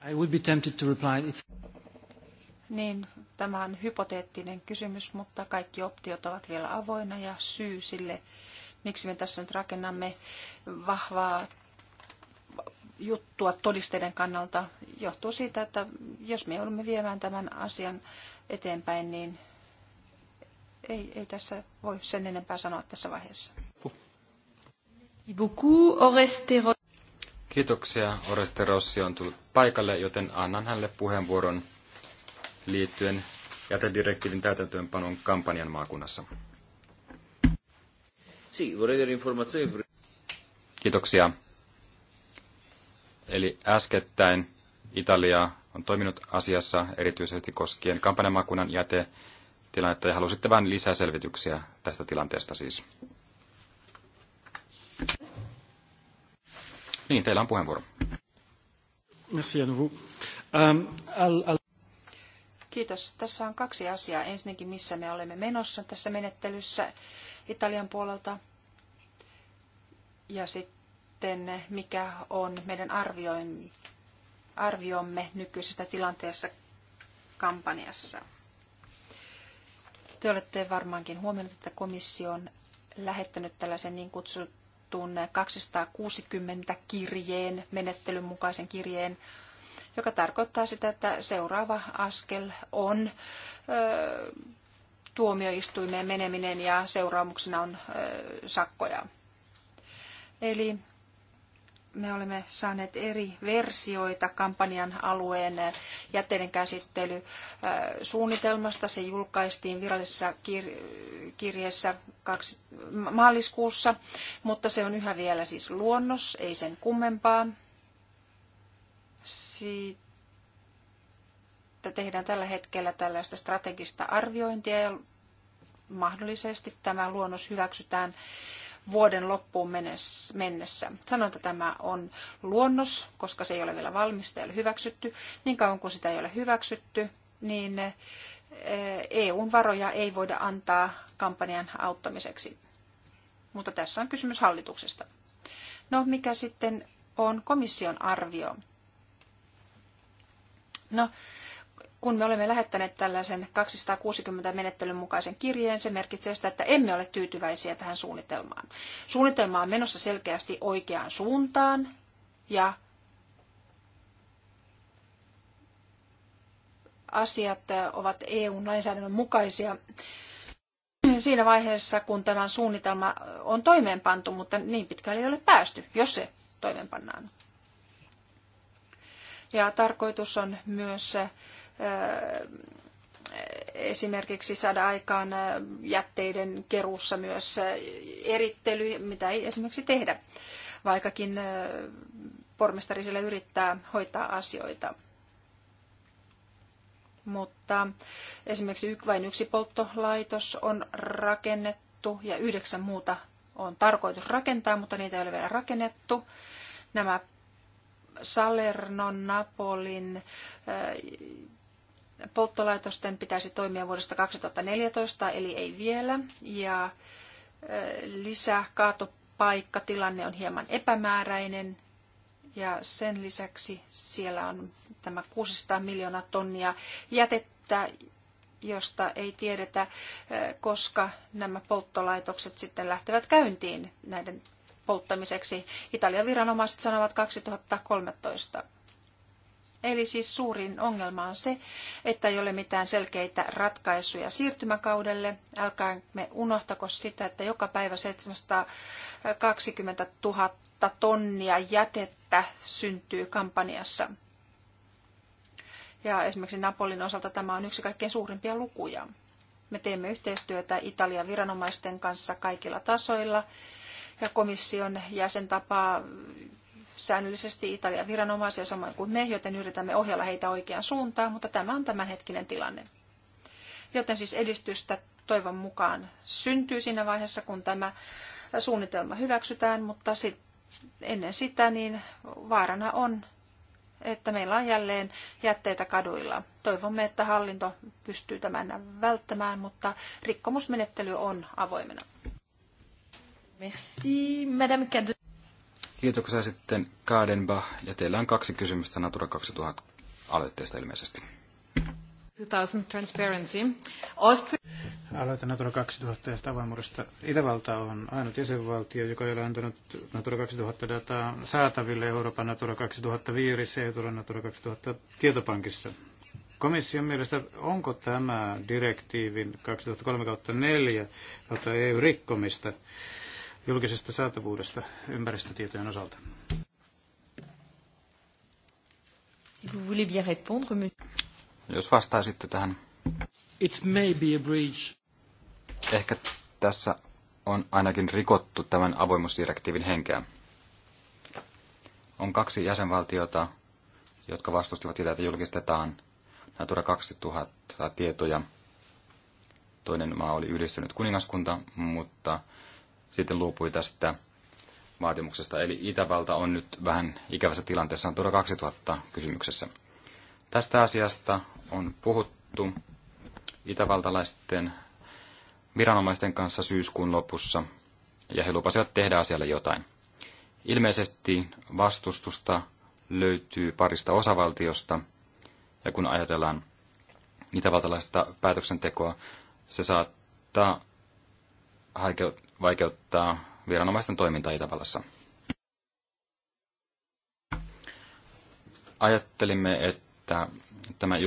I would be tempted to reply. It's... Niin, tämä on hypoteettinen kysymys, mutta kaikki optiot ovat vielä avoinna ja syy sille, miksi me tässä nyt rakennamme vahvaa juttua todisteiden kannalta johtuu siitä, että jos me joudumme viemään tämän asian eteenpäin, niin ei, ei tässä voi sen enempää sanoa tässä vaiheessa. Kiitoksia. Oreste Rossi on tullut paikalle, joten annan hänelle puheenvuoron liittyen jätedirektiivin täytäntöönpanon kampanjan maakunnassa. Kiitoksia. Eli Italia on toiminut asiassa erityisesti koskien kampanjamakunnan jätetilannetta ja halusitte vain lisää selvityksiä tästä tilanteesta siis. Niin, teillä on puheenvuoro. Merci à nouveau. Um, al, al... Kiitos. Tässä on kaksi asiaa. Ensinnäkin, missä me olemme menossa tässä menettelyssä Italian puolelta. Ja sitten sitten, mikä on meidän arvioin, arviomme nykyisestä tilanteessa kampanjassa. Te olette varmaankin huomannut, että komissio on lähettänyt tällaisen niin kutsutun 260 kirjeen, menettelyn mukaisen kirjeen, joka tarkoittaa sitä, että seuraava askel on ö, tuomioistuimeen meneminen ja seuraamuksena on ö, sakkoja. Eli me olemme saaneet eri versioita kampanjan alueen jätteiden käsittelysuunnitelmasta. Se julkaistiin virallisessa kirjeessä kaksi, maaliskuussa, mutta se on yhä vielä siis luonnos, ei sen kummempaa. Siitä tehdään tällä hetkellä tällaista strategista arviointia ja mahdollisesti tämä luonnos hyväksytään vuoden loppuun mennessä. Sanon, että tämä on luonnos, koska se ei ole vielä valmis, hyväksytty. Niin kauan kuin sitä ei ole hyväksytty, niin EUn eh, e varoja ei voida antaa kampanjan auttamiseksi. Mutta tässä on kysymys hallituksesta. No, mikä sitten on komission arvio? No, kun me olemme lähettäneet tällaisen 260 menettelyn mukaisen kirjeen, se merkitsee sitä, että emme ole tyytyväisiä tähän suunnitelmaan. Suunnitelma on menossa selkeästi oikeaan suuntaan ja asiat ovat EU-lainsäädännön mukaisia siinä vaiheessa, kun tämä suunnitelma on toimeenpantu, mutta niin pitkälle ei ole päästy, jos se toimeenpannaan. Ja tarkoitus on myös esimerkiksi saada aikaan jätteiden keruussa myös erittely, mitä ei esimerkiksi tehdä, vaikkakin pormestari siellä yrittää hoitaa asioita. Mutta esimerkiksi vain yksi polttolaitos on rakennettu ja yhdeksän muuta on tarkoitus rakentaa, mutta niitä ei ole vielä rakennettu. Nämä Salernon, Napolin polttolaitosten pitäisi toimia vuodesta 2014, eli ei vielä. Ja lisäkaatopaikkatilanne on hieman epämääräinen. Ja sen lisäksi siellä on tämä 600 miljoonaa tonnia jätettä, josta ei tiedetä, koska nämä polttolaitokset sitten lähtevät käyntiin näiden polttamiseksi. Italian viranomaiset sanovat 2013. Eli siis suurin ongelma on se, että ei ole mitään selkeitä ratkaisuja siirtymäkaudelle. Älkää me unohtako sitä, että joka päivä 720 000 tonnia jätettä syntyy kampanjassa. Ja esimerkiksi Napolin osalta tämä on yksi kaikkein suurimpia lukuja. Me teemme yhteistyötä Italian viranomaisten kanssa kaikilla tasoilla ja komission jäsen tapaa säännöllisesti Italian viranomaisia samoin kuin me, joten yritämme ohjella heitä oikeaan suuntaan, mutta tämä on tämänhetkinen tilanne. Joten siis edistystä toivon mukaan syntyy siinä vaiheessa, kun tämä suunnitelma hyväksytään, mutta sit, ennen sitä niin vaarana on, että meillä on jälleen jätteitä kaduilla. Toivomme, että hallinto pystyy tämän välttämään, mutta rikkomusmenettely on avoimena. Merci, Madame Cadeau. Kiitoksia sitten Kaadenbach, ja teillä on kaksi kysymystä Natura 2000 aloitteesta ilmeisesti. 2000 Transparency. Ost... Aloite Natura 2000 ja avoimuudesta. Itävalta on ainut jäsenvaltio, joka ei ole antanut Natura 2000 dataa saataville Euroopan Natura 2000 viirissä ja Euroopan Natura 2000 tietopankissa. Komission mielestä onko tämä direktiivin 2003-4 EU-rikkomista? julkisesta saatavuudesta ympäristötietojen osalta. Jos vastaisitte tähän. It may be a breach. Ehkä tässä on ainakin rikottu tämän avoimuusdirektiivin henkeä. On kaksi jäsenvaltiota, jotka vastustivat sitä, että julkistetaan Natura 2000 tietoja. Toinen maa oli yhdistynyt kuningaskunta, mutta sitten luopui tästä vaatimuksesta. Eli Itävalta on nyt vähän ikävässä tilanteessa on Natura 2000 kysymyksessä. Tästä asiasta on puhuttu itävaltalaisten viranomaisten kanssa syyskuun lopussa, ja he lupasivat tehdä asialle jotain. Ilmeisesti vastustusta löytyy parista osavaltiosta, ja kun ajatellaan itävaltalaista päätöksentekoa, se saattaa vaikeuttaa viranomaisten toimintaa Itävallassa. Ajattelimme, että tämä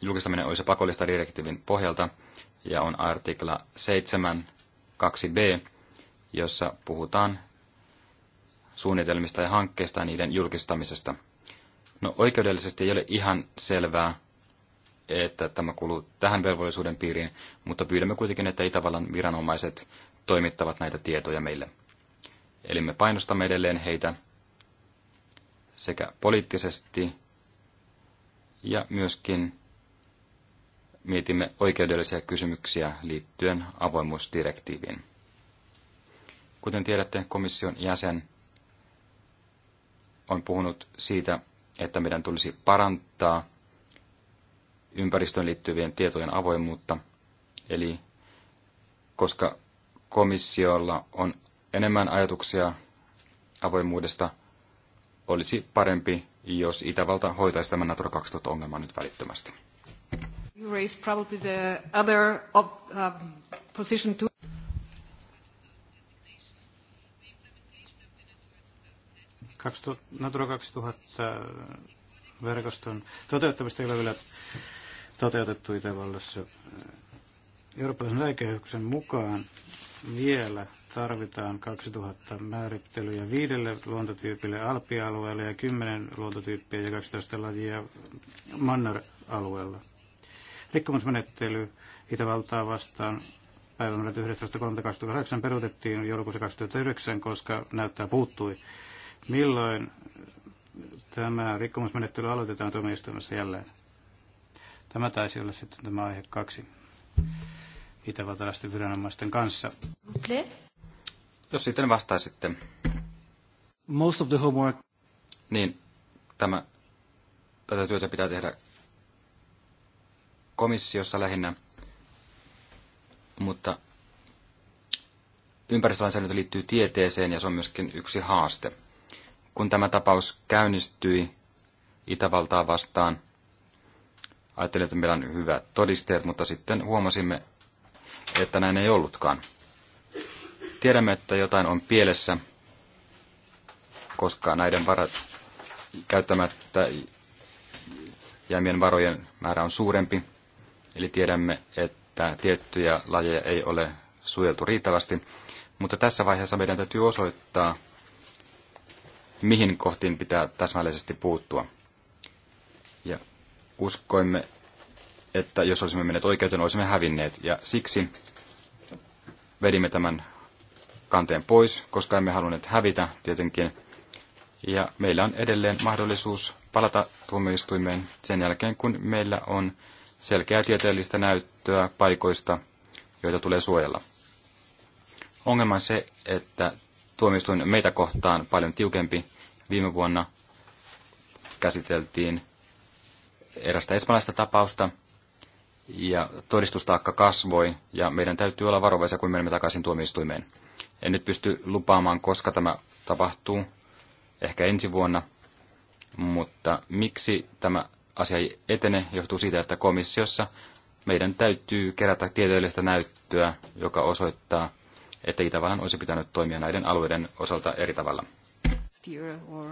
julkistaminen olisi pakollista direktiivin pohjalta ja on artikla 7 2b, jossa puhutaan suunnitelmista ja hankkeista ja niiden julkistamisesta. No oikeudellisesti ei ole ihan selvää, että tämä kuuluu tähän velvollisuuden piiriin, mutta pyydämme kuitenkin, että Itävallan viranomaiset toimittavat näitä tietoja meille. Eli me painostamme edelleen heitä sekä poliittisesti ja myöskin mietimme oikeudellisia kysymyksiä liittyen avoimuusdirektiiviin. Kuten tiedätte, komission jäsen on puhunut siitä, että meidän tulisi parantaa ympäristöön liittyvien tietojen avoimuutta. Eli koska komissiolla on enemmän ajatuksia avoimuudesta, olisi parempi, jos Itävalta hoitaisi tämän Natura 2000-ongelman nyt välittömästi. Um, Natura 2000 verkoston toteuttamista ei ole vielä toteutettu Itävallassa. Eurooppalaisen lääkehyksen mukaan vielä tarvitaan 2000 määrittelyjä viidelle luontotyypille Alpialueelle ja 10 luontotyyppiä ja 12 lajia Manner-alueella. Rikkomusmenettely Itävaltaa vastaan päivämäärät 19.3.2008 peruutettiin joulukuussa 2009, koska näyttää puuttui. Milloin tämä rikkomusmenettely aloitetaan tuomioistuimessa jälleen? Tämä taisi olla sitten tämä aihe kaksi itävaltalaisten viranomaisten kanssa. Okay. Jos sitten vastaisitte. Most of the homework. Niin, tämä, tätä työtä pitää tehdä komissiossa lähinnä, mutta ympäristölainsäädäntö liittyy tieteeseen ja se on myöskin yksi haaste. Kun tämä tapaus käynnistyi Itävaltaa vastaan, Ajattelin, että meillä on hyvät todisteet, mutta sitten huomasimme, että näin ei ollutkaan. Tiedämme, että jotain on pielessä, koska näiden varat käyttämättä jäämien varojen määrä on suurempi. Eli tiedämme, että tiettyjä lajeja ei ole suojeltu riittävästi. Mutta tässä vaiheessa meidän täytyy osoittaa, mihin kohtiin pitää täsmällisesti puuttua uskoimme, että jos olisimme menneet oikeuteen, olisimme hävinneet. Ja siksi vedimme tämän kanteen pois, koska emme halunneet hävitä tietenkin. Ja meillä on edelleen mahdollisuus palata tuomioistuimeen sen jälkeen, kun meillä on selkeää tieteellistä näyttöä paikoista, joita tulee suojella. Ongelma on se, että tuomioistuin meitä kohtaan paljon tiukempi. Viime vuonna käsiteltiin erästä espanjalaista tapausta, ja todistustaakka kasvoi, ja meidän täytyy olla varovaisia, kun menemme takaisin tuomioistuimeen. En nyt pysty lupaamaan, koska tämä tapahtuu, ehkä ensi vuonna, mutta miksi tämä asia ei etene, johtuu siitä, että komissiossa meidän täytyy kerätä tieteellistä näyttöä, joka osoittaa, että Itävallan olisi pitänyt toimia näiden alueiden osalta eri tavalla. Uh,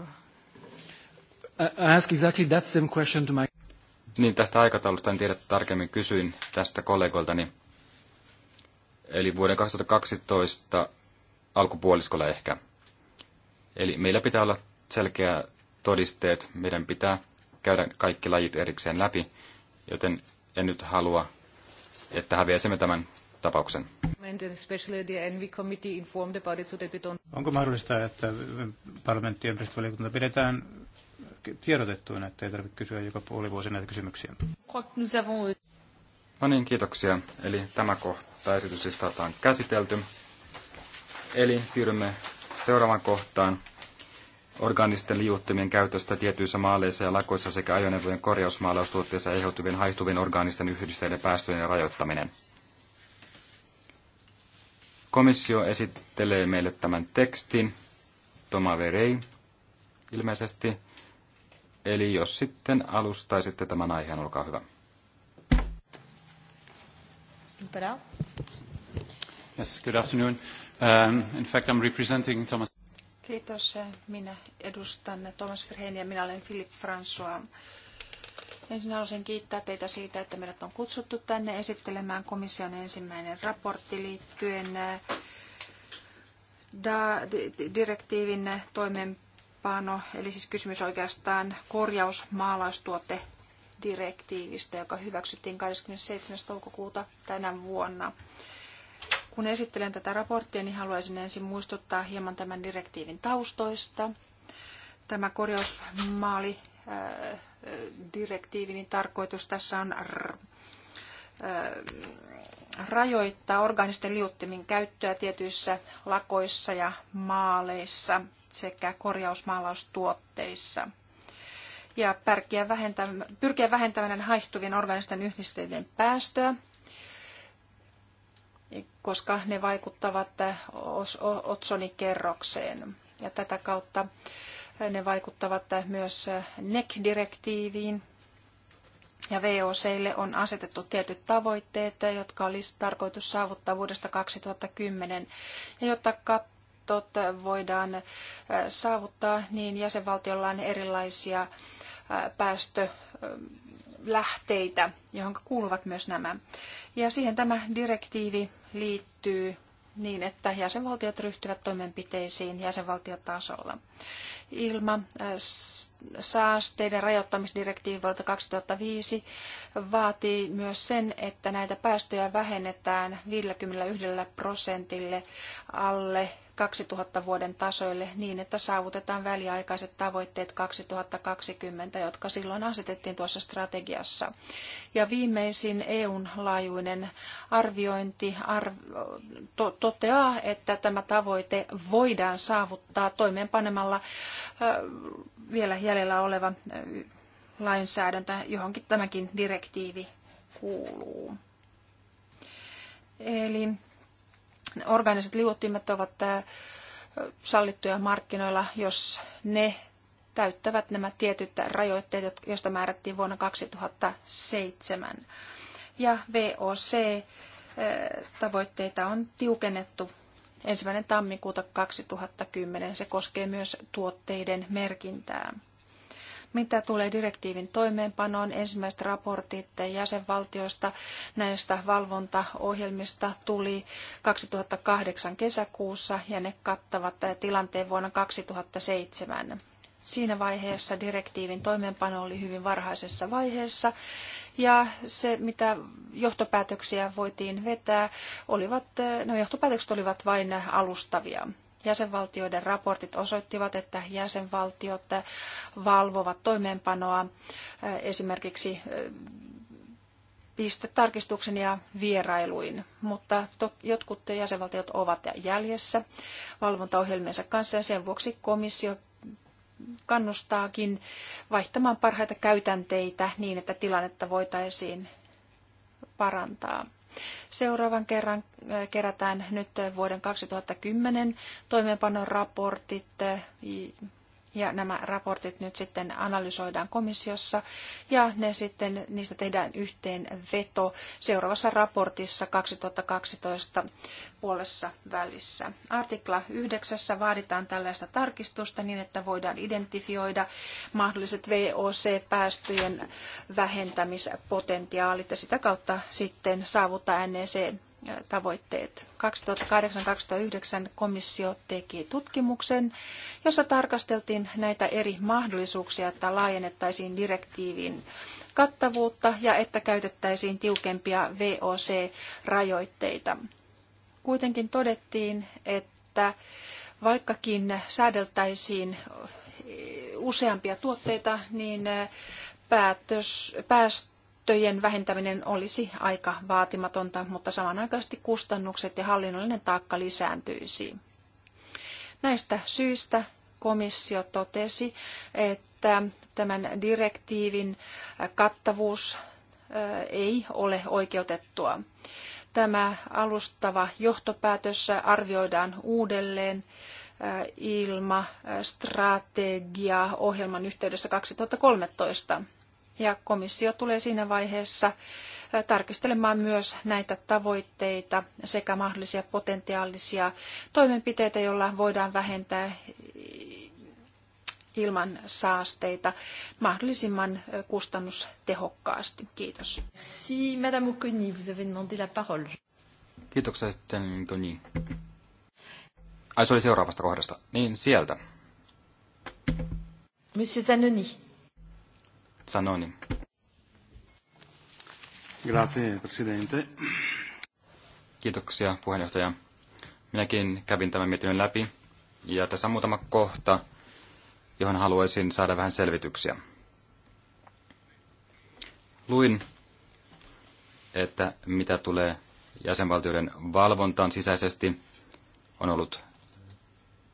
I ask exactly that same question to my... Niin, tästä aikataulusta en tiedä tarkemmin. Kysyin tästä kollegoiltani. Eli vuoden 2012 alkupuoliskolla ehkä. Eli meillä pitää olla selkeä todisteet. Meidän pitää käydä kaikki lajit erikseen läpi, joten en nyt halua, että häviäisimme tämän tapauksen. Onko mahdollista, että parlamentti ja ympäristövaliokunta pidetään tiedotettuina, että ei tarvitse kysyä joka puoli vuosi näitä kysymyksiä. Euh, no niin, kiitoksia. Eli tämä kohta siis on käsitelty. Eli siirrymme seuraavaan kohtaan. Organisten liuuttimien käytöstä tietyissä maaleissa ja lakoissa sekä ajoneuvojen korjausmaalaustuotteissa aiheutuvien haihtuvien organisten yhdisteiden päästöjen rajoittaminen. Komissio esittelee meille tämän tekstin. Toma Verei ilmeisesti Eli jos sitten alustaisitte tämän aiheen, olkaa hyvä. Yes, good afternoon. Um, in fact, I'm representing Thomas. Kiitos. Minä edustan Thomas Verheeni ja minä olen Philip François. Ensin haluaisin kiittää teitä siitä, että meidät on kutsuttu tänne esittelemään komission ensimmäinen raportti liittyen äh, direktiivin toimeenpanoon täytäntöönpano, eli siis kysymys oikeastaan korjausmaalaistuotedirektiivistä, joka hyväksyttiin 27. toukokuuta tänä vuonna. Kun esittelen tätä raporttia, niin haluaisin ensin muistuttaa hieman tämän direktiivin taustoista. Tämä korjausmaali äh, direktiivin tarkoitus tässä on äh, rajoittaa orgaanisten liuttimin käyttöä tietyissä lakoissa ja maaleissa – sekä korjausmaalaustuotteissa ja pyrkiä vähentämään, pyrkiä haihtuvien organisten yhdisteiden päästöä, koska ne vaikuttavat otsonikerrokseen. Ja tätä kautta ne vaikuttavat myös NEC-direktiiviin. Ja VOCille on asetettu tietyt tavoitteet, jotka olisi tarkoitus saavuttaa vuodesta 2010. Ja jotta kat- voitot voidaan saavuttaa, niin jäsenvaltiolla on erilaisia päästölähteitä, johon kuuluvat myös nämä. Ja siihen tämä direktiivi liittyy niin, että jäsenvaltiot ryhtyvät toimenpiteisiin jäsenvaltiotasolla. Ilma saasteiden rajoittamisdirektiivi vuodelta 2005 vaatii myös sen, että näitä päästöjä vähennetään 51 prosentille alle 2000 vuoden tasoille niin, että saavutetaan väliaikaiset tavoitteet 2020, jotka silloin asetettiin tuossa strategiassa. Ja viimeisin EUn laajuinen arviointi to toteaa, että tämä tavoite voidaan saavuttaa toimeenpanemalla vielä jäljellä oleva lainsäädäntö, johonkin tämäkin direktiivi kuuluu. Eli Organiset liuottimet ovat äh, sallittuja markkinoilla, jos ne täyttävät nämä tietyt rajoitteet, joista määrättiin vuonna 2007. Ja VOC-tavoitteita äh, on tiukennettu ensimmäinen tammikuuta 2010. Se koskee myös tuotteiden merkintää. Mitä tulee direktiivin toimeenpanoon, ensimmäiset raportit jäsenvaltioista näistä valvontaohjelmista tuli 2008 kesäkuussa ja ne kattavat tilanteen vuonna 2007. Siinä vaiheessa direktiivin toimeenpano oli hyvin varhaisessa vaiheessa ja se, mitä johtopäätöksiä voitiin vetää, olivat, no johtopäätökset olivat vain alustavia. Jäsenvaltioiden raportit osoittivat, että jäsenvaltiot valvovat toimeenpanoa eh, esimerkiksi eh, pistetarkistuksen ja vierailuin, mutta jotkut jäsenvaltiot ovat jäljessä valvontaohjelmiensa kanssa ja sen vuoksi komissio kannustaakin vaihtamaan parhaita käytänteitä niin, että tilannetta voitaisiin parantaa. Seuraavan kerran äh, kerätään nyt vuoden 2010 toimeenpanon raportit äh, ja nämä raportit nyt sitten analysoidaan komissiossa ja ne sitten, niistä tehdään yhteen veto seuraavassa raportissa 2012 puolessa välissä. Artikla 9 vaaditaan tällaista tarkistusta niin, että voidaan identifioida mahdolliset VOC-päästöjen vähentämispotentiaalit ja sitä kautta sitten saavuttaa NEC tavoitteet. 2008-2009 komissio teki tutkimuksen, jossa tarkasteltiin näitä eri mahdollisuuksia, että laajennettaisiin direktiivin kattavuutta ja että käytettäisiin tiukempia VOC-rajoitteita. Kuitenkin todettiin, että vaikkakin säädeltäisiin useampia tuotteita, niin päätös, päästö päästöjen vähentäminen olisi aika vaatimatonta, mutta samanaikaisesti kustannukset ja hallinnollinen taakka lisääntyisi. Näistä syistä komissio totesi, että tämän direktiivin kattavuus ei ole oikeutettua. Tämä alustava johtopäätös arvioidaan uudelleen ilmastrategiaohjelman ohjelman yhteydessä 2013 ja komissio tulee siinä vaiheessa tarkistelemaan myös näitä tavoitteita sekä mahdollisia potentiaalisia toimenpiteitä, joilla voidaan vähentää ilman saasteita mahdollisimman kustannustehokkaasti. Kiitos. Si, Madame Oconi, vous avez demandé la parole. Kiitoksia sitten, Oconi. Ai, se oli seuraavasta kohdasta. Niin, sieltä. Monsieur Zanoni. Zanoni. Grazie, presidente. Kiitoksia, puheenjohtaja. Minäkin kävin tämän mietinnön läpi, ja tässä on muutama kohta, johon haluaisin saada vähän selvityksiä. Luin, että mitä tulee jäsenvaltioiden valvontaan sisäisesti, on ollut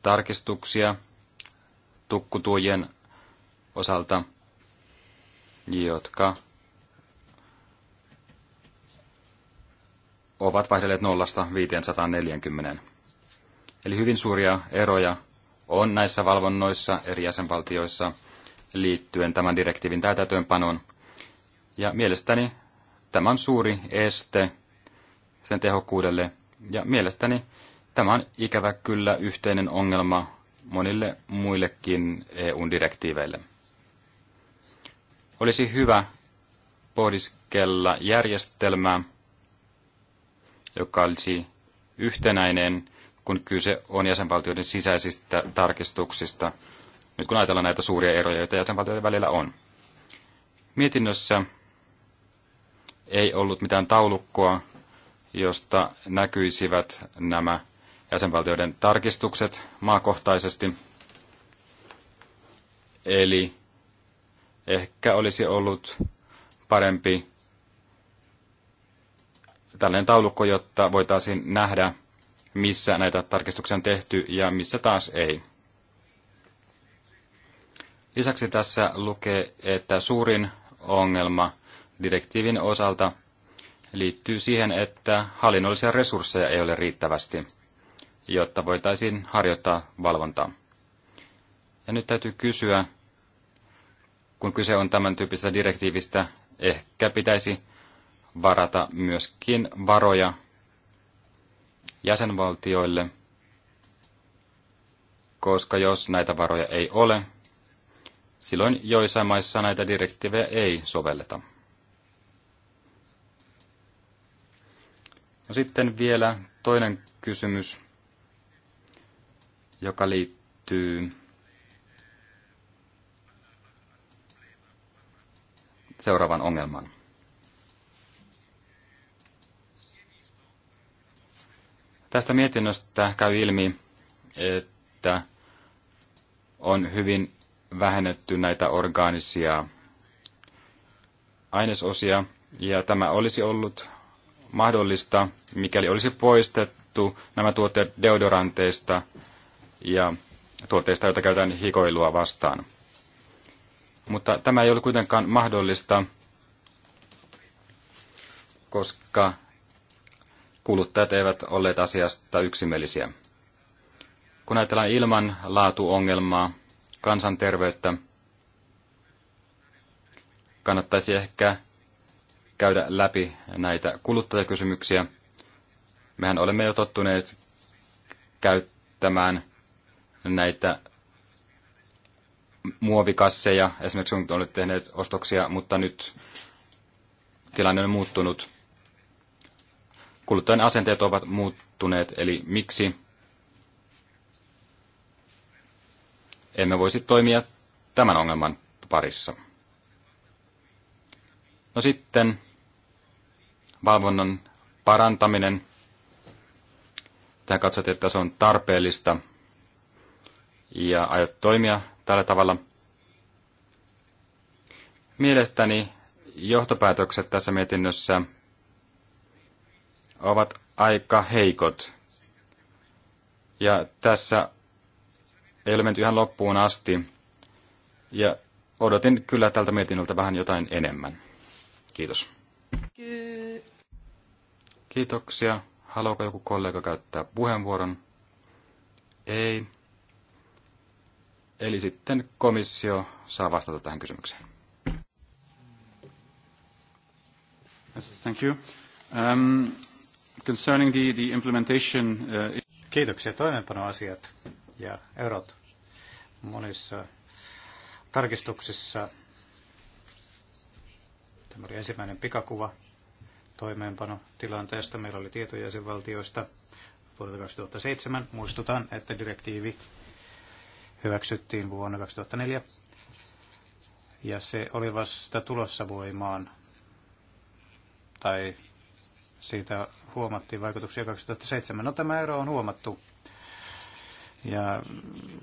tarkistuksia tukkutuojien osalta jotka ovat vaihdelleet 0-540. Eli hyvin suuria eroja on näissä valvonnoissa eri jäsenvaltioissa liittyen tämän direktiivin täytäntöönpanoon. Ja mielestäni tämä on suuri este sen tehokkuudelle. Ja mielestäni tämä on ikävä kyllä yhteinen ongelma monille muillekin eu direktiiveille. Olisi hyvä pohdiskella järjestelmää, joka olisi yhtenäinen, kun kyse on jäsenvaltioiden sisäisistä tarkistuksista, nyt kun ajatellaan näitä suuria eroja, joita jäsenvaltioiden välillä on. Mietinnössä ei ollut mitään taulukkoa, josta näkyisivät nämä jäsenvaltioiden tarkistukset maakohtaisesti. Eli Ehkä olisi ollut parempi tällainen taulukko, jotta voitaisiin nähdä, missä näitä tarkistuksia on tehty ja missä taas ei. Lisäksi tässä lukee, että suurin ongelma direktiivin osalta liittyy siihen, että hallinnollisia resursseja ei ole riittävästi, jotta voitaisiin harjoittaa valvontaa. Ja nyt täytyy kysyä, kun kyse on tämän tyyppisestä direktiivistä, ehkä pitäisi varata myöskin varoja jäsenvaltioille, koska jos näitä varoja ei ole, silloin joissain maissa näitä direktiivejä ei sovelleta. No sitten vielä toinen kysymys, joka liittyy Seuraavan ongelman. Tästä mietinnöstä käy ilmi, että on hyvin vähennetty näitä orgaanisia ainesosia, ja tämä olisi ollut mahdollista, mikäli olisi poistettu nämä tuotteet deodoranteista ja tuotteista, joita käytetään hikoilua vastaan. Mutta tämä ei ole kuitenkaan mahdollista, koska kuluttajat eivät olleet asiasta yksimielisiä. Kun ajatellaan ilman laatuongelmaa, kansanterveyttä, kannattaisi ehkä käydä läpi näitä kuluttajakysymyksiä. Mehän olemme jo tottuneet käyttämään näitä muovikasseja, esimerkiksi kun olet tehneet ostoksia, mutta nyt tilanne on muuttunut. Kuluttajan asenteet ovat muuttuneet, eli miksi emme voisi toimia tämän ongelman parissa? No sitten valvonnan parantaminen. Tähän katsotaan, että se on tarpeellista ja aiot toimia tällä tavalla. Mielestäni johtopäätökset tässä mietinnössä ovat aika heikot. Ja tässä ei ole menty ihan loppuun asti. Ja odotin kyllä tältä mietinnöltä vähän jotain enemmän. Kiitos. Kiitoksia. Haluaako joku kollega käyttää puheenvuoron? Ei. Eli sitten komissio saa vastata tähän kysymykseen. Thank you. Um, concerning the, the implementation, uh... Kiitoksia toimeenpanoasiat ja erot monissa tarkistuksissa. Tämä oli ensimmäinen pikakuva tilanteesta Meillä oli tietoja jäsenvaltioista vuodelta 2007. Muistutan, että direktiivi hyväksyttiin vuonna 2004 ja se oli vasta tulossa voimaan tai siitä huomattiin vaikutuksia 2007. No tämä ero on huomattu ja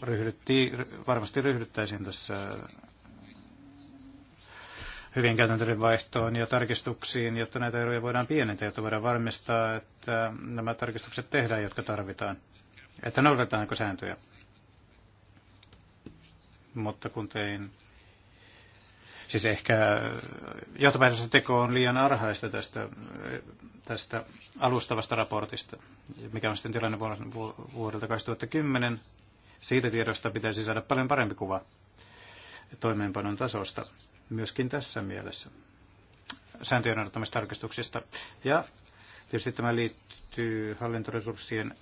ryhdyttiin, varmasti ryhdyttäisiin tässä hyvien käytäntöjen vaihtoon ja tarkistuksiin, jotta näitä eroja voidaan pienentää, jotta voidaan varmistaa, että nämä tarkistukset tehdään, jotka tarvitaan. Että noudatetaanko sääntöjä. Mutta kun tein, siis ehkä johtopäätösten teko on liian arhaista tästä, tästä alustavasta raportista, mikä on sitten tilanne vuodelta 2010. Siitä tiedosta pitäisi saada paljon parempi kuva toimeenpanon tasosta, myöskin tässä mielessä sääntöjen tarkistuksista. Ja Tietysti tämä liittyy hallintoresurssien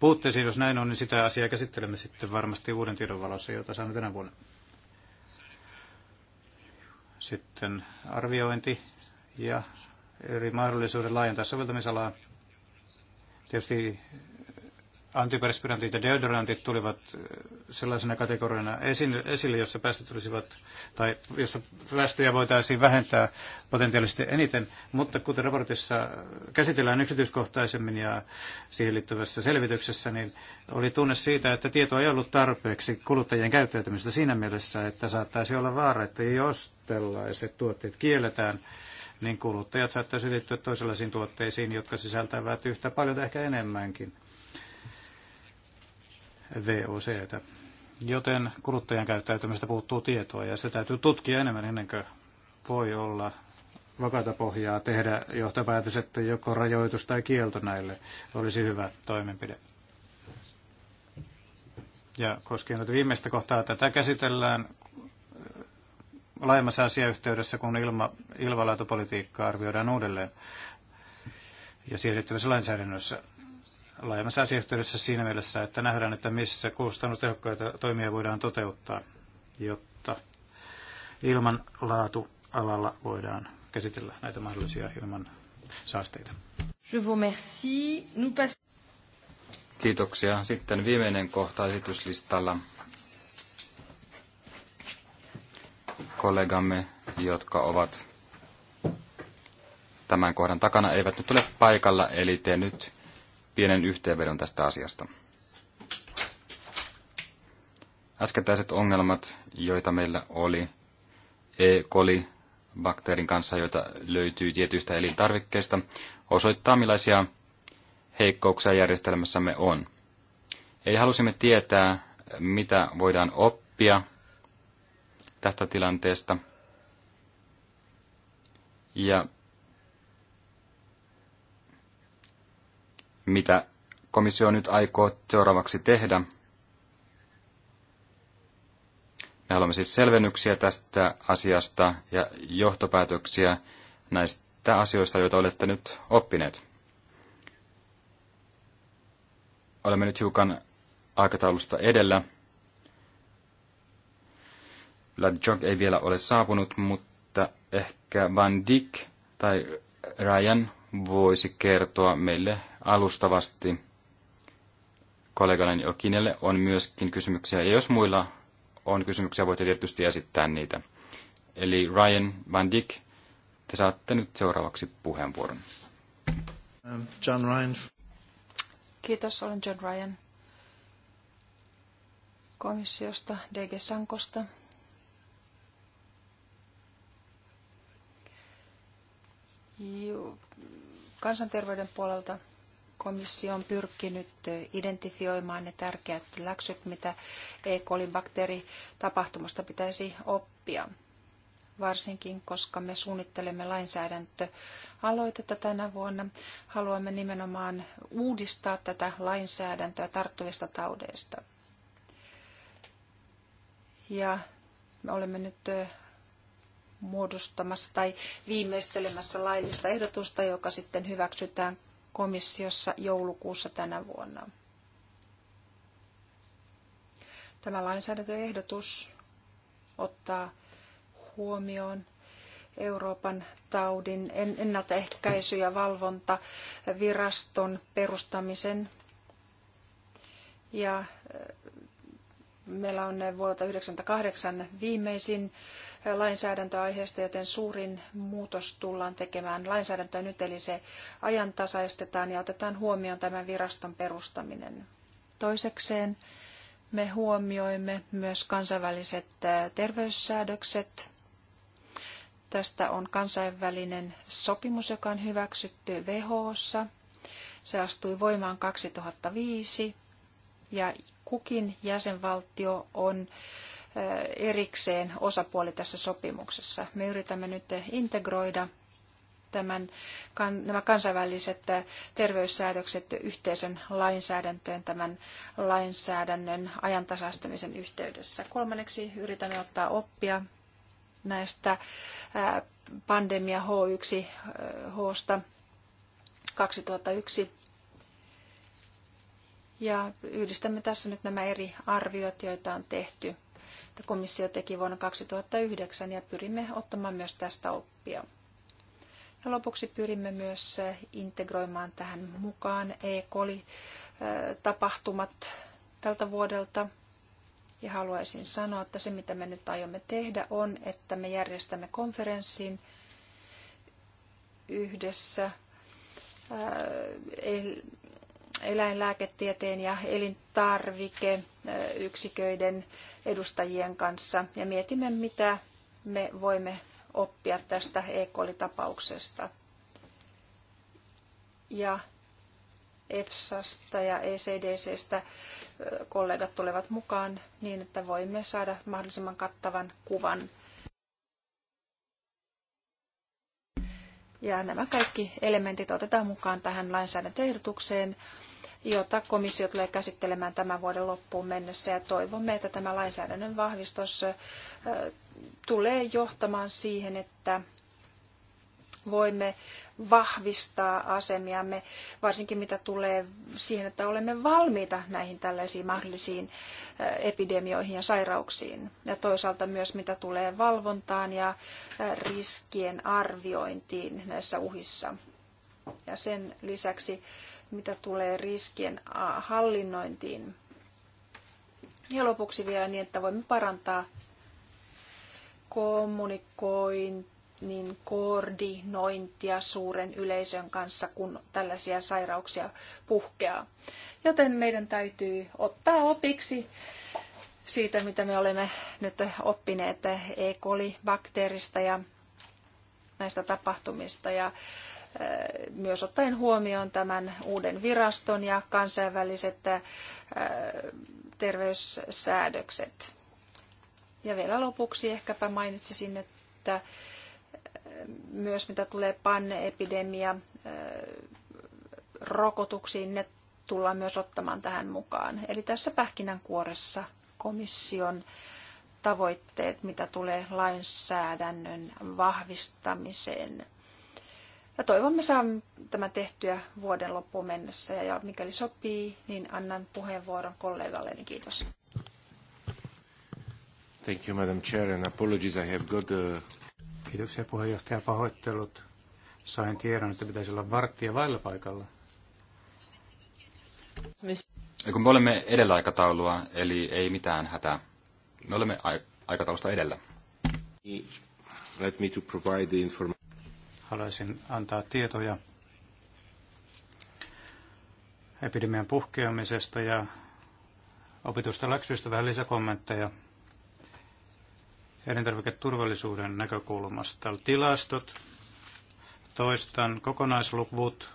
puutteisiin. Jos näin on, niin sitä asiaa käsittelemme sitten varmasti uuden tiedon valossa, jota saamme tänä vuonna. Sitten arviointi ja eri mahdollisuuden laajentaa soveltamisalaa. Tietysti antiperspirantit ja deodorantit tulivat äh, sellaisena kategoriana esille, jossa päästöt tulisivat, tai jossa päästöjä voitaisiin vähentää potentiaalisesti eniten, mutta kuten raportissa käsitellään yksityiskohtaisemmin ja siihen liittyvässä selvityksessä, niin oli tunne siitä, että tietoa ei ollut tarpeeksi kuluttajien käyttäytymistä siinä mielessä, että saattaisi olla vaara, että jos tällaiset tuotteet kielletään, niin kuluttajat saattaisivat liittyä toisenlaisiin tuotteisiin, jotka sisältävät yhtä paljon tai ehkä enemmänkin VOCtä. Joten kuluttajan käyttäytymistä puuttuu tietoa ja se täytyy tutkia enemmän ennen kuin voi olla vakaata pohjaa tehdä johtopäätös, että joko rajoitus tai kielto näille olisi hyvä toimenpide. Ja koskien nyt viimeistä kohtaa, tätä käsitellään äh, laajemmassa asiayhteydessä, kun ilma, ilmalaitopolitiikkaa arvioidaan uudelleen ja siihen lainsäädännössä laajemmassa asiayhteydessä siinä mielessä, että nähdään, että missä kustannustehokkaita toimia voidaan toteuttaa, jotta ilman laatualalla voidaan käsitellä näitä mahdollisia ilman saasteita. Je vous Nous pass- Kiitoksia. Sitten viimeinen kohta esityslistalla. Kollegamme, jotka ovat tämän kohdan takana, eivät nyt ole paikalla, eli te nyt pienen yhteenvedon tästä asiasta. Äskettäiset ongelmat, joita meillä oli E. coli bakteerin kanssa, joita löytyy tietyistä elintarvikkeista, osoittaa millaisia heikkouksia järjestelmässämme on. Ei halusimme tietää, mitä voidaan oppia tästä tilanteesta. Ja mitä komissio nyt aikoo seuraavaksi tehdä. Me haluamme siis selvennyksiä tästä asiasta ja johtopäätöksiä näistä asioista, joita olette nyt oppineet. Olemme nyt hiukan aikataulusta edellä. Ladjog ei vielä ole saapunut, mutta ehkä Van Dijk tai Ryan voisi kertoa meille alustavasti kollegalleni Okinelle on myöskin kysymyksiä, ja jos muilla on kysymyksiä, voitte tietysti esittää niitä. Eli Ryan Van Dijk, te saatte nyt seuraavaksi puheenvuoron. Um, John Ryan. Kiitos, olen John Ryan komissiosta, DG Sankosta. Kansanterveyden puolelta komissio on pyrkinyt identifioimaan ne tärkeät läksyt, mitä E. coli bakteeritapahtumasta pitäisi oppia. Varsinkin, koska me suunnittelemme lainsäädäntöaloitetta tänä vuonna, haluamme nimenomaan uudistaa tätä lainsäädäntöä tarttuvista taudeista. Ja me olemme nyt muodostamassa tai viimeistelemässä laillista ehdotusta, joka sitten hyväksytään komissiossa joulukuussa tänä vuonna. Tämä lainsäädäntöehdotus ottaa huomioon Euroopan taudin ennaltaehkäisy- ja valvontaviraston perustamisen. Ja meillä on vuodelta 1998 viimeisin lainsäädäntöaiheesta, joten suurin muutos tullaan tekemään lainsäädäntöä nyt, eli se ajantasaistetaan ja otetaan huomioon tämän viraston perustaminen. Toisekseen me huomioimme myös kansainväliset terveyssäädökset. Tästä on kansainvälinen sopimus, joka on hyväksytty WHOssa. Se astui voimaan 2005 ja kukin jäsenvaltio on erikseen osapuoli tässä sopimuksessa. Me yritämme nyt integroida tämän, nämä kansainväliset terveyssäädökset yhteisön lainsäädäntöön tämän lainsäädännön ajantasastamisen yhteydessä. Kolmanneksi yritämme ottaa oppia näistä pandemia H1H 2001 ja yhdistämme tässä nyt nämä eri arviot, joita on tehty komissio teki vuonna 2009 ja pyrimme ottamaan myös tästä oppia. Ja lopuksi pyrimme myös eh, integroimaan tähän mukaan e-koli-tapahtumat eh, tältä vuodelta. Ja haluaisin sanoa, että se mitä me nyt aiomme tehdä on, että me järjestämme konferenssin yhdessä eh, eläinlääketieteen ja elintarvikeyksiköiden edustajien kanssa ja mietimme, mitä me voimme oppia tästä E. coli-tapauksesta. Ja EFSAsta ja ECDCstä kollegat tulevat mukaan niin, että voimme saada mahdollisimman kattavan kuvan Ja nämä kaikki elementit otetaan mukaan tähän lainsäädäntöehdotukseen, jota komissio tulee käsittelemään tämän vuoden loppuun mennessä. Ja toivomme, että tämä lainsäädännön vahvistus tulee johtamaan siihen, että voimme vahvistaa asemiamme, varsinkin mitä tulee siihen, että olemme valmiita näihin tällaisiin mahdollisiin eh, epidemioihin ja sairauksiin. Ja toisaalta myös mitä tulee valvontaan ja eh, riskien arviointiin näissä uhissa. Ja sen lisäksi mitä tulee riskien hallinnointiin. Ja lopuksi vielä niin, että voimme parantaa kommunikointia niin koordinointia suuren yleisön kanssa, kun tällaisia sairauksia puhkeaa. Joten meidän täytyy ottaa opiksi siitä, mitä me olemme nyt oppineet E. coli-bakteerista ja näistä tapahtumista ja eh, myös ottaen huomioon tämän uuden viraston ja kansainväliset eh, terveyssäädökset. Ja vielä lopuksi ehkäpä mainitsisin, että myös mitä tulee panneepidemia rokotuksiin, ne tullaan myös ottamaan tähän mukaan. Eli tässä pähkinänkuoressa komission tavoitteet, mitä tulee lainsäädännön vahvistamiseen. Ja toivomme saamme tämän tehtyä vuoden loppuun mennessä. Ja mikäli sopii, niin annan puheenvuoron kollegalleni. Niin kiitos. Thank you, Madam Chair, and apologies I have got a uh, Kiitoksia puheenjohtaja. Pahoittelut. Sain tiedon, että pitäisi olla varttia vailla paikalla. Kun me olemme edellä aikataulua, eli ei mitään hätää. Me olemme aikataulusta edellä. Let me to provide the information. Haluaisin antaa tietoja epidemian puhkeamisesta ja opitusta läksyistä vähän lisäkommentteja elintarviketurvallisuuden näkökulmasta. Tilastot, toistan kokonaisluvut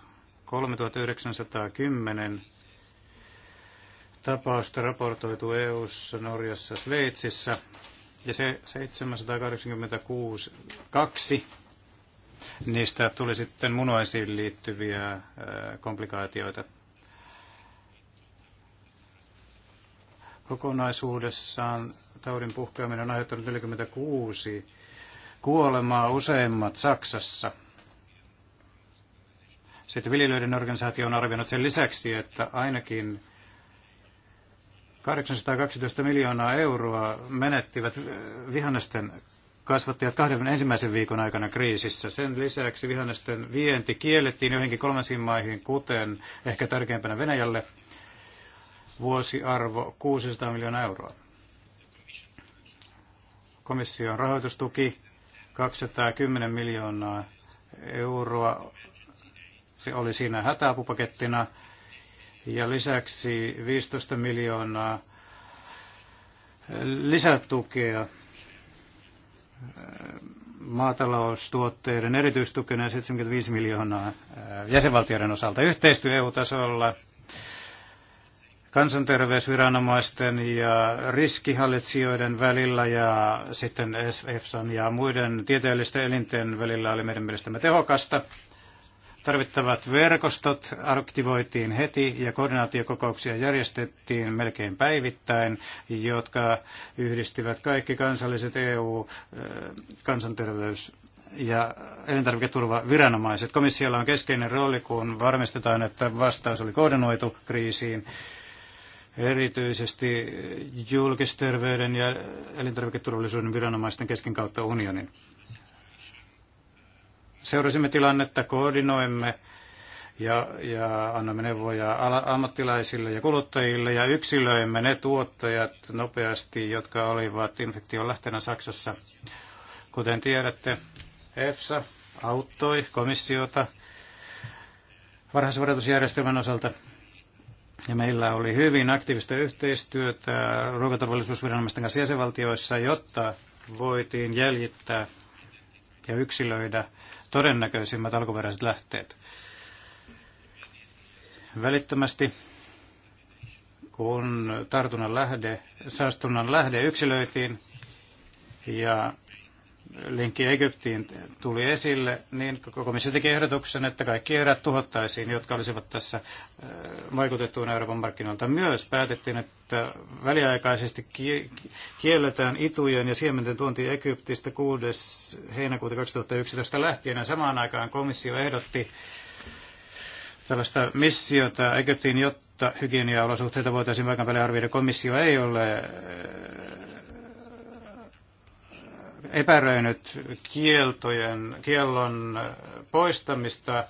3910 tapausta raportoitu EU:ssa, Norjassa, Sveitsissä ja se 786 kaksi niistä tuli sitten munuaisiin liittyviä komplikaatioita. Kokonaisuudessaan taudin puhkeaminen on aiheuttanut 46 kuolemaa, useimmat Saksassa. Sitten viljelijöiden organisaatio on arvioinut sen lisäksi, että ainakin 812 miljoonaa euroa menettivät vihannesten kasvattajat kahden ensimmäisen viikon aikana kriisissä. Sen lisäksi vihannesten vienti kiellettiin joihinkin kolmansiin maihin, kuten ehkä tärkeimpänä Venäjälle – vuosiarvo 600 miljoonaa euroa. Komission rahoitustuki 210 miljoonaa euroa. Se oli siinä hätäapupakettina ja lisäksi 15 miljoonaa lisätukea maataloustuotteiden erityistukena ja 75 miljoonaa jäsenvaltioiden osalta yhteistyö EU-tasolla kansanterveysviranomaisten ja riskihallitsijoiden välillä ja sitten EFSAn ja muiden tieteellisten elinten välillä oli meidän mielestämme tehokasta. Tarvittavat verkostot aktivoitiin heti ja koordinaatiokokouksia järjestettiin melkein päivittäin, jotka yhdistivät kaikki kansalliset EU-kansanterveys eh, ja elintarviketurvaviranomaiset. Komissiolla on keskeinen rooli, kun varmistetaan, että vastaus oli koordinoitu kriisiin erityisesti julkisterveyden ja elintarviketurvallisuuden viranomaisten kesken kautta unionin. Seurasimme tilannetta, koordinoimme ja, ja annamme neuvoja ammattilaisille ja kuluttajille ja yksilöimme ne tuottajat nopeasti, jotka olivat infektion lähteenä Saksassa. Kuten tiedätte, EFSA auttoi komissiota varhaisvaroitusjärjestelmän osalta ja meillä oli hyvin aktiivista yhteistyötä ruokaturvallisuusviranomaisten kanssa jäsenvaltioissa, jotta voitiin jäljittää ja yksilöidä todennäköisimmät alkuperäiset lähteet. Välittömästi kun tartunnan lähde, saastunnan lähde yksilöitiin ja linkki Egyptiin tuli esille, niin komissio teki ehdotuksen, että kaikki erät tuhottaisiin, jotka olisivat tässä äh, vaikutettuun Euroopan markkinoilta. Myös päätettiin, että väliaikaisesti kielletään itujen ja siementen tuonti Egyptistä 6. heinäkuuta 2011 lähtien. Ja samaan aikaan komissio ehdotti tällaista missiota Egyptiin, jotta hygieniaolosuhteita voitaisiin paikan päälle arvioida. Komissio ei ole äh, epäröinyt kieltojen, kiellon poistamista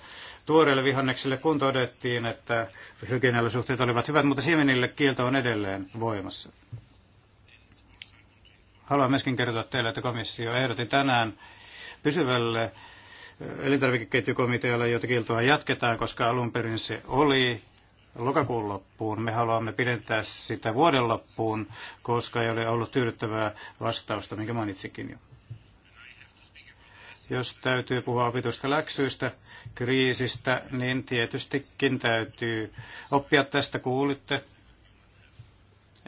tuoreille vihanneksille, kun todettiin, että hygieniallisuhteet olivat hyvät, mutta siemenille kielto on edelleen voimassa. Haluan myöskin kertoa teille, että komissio ehdotti tänään pysyvälle elintarvikeketjukomitealle, jota kieltoa jatketaan, koska alun perin se oli lokakuun loppuun. Me haluamme pidentää sitä vuoden loppuun, koska ei ole ollut tyydyttävää vastausta, minkä mainitsikin jo. Jos täytyy puhua opituista läksyistä, kriisistä, niin tietystikin täytyy oppia tästä, kuulitte.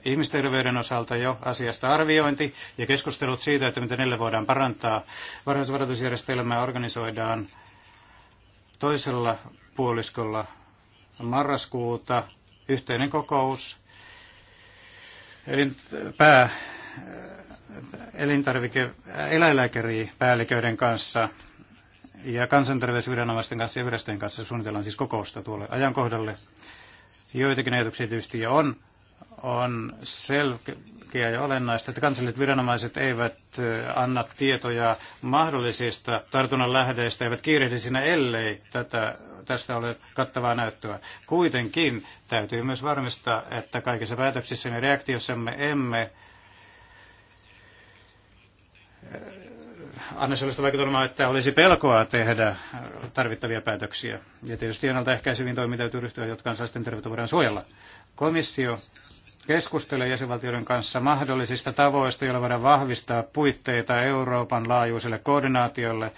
Ihmisterveyden osalta jo asiasta arviointi ja keskustelut siitä, että miten niille voidaan parantaa. Varhaisvaroitusjärjestelmää organisoidaan toisella puoliskolla marraskuuta yhteinen kokous pää, elintarvike, eläinlääkäripäälliköiden kanssa ja kansanterveysviranomaisten kanssa ja virastojen kanssa suunnitellaan siis kokousta tuolle ajankohdalle. Joitakin ajatuksia tietysti jo on. On selkeä ja olennaista, että kansalliset viranomaiset eivät eh, anna tietoja mahdollisista tartunnan lähdeistä, eivät kiirehdi siinä, ellei tätä tästä ole kattavaa näyttöä. Kuitenkin täytyy myös varmistaa, että kaikissa päätöksissämme ja reaktiossamme emme eh, anna sellaista vaikutelmaa, että olisi pelkoa tehdä tarvittavia päätöksiä. Ja tietysti ennaltaehkäiseviin toimiin täytyy ryhtyä, jotka kansalaisten terveyttä voidaan suojella. Komissio keskustelee jäsenvaltioiden kanssa mahdollisista tavoista, joilla voidaan vahvistaa puitteita Euroopan laajuiselle koordinaatiolle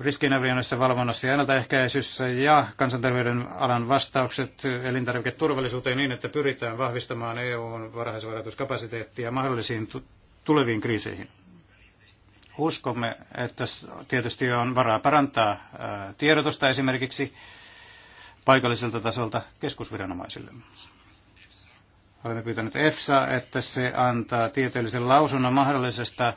riskinarvioinnissa, valvonnassa ja ennaltaehkäisyssä ja kansanterveyden alan vastaukset elintarviketurvallisuuteen niin, että pyritään vahvistamaan EUn varhaisvaroituskapasiteettia mahdollisiin tuleviin kriiseihin. Uskomme, että tietysti on varaa parantaa tiedotusta esimerkiksi paikalliselta tasolta keskusviranomaisille. Olemme pyytäneet EFSA, että se antaa tieteellisen lausunnon mahdollisesta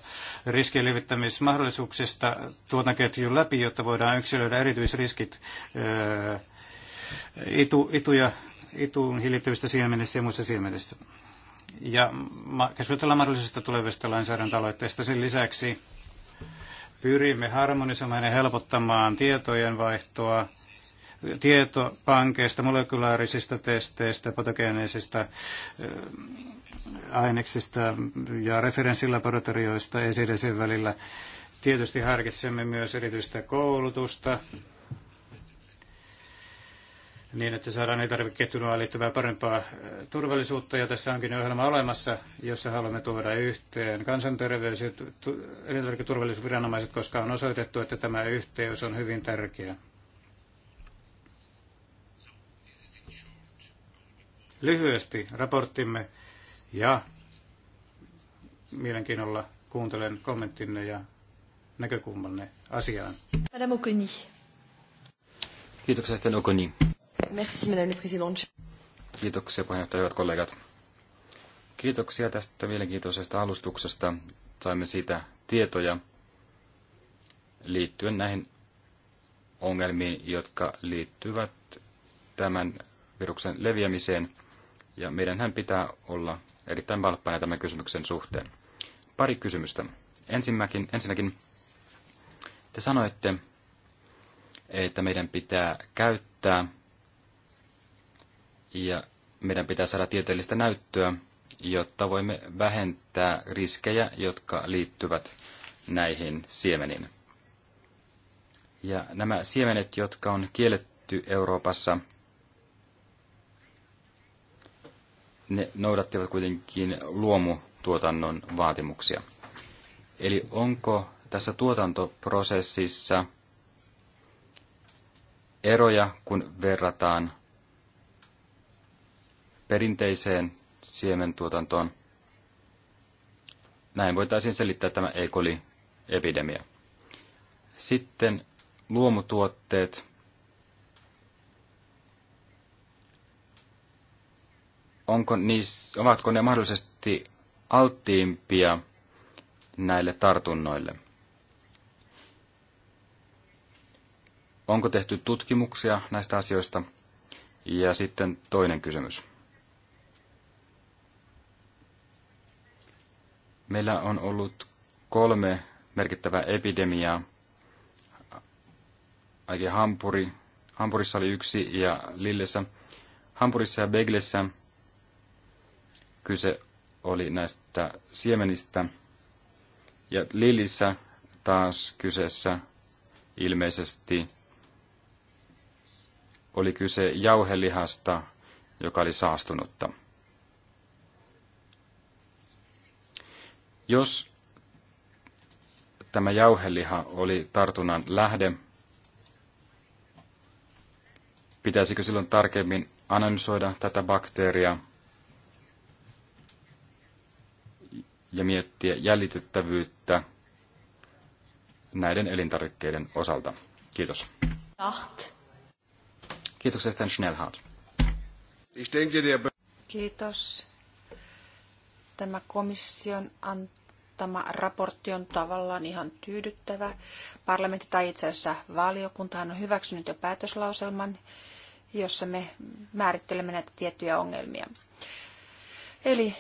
riskien levittämismahdollisuuksista tuotantoketjun läpi, jotta voidaan yksilöidä erityisriskit öö, itu, ituja, ituun hiljittävistä siemenistä ja muissa siemenistä. Ja keskustellaan mahdollisista tulevista lainsäädäntöaloitteista. Sen lisäksi pyrimme harmonisoimaan ja helpottamaan tietojen vaihtoa Tieto pankeista, molekulaarisista testeistä, patogeneisista eh, aineksista ja referenssilaboratorioista esidesin välillä. Tietysti harkitsemme myös erityistä koulutusta niin, että saadaan elintarvikeketjunua liittyvää parempaa eh, turvallisuutta. Ja tässä onkin ohjelma olemassa, jossa haluamme tuoda yhteen kansanterveys- ja elintarviketurvallisuusviranomaiset, koska on osoitettu, että tämä yhteys on hyvin tärkeä. lyhyesti raporttimme ja mielenkiinnolla kuuntelen kommenttinne ja näkökulmanne asiaan. Madame Okoni. Kiitoksia sitten Okoni. Merci, Madame le Présidente. Kiitoksia puheenjohtaja, hyvät kollegat. Kiitoksia tästä mielenkiintoisesta alustuksesta. Saimme siitä tietoja liittyen näihin ongelmiin, jotka liittyvät tämän viruksen leviämiseen – ja meidänhän pitää olla erittäin valppaina tämän kysymyksen suhteen. Pari kysymystä. Ensinnäkin, ensinnäkin te sanoitte, että meidän pitää käyttää ja meidän pitää saada tieteellistä näyttöä, jotta voimme vähentää riskejä, jotka liittyvät näihin siemeniin. Ja nämä siemenet, jotka on kielletty Euroopassa – ne noudattivat kuitenkin luomutuotannon vaatimuksia. Eli onko tässä tuotantoprosessissa eroja, kun verrataan perinteiseen siementuotantoon? Näin voitaisiin selittää tämä E. coli-epidemia. Sitten luomutuotteet onko niis, ovatko ne mahdollisesti alttiimpia näille tartunnoille? Onko tehty tutkimuksia näistä asioista? Ja sitten toinen kysymys. Meillä on ollut kolme merkittävää epidemiaa. Ainakin Hampuri, Hampurissa oli yksi ja Lillessä. Hampurissa ja Beglessä Kyse oli näistä siemenistä. Ja lilissä taas kyseessä ilmeisesti oli kyse jauhelihasta, joka oli saastunutta. Jos tämä jauheliha oli tartunnan lähde, pitäisikö silloin tarkemmin analysoida tätä bakteeria – ja miettiä jäljitettävyyttä näiden elintarvikkeiden osalta. Kiitos. Nacht. Kiitoksia Sten Schnellhardt. Kiitos. Tämä komission antama raportti on tavallaan ihan tyydyttävä. Parlamentti tai itse asiassa valiokunta on hyväksynyt jo päätöslauselman, jossa me määrittelemme näitä tiettyjä ongelmia. Eli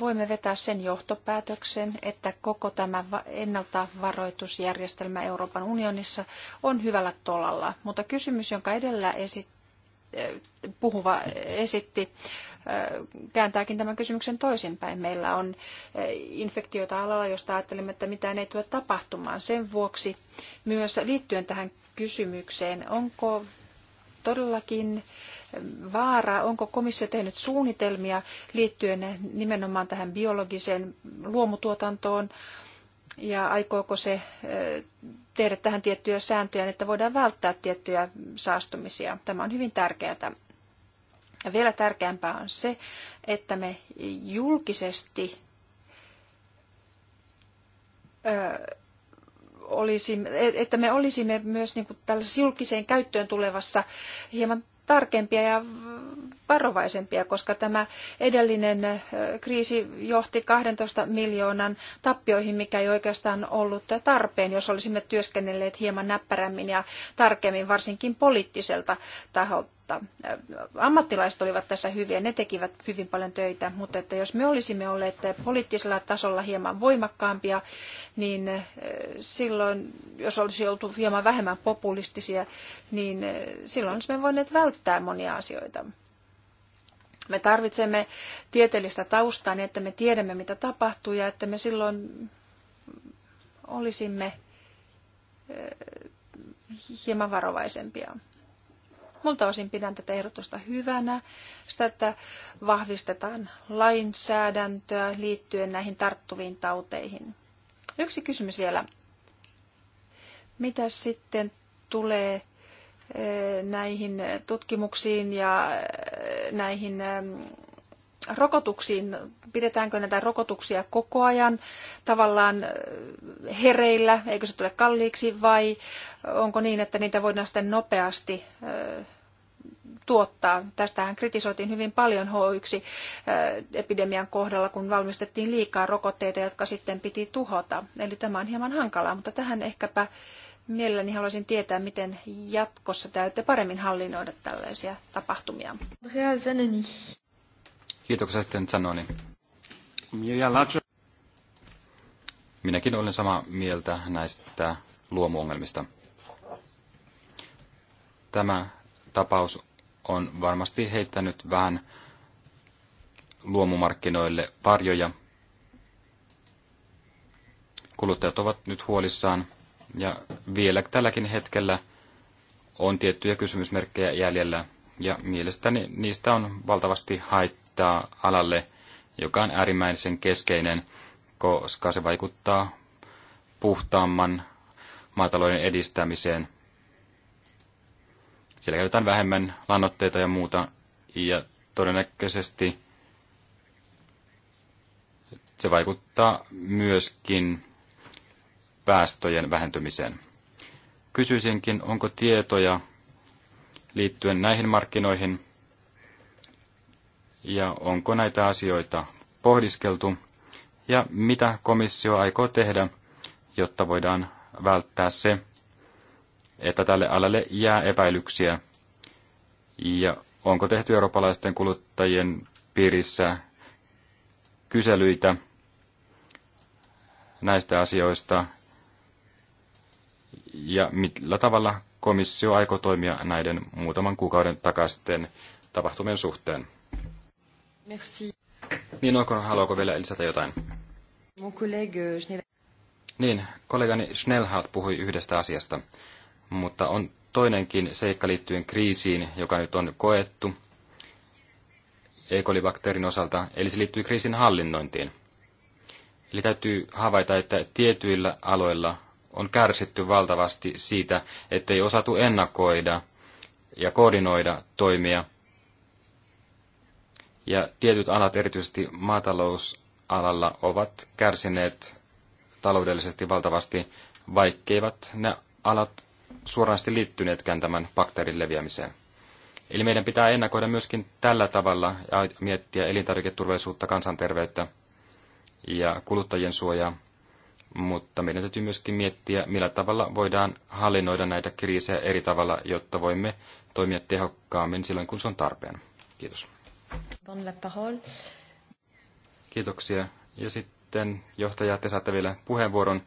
voimme vetää sen johtopäätöksen, että koko tämä ennaltavaroitusjärjestelmä Euroopan unionissa on hyvällä tolalla. Mutta kysymys, jonka edellä esit, eh, puhuva esitti, eh, kääntääkin tämän kysymyksen toisinpäin. Meillä on eh, infektioita alalla, josta ajattelemme, että mitään ei tule tapahtumaan. Sen vuoksi myös liittyen tähän kysymykseen, onko todellakin vaaraa? Onko komissio tehnyt suunnitelmia liittyen nimenomaan tähän biologiseen luomutuotantoon? Ja aikooko se tehdä tähän tiettyjä sääntöjä, että voidaan välttää tiettyjä saastumisia? Tämä on hyvin tärkeää. Ja vielä tärkeämpää on se, että me julkisesti olisimme, e, että me olisimme myös niin kuin tällaisessa julkiseen käyttöön tulevassa hieman tarkempia ja varovaisempia, koska tämä edellinen kriisi johti 12 miljoonan tappioihin, mikä ei oikeastaan ollut tarpeen, jos olisimme työskennelleet hieman näppärämmin ja tarkemmin, varsinkin poliittiselta taholta. Ammattilaiset olivat tässä hyviä, ne tekivät hyvin paljon töitä, mutta että jos me olisimme olleet poliittisella tasolla hieman voimakkaampia, niin silloin, jos olisi oltu hieman vähemmän populistisia, niin silloin olisimme voineet välttää monia asioita. Me tarvitsemme tieteellistä taustaa niin, että me tiedämme, mitä tapahtuu ja että me silloin olisimme eh, hieman varovaisempia. Multa osin pidän tätä ehdotusta hyvänä, sitä, että vahvistetaan lainsäädäntöä liittyen näihin tarttuviin tauteihin. Yksi kysymys vielä. Mitä sitten tulee Eh, näihin tutkimuksiin ja eh, näihin eh, rokotuksiin, pidetäänkö näitä rokotuksia koko ajan tavallaan hereillä, eikö se tule kalliiksi vai onko niin, että niitä voidaan sitten nopeasti tuottaa. Tästähän kritisoitiin hyvin paljon H1-epidemian kohdalla, kun valmistettiin liikaa rokotteita, jotka sitten piti tuhota. Eli tämä on hieman hankalaa, mutta tähän ehkäpä Mielelläni haluaisin tietää, miten jatkossa täytte paremmin hallinnoida tällaisia tapahtumia. Kiitoksia sitten sanoni. Minäkin olen samaa mieltä näistä luomuongelmista. Tämä tapaus on varmasti heittänyt vähän luomumarkkinoille varjoja. Kuluttajat ovat nyt huolissaan ja vielä tälläkin hetkellä on tiettyjä kysymysmerkkejä jäljellä, ja mielestäni niistä on valtavasti haittaa alalle, joka on äärimmäisen keskeinen, koska se vaikuttaa puhtaamman maatalouden edistämiseen. Siellä käytetään vähemmän lannoitteita ja muuta, ja todennäköisesti se vaikuttaa myöskin päästöjen vähentymiseen. Kysyisinkin, onko tietoja liittyen näihin markkinoihin ja onko näitä asioita pohdiskeltu ja mitä komissio aikoo tehdä, jotta voidaan välttää se, että tälle alalle jää epäilyksiä ja onko tehty eurooppalaisten kuluttajien piirissä kyselyitä näistä asioista ja millä tavalla komissio aikoo toimia näiden muutaman kuukauden takaisten tapahtumien suhteen. Merci. Niin, onko, haluaako vielä lisätä jotain? Mon collègue, euh, Schnell... Niin, kollegani Schnellhardt puhui yhdestä asiasta, mutta on toinenkin seikka liittyen kriisiin, joka nyt on koettu E. coli-bakteerin osalta, eli se liittyy kriisin hallinnointiin. Eli täytyy havaita, että tietyillä aloilla on kärsitty valtavasti siitä, ettei osatu ennakoida ja koordinoida toimia. Ja tietyt alat, erityisesti maatalousalalla, ovat kärsineet taloudellisesti valtavasti, vaikkeivat ne alat suoranaisesti liittyneetkään tämän bakteerin leviämiseen. Eli meidän pitää ennakoida myöskin tällä tavalla ja miettiä elintarviketurvallisuutta, kansanterveyttä ja kuluttajien suojaa mutta meidän täytyy myöskin miettiä, millä tavalla voidaan hallinnoida näitä kriisejä eri tavalla, jotta voimme toimia tehokkaammin silloin, kun se on tarpeen. Kiitos. Kiitoksia. Ja sitten johtaja, te saatte vielä puheenvuoron.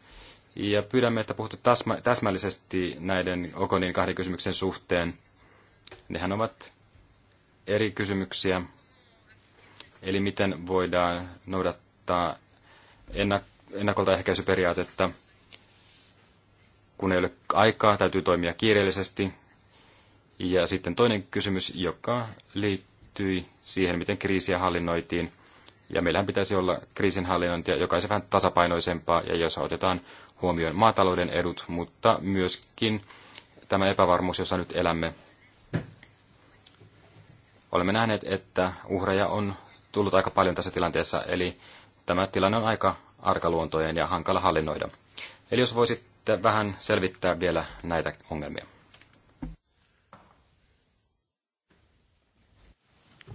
Ja pyydämme, että puhutte täsmä, täsmällisesti näiden Okonin kahden kysymyksen suhteen. Nehän ovat eri kysymyksiä. Eli miten voidaan noudattaa ennakkoa ennakoltaehkäisyperiaatetta. Kun ei ole aikaa, täytyy toimia kiireellisesti. Ja sitten toinen kysymys, joka liittyy siihen, miten kriisiä hallinnoitiin. Ja meillähän pitäisi olla kriisinhallinnointia, joka olisi vähän tasapainoisempaa ja jos otetaan huomioon maatalouden edut, mutta myöskin tämä epävarmuus, jossa nyt elämme. Olemme nähneet, että uhreja on tullut aika paljon tässä tilanteessa, eli tämä tilanne on aika arkaluontojen ja hankala hallinnoida. Eli jos voisitte vähän selvittää vielä näitä ongelmia.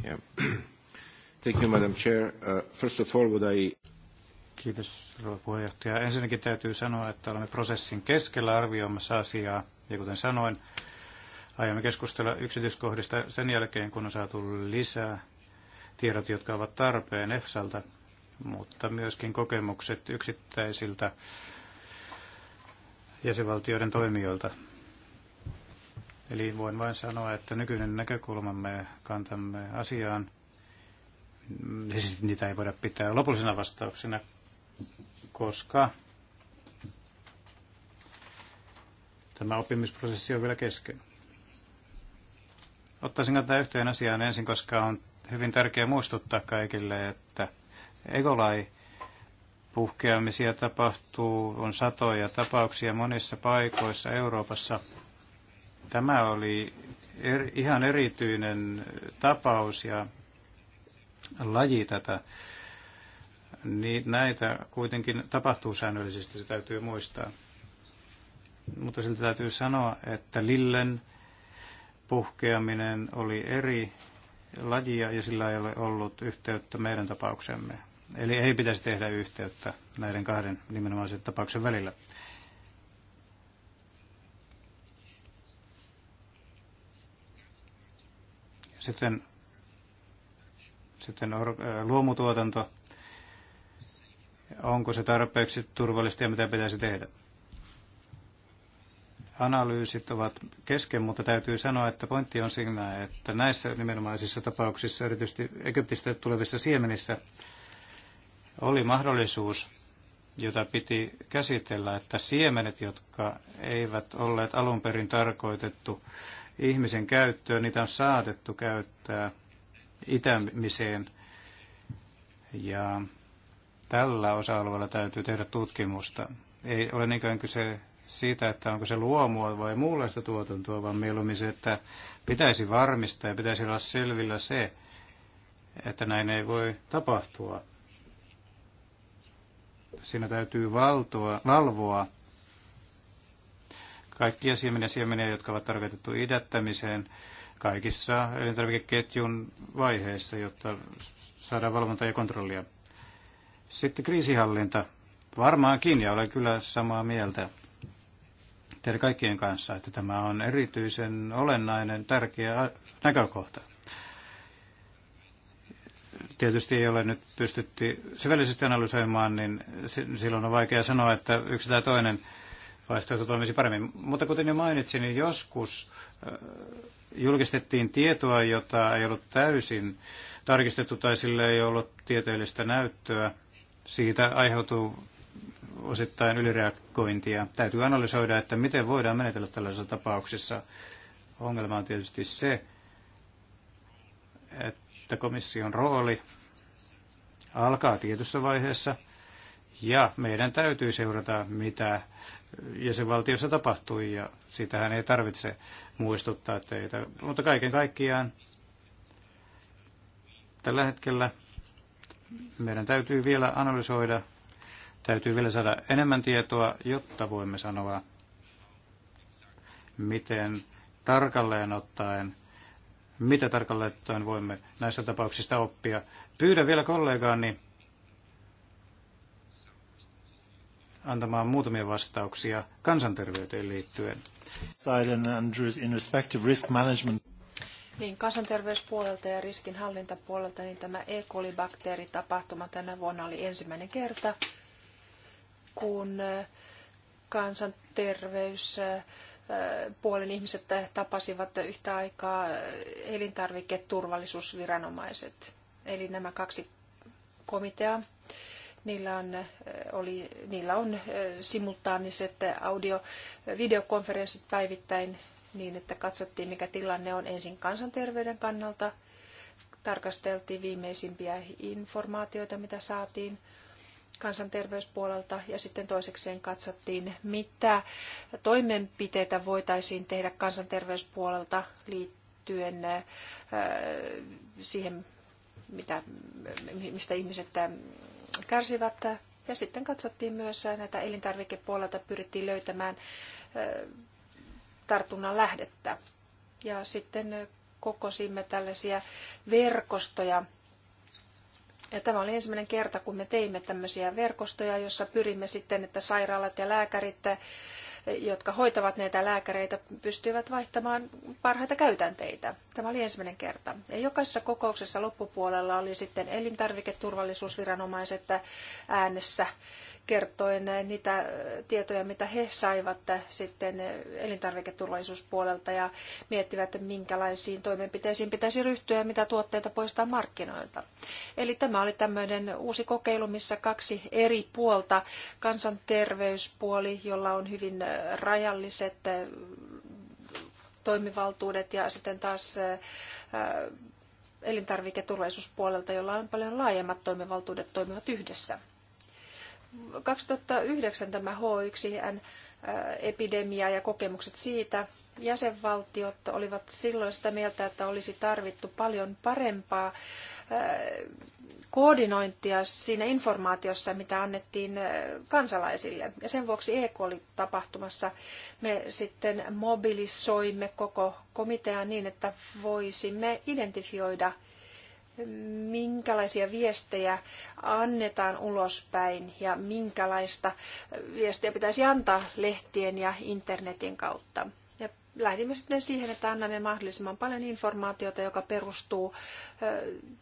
Yeah. Thank you, Madam Chair. Uh, first of all, would I... Kiitos, rouva puheenjohtaja. Ensinnäkin täytyy sanoa, että olemme prosessin keskellä arvioimassa asiaa, ja kuten sanoin, aiomme keskustella yksityiskohdista sen jälkeen, kun on saatu lisää tiedot, jotka ovat tarpeen EFSAlta mutta myöskin kokemukset yksittäisiltä jäsenvaltioiden toimijoilta. Eli voin vain sanoa, että nykyinen näkökulmamme kantamme asiaan, siis niitä ei voida pitää lopullisena vastauksena, koska tämä oppimisprosessi on vielä kesken. Ottaisin kantaa yhteen asiaan ensin, koska on hyvin tärkeää muistuttaa kaikille, että – Egolai puhkeamisia tapahtuu, on satoja tapauksia monissa paikoissa Euroopassa. Tämä oli er, ihan erityinen tapaus ja laji tätä. Niin näitä kuitenkin tapahtuu säännöllisesti, se täytyy muistaa. Mutta silti täytyy sanoa, että Lillen puhkeaminen oli eri lajia ja sillä ei ole ollut yhteyttä meidän tapauksemme. Eli ei pitäisi tehdä yhteyttä näiden kahden nimenomaisen tapauksen välillä. Sitten, sitten äh, luomutuotanto, onko se tarpeeksi turvallista ja mitä pitäisi tehdä. Analyysit ovat kesken, mutta täytyy sanoa, että pointti on siinä, että näissä nimenomaisissa tapauksissa, erityisesti Egyptistä tulevissa siemenissä, oli mahdollisuus, jota piti käsitellä, että siemenet, jotka eivät olleet alun perin tarkoitettu ihmisen käyttöön, niitä on saatettu käyttää itämiseen. Ja tällä osa-alueella täytyy tehdä tutkimusta. Ei ole niinkään kyse siitä, että onko se luomua vai muunlaista tuotantoa, vaan mieluummin se, että pitäisi varmistaa ja pitäisi olla selvillä se, että näin ei voi tapahtua siinä täytyy valtoa, valvoa kaikkia siemeniä, siemeniä, jotka ovat tarkoitettu idättämiseen kaikissa elintarvikeketjun vaiheissa, jotta saadaan valvontaa ja kontrollia. Sitten kriisihallinta. Varmaankin, ja olen kyllä samaa mieltä teidän kaikkien kanssa, että tämä on erityisen olennainen, tärkeä näkökohta tietysti ei ole nyt pystytty syvällisesti analysoimaan, niin silloin on vaikea sanoa, että yksi tai toinen vaihtoehto toimisi paremmin. Mutta kuten jo mainitsin, niin joskus äh, julkistettiin tietoa, jota ei ollut täysin tarkistettu tai sille ei ollut tieteellistä näyttöä. Siitä aiheutuu osittain ylireagointia. Täytyy analysoida, että miten voidaan menetellä tällaisissa tapauksissa. Ongelma on tietysti se, että että komission rooli alkaa tietyssä vaiheessa ja meidän täytyy seurata, mitä jäsenvaltiossa tapahtui ja sitähän ei tarvitse muistuttaa teitä. Mutta kaiken kaikkiaan tällä hetkellä meidän täytyy vielä analysoida, täytyy vielä saada enemmän tietoa, jotta voimme sanoa, miten tarkalleen ottaen mitä tarkalleen voimme näistä tapauksista oppia. Pyydän vielä kollegaani antamaan muutamia vastauksia kansanterveyteen liittyen. Niin, kansanterveyspuolelta ja riskinhallintapuolelta niin tämä E. coli-bakteeritapahtuma tänä vuonna oli ensimmäinen kerta, kun eh, kansanterveys eh, puolen ihmiset tapasivat yhtä aikaa elintarviketurvallisuusviranomaiset. Eli nämä kaksi komiteaa, niillä on, oli, niillä on simultaaniset audio-videokonferenssit päivittäin niin, että katsottiin, mikä tilanne on ensin kansanterveyden kannalta, tarkasteltiin viimeisimpiä informaatioita, mitä saatiin, kansanterveyspuolelta ja sitten toisekseen katsottiin, mitä toimenpiteitä voitaisiin tehdä kansanterveyspuolelta liittyen äh, siihen, mitä, mistä ihmiset äh, kärsivät. Ja sitten katsottiin myös äh, näitä elintarvikepuolelta, pyrittiin löytämään tartunnan lähdettä. Ja sitten kokosimme tällaisia verkostoja ja tämä oli ensimmäinen kerta, kun me teimme tämmöisiä verkostoja, jossa pyrimme sitten, että sairaalat ja lääkärit, jotka hoitavat näitä lääkäreitä, pystyivät vaihtamaan parhaita käytänteitä. Tämä oli ensimmäinen kerta. Ja jokaisessa kokouksessa loppupuolella oli sitten elintarviketurvallisuusviranomaiset äänessä kertoen niitä tietoja, mitä he saivat sitten elintarviketurvallisuuspuolelta ja miettivät, että minkälaisiin toimenpiteisiin pitäisi ryhtyä ja mitä tuotteita poistaa markkinoilta. Eli tämä oli tämmöinen uusi kokeilu, missä kaksi eri puolta, kansanterveyspuoli, jolla on hyvin rajalliset äh, toimivaltuudet ja sitten taas äh, elintarviketurvallisuuspuolelta, jolla on paljon laajemmat toimivaltuudet, toimivat yhdessä. 2009 tämä H1N-epidemia äh, ja kokemukset siitä, jäsenvaltiot olivat silloin sitä mieltä, että olisi tarvittu paljon parempaa äh, koordinointia siinä informaatiossa, mitä annettiin äh, kansalaisille. Ja sen vuoksi EK oli tapahtumassa. Me sitten mobilisoimme koko komitean niin, että voisimme identifioida minkälaisia viestejä annetaan ulospäin ja minkälaista viestiä pitäisi antaa lehtien ja internetin kautta. Ja lähdimme sitten siihen, että annamme mahdollisimman paljon informaatiota, joka perustuu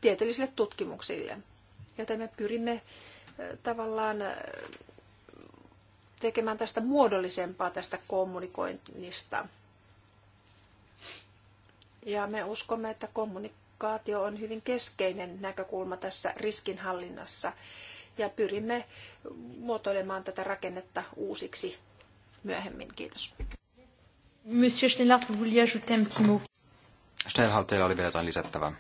tieteellisille tutkimuksille. Joten me pyrimme tavallaan tekemään tästä muodollisempaa tästä kommunikoinnista. Ja me uskomme, että kommunikointi kommunikaatio on hyvin keskeinen näkökulma tässä riskinhallinnassa ja pyrimme muotoilemaan tätä rakennetta uusiksi myöhemmin. Kiitos. Monsieur Schnellhardt, vous vouliez ajouter un petit mot. Schnellhardt, teillä oli vielä jotain lisättävää.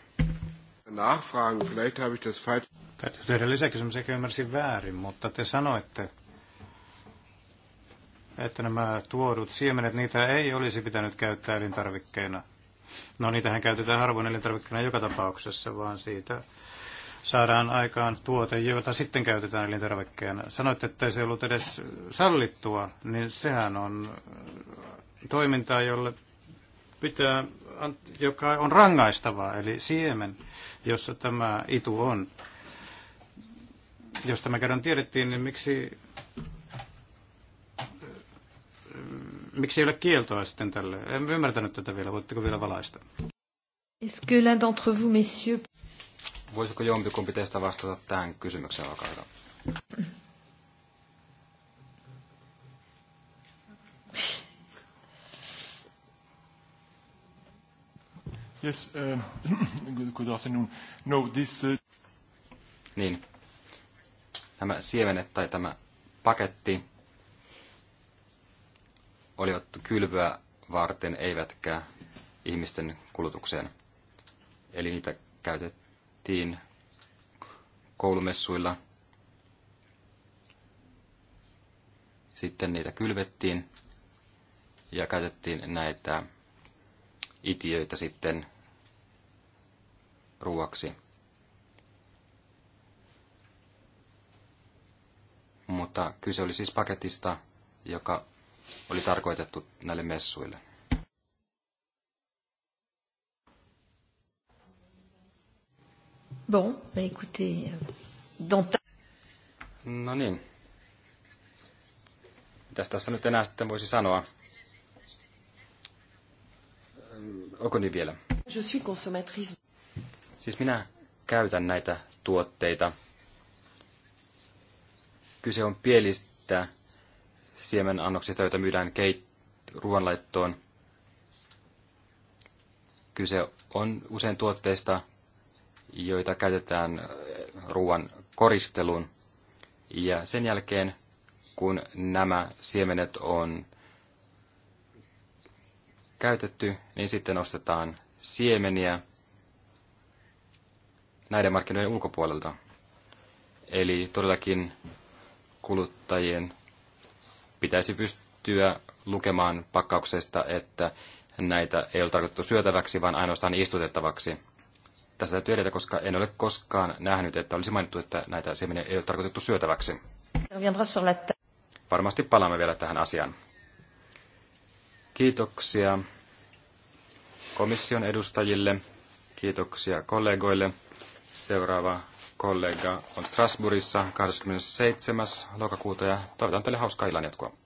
Nachfragen, vielleicht habe ich das falsch. Täytyy tehdä lisäkysymys, ehkä ymmärsin väärin, mutta te sanoitte, että nämä tuodut siemenet, niitä ei olisi pitänyt käyttää elintarvikkeina. No niitähän käytetään harvoin elintarvikkeena joka tapauksessa, vaan siitä saadaan aikaan tuote, jota sitten käytetään elintarvikkeena. Sanoitte, että se ollut edes sallittua, niin sehän on toimintaa, jolle pitää, joka on rangaistavaa, eli siemen, jossa tämä itu on. Jos tämä kerran tiedettiin, niin miksi miksi ei ole kieltoa sitten tälle? En ymmärtänyt tätä vielä, voitteko vielä valaista? Est-ce que l'un d'entre vous, messieurs... Voisiko jompikumpi teistä vastata tähän kysymykseen, alkaa? Yes, uh, <clears throat> good afternoon. No, this... Uh... Niin. Nämä siemenet tai tämä paketti olivat kylvyä varten, eivätkä ihmisten kulutukseen. Eli niitä käytettiin koulumessuilla. Sitten niitä kylvettiin ja käytettiin näitä itiöitä sitten ruuaksi. Mutta kyse oli siis paketista, joka oli tarkoitettu näille messuille. Bon, bah écoutez, euh, dans ta... No niin. Mitäs tässä nyt enää sitten voisi sanoa? Onko niin vielä? Je suis consommatrice. Siis minä käytän näitä tuotteita. Kyse on pielistä siemenannoksista, joita myydään keit- ruoanlaittoon. Kyse on usein tuotteista, joita käytetään eh, ruoan koristeluun. Ja sen jälkeen, kun nämä siemenet on käytetty, niin sitten ostetaan siemeniä näiden markkinoiden ulkopuolelta. Eli todellakin kuluttajien pitäisi pystyä lukemaan pakkauksesta, että näitä ei ole tarkoitettu syötäväksi, vaan ainoastaan istutettavaksi. Tässä täytyy edetä, koska en ole koskaan nähnyt, että olisi mainittu, että näitä siemeniä ei ole tarkoitettu syötäväksi. Varmasti palaamme vielä tähän asiaan. Kiitoksia komission edustajille, kiitoksia kollegoille. Seuraava kollega on Strasbourgissa 27. lokakuuta ja toivotan teille hauskaa illan jatkoa.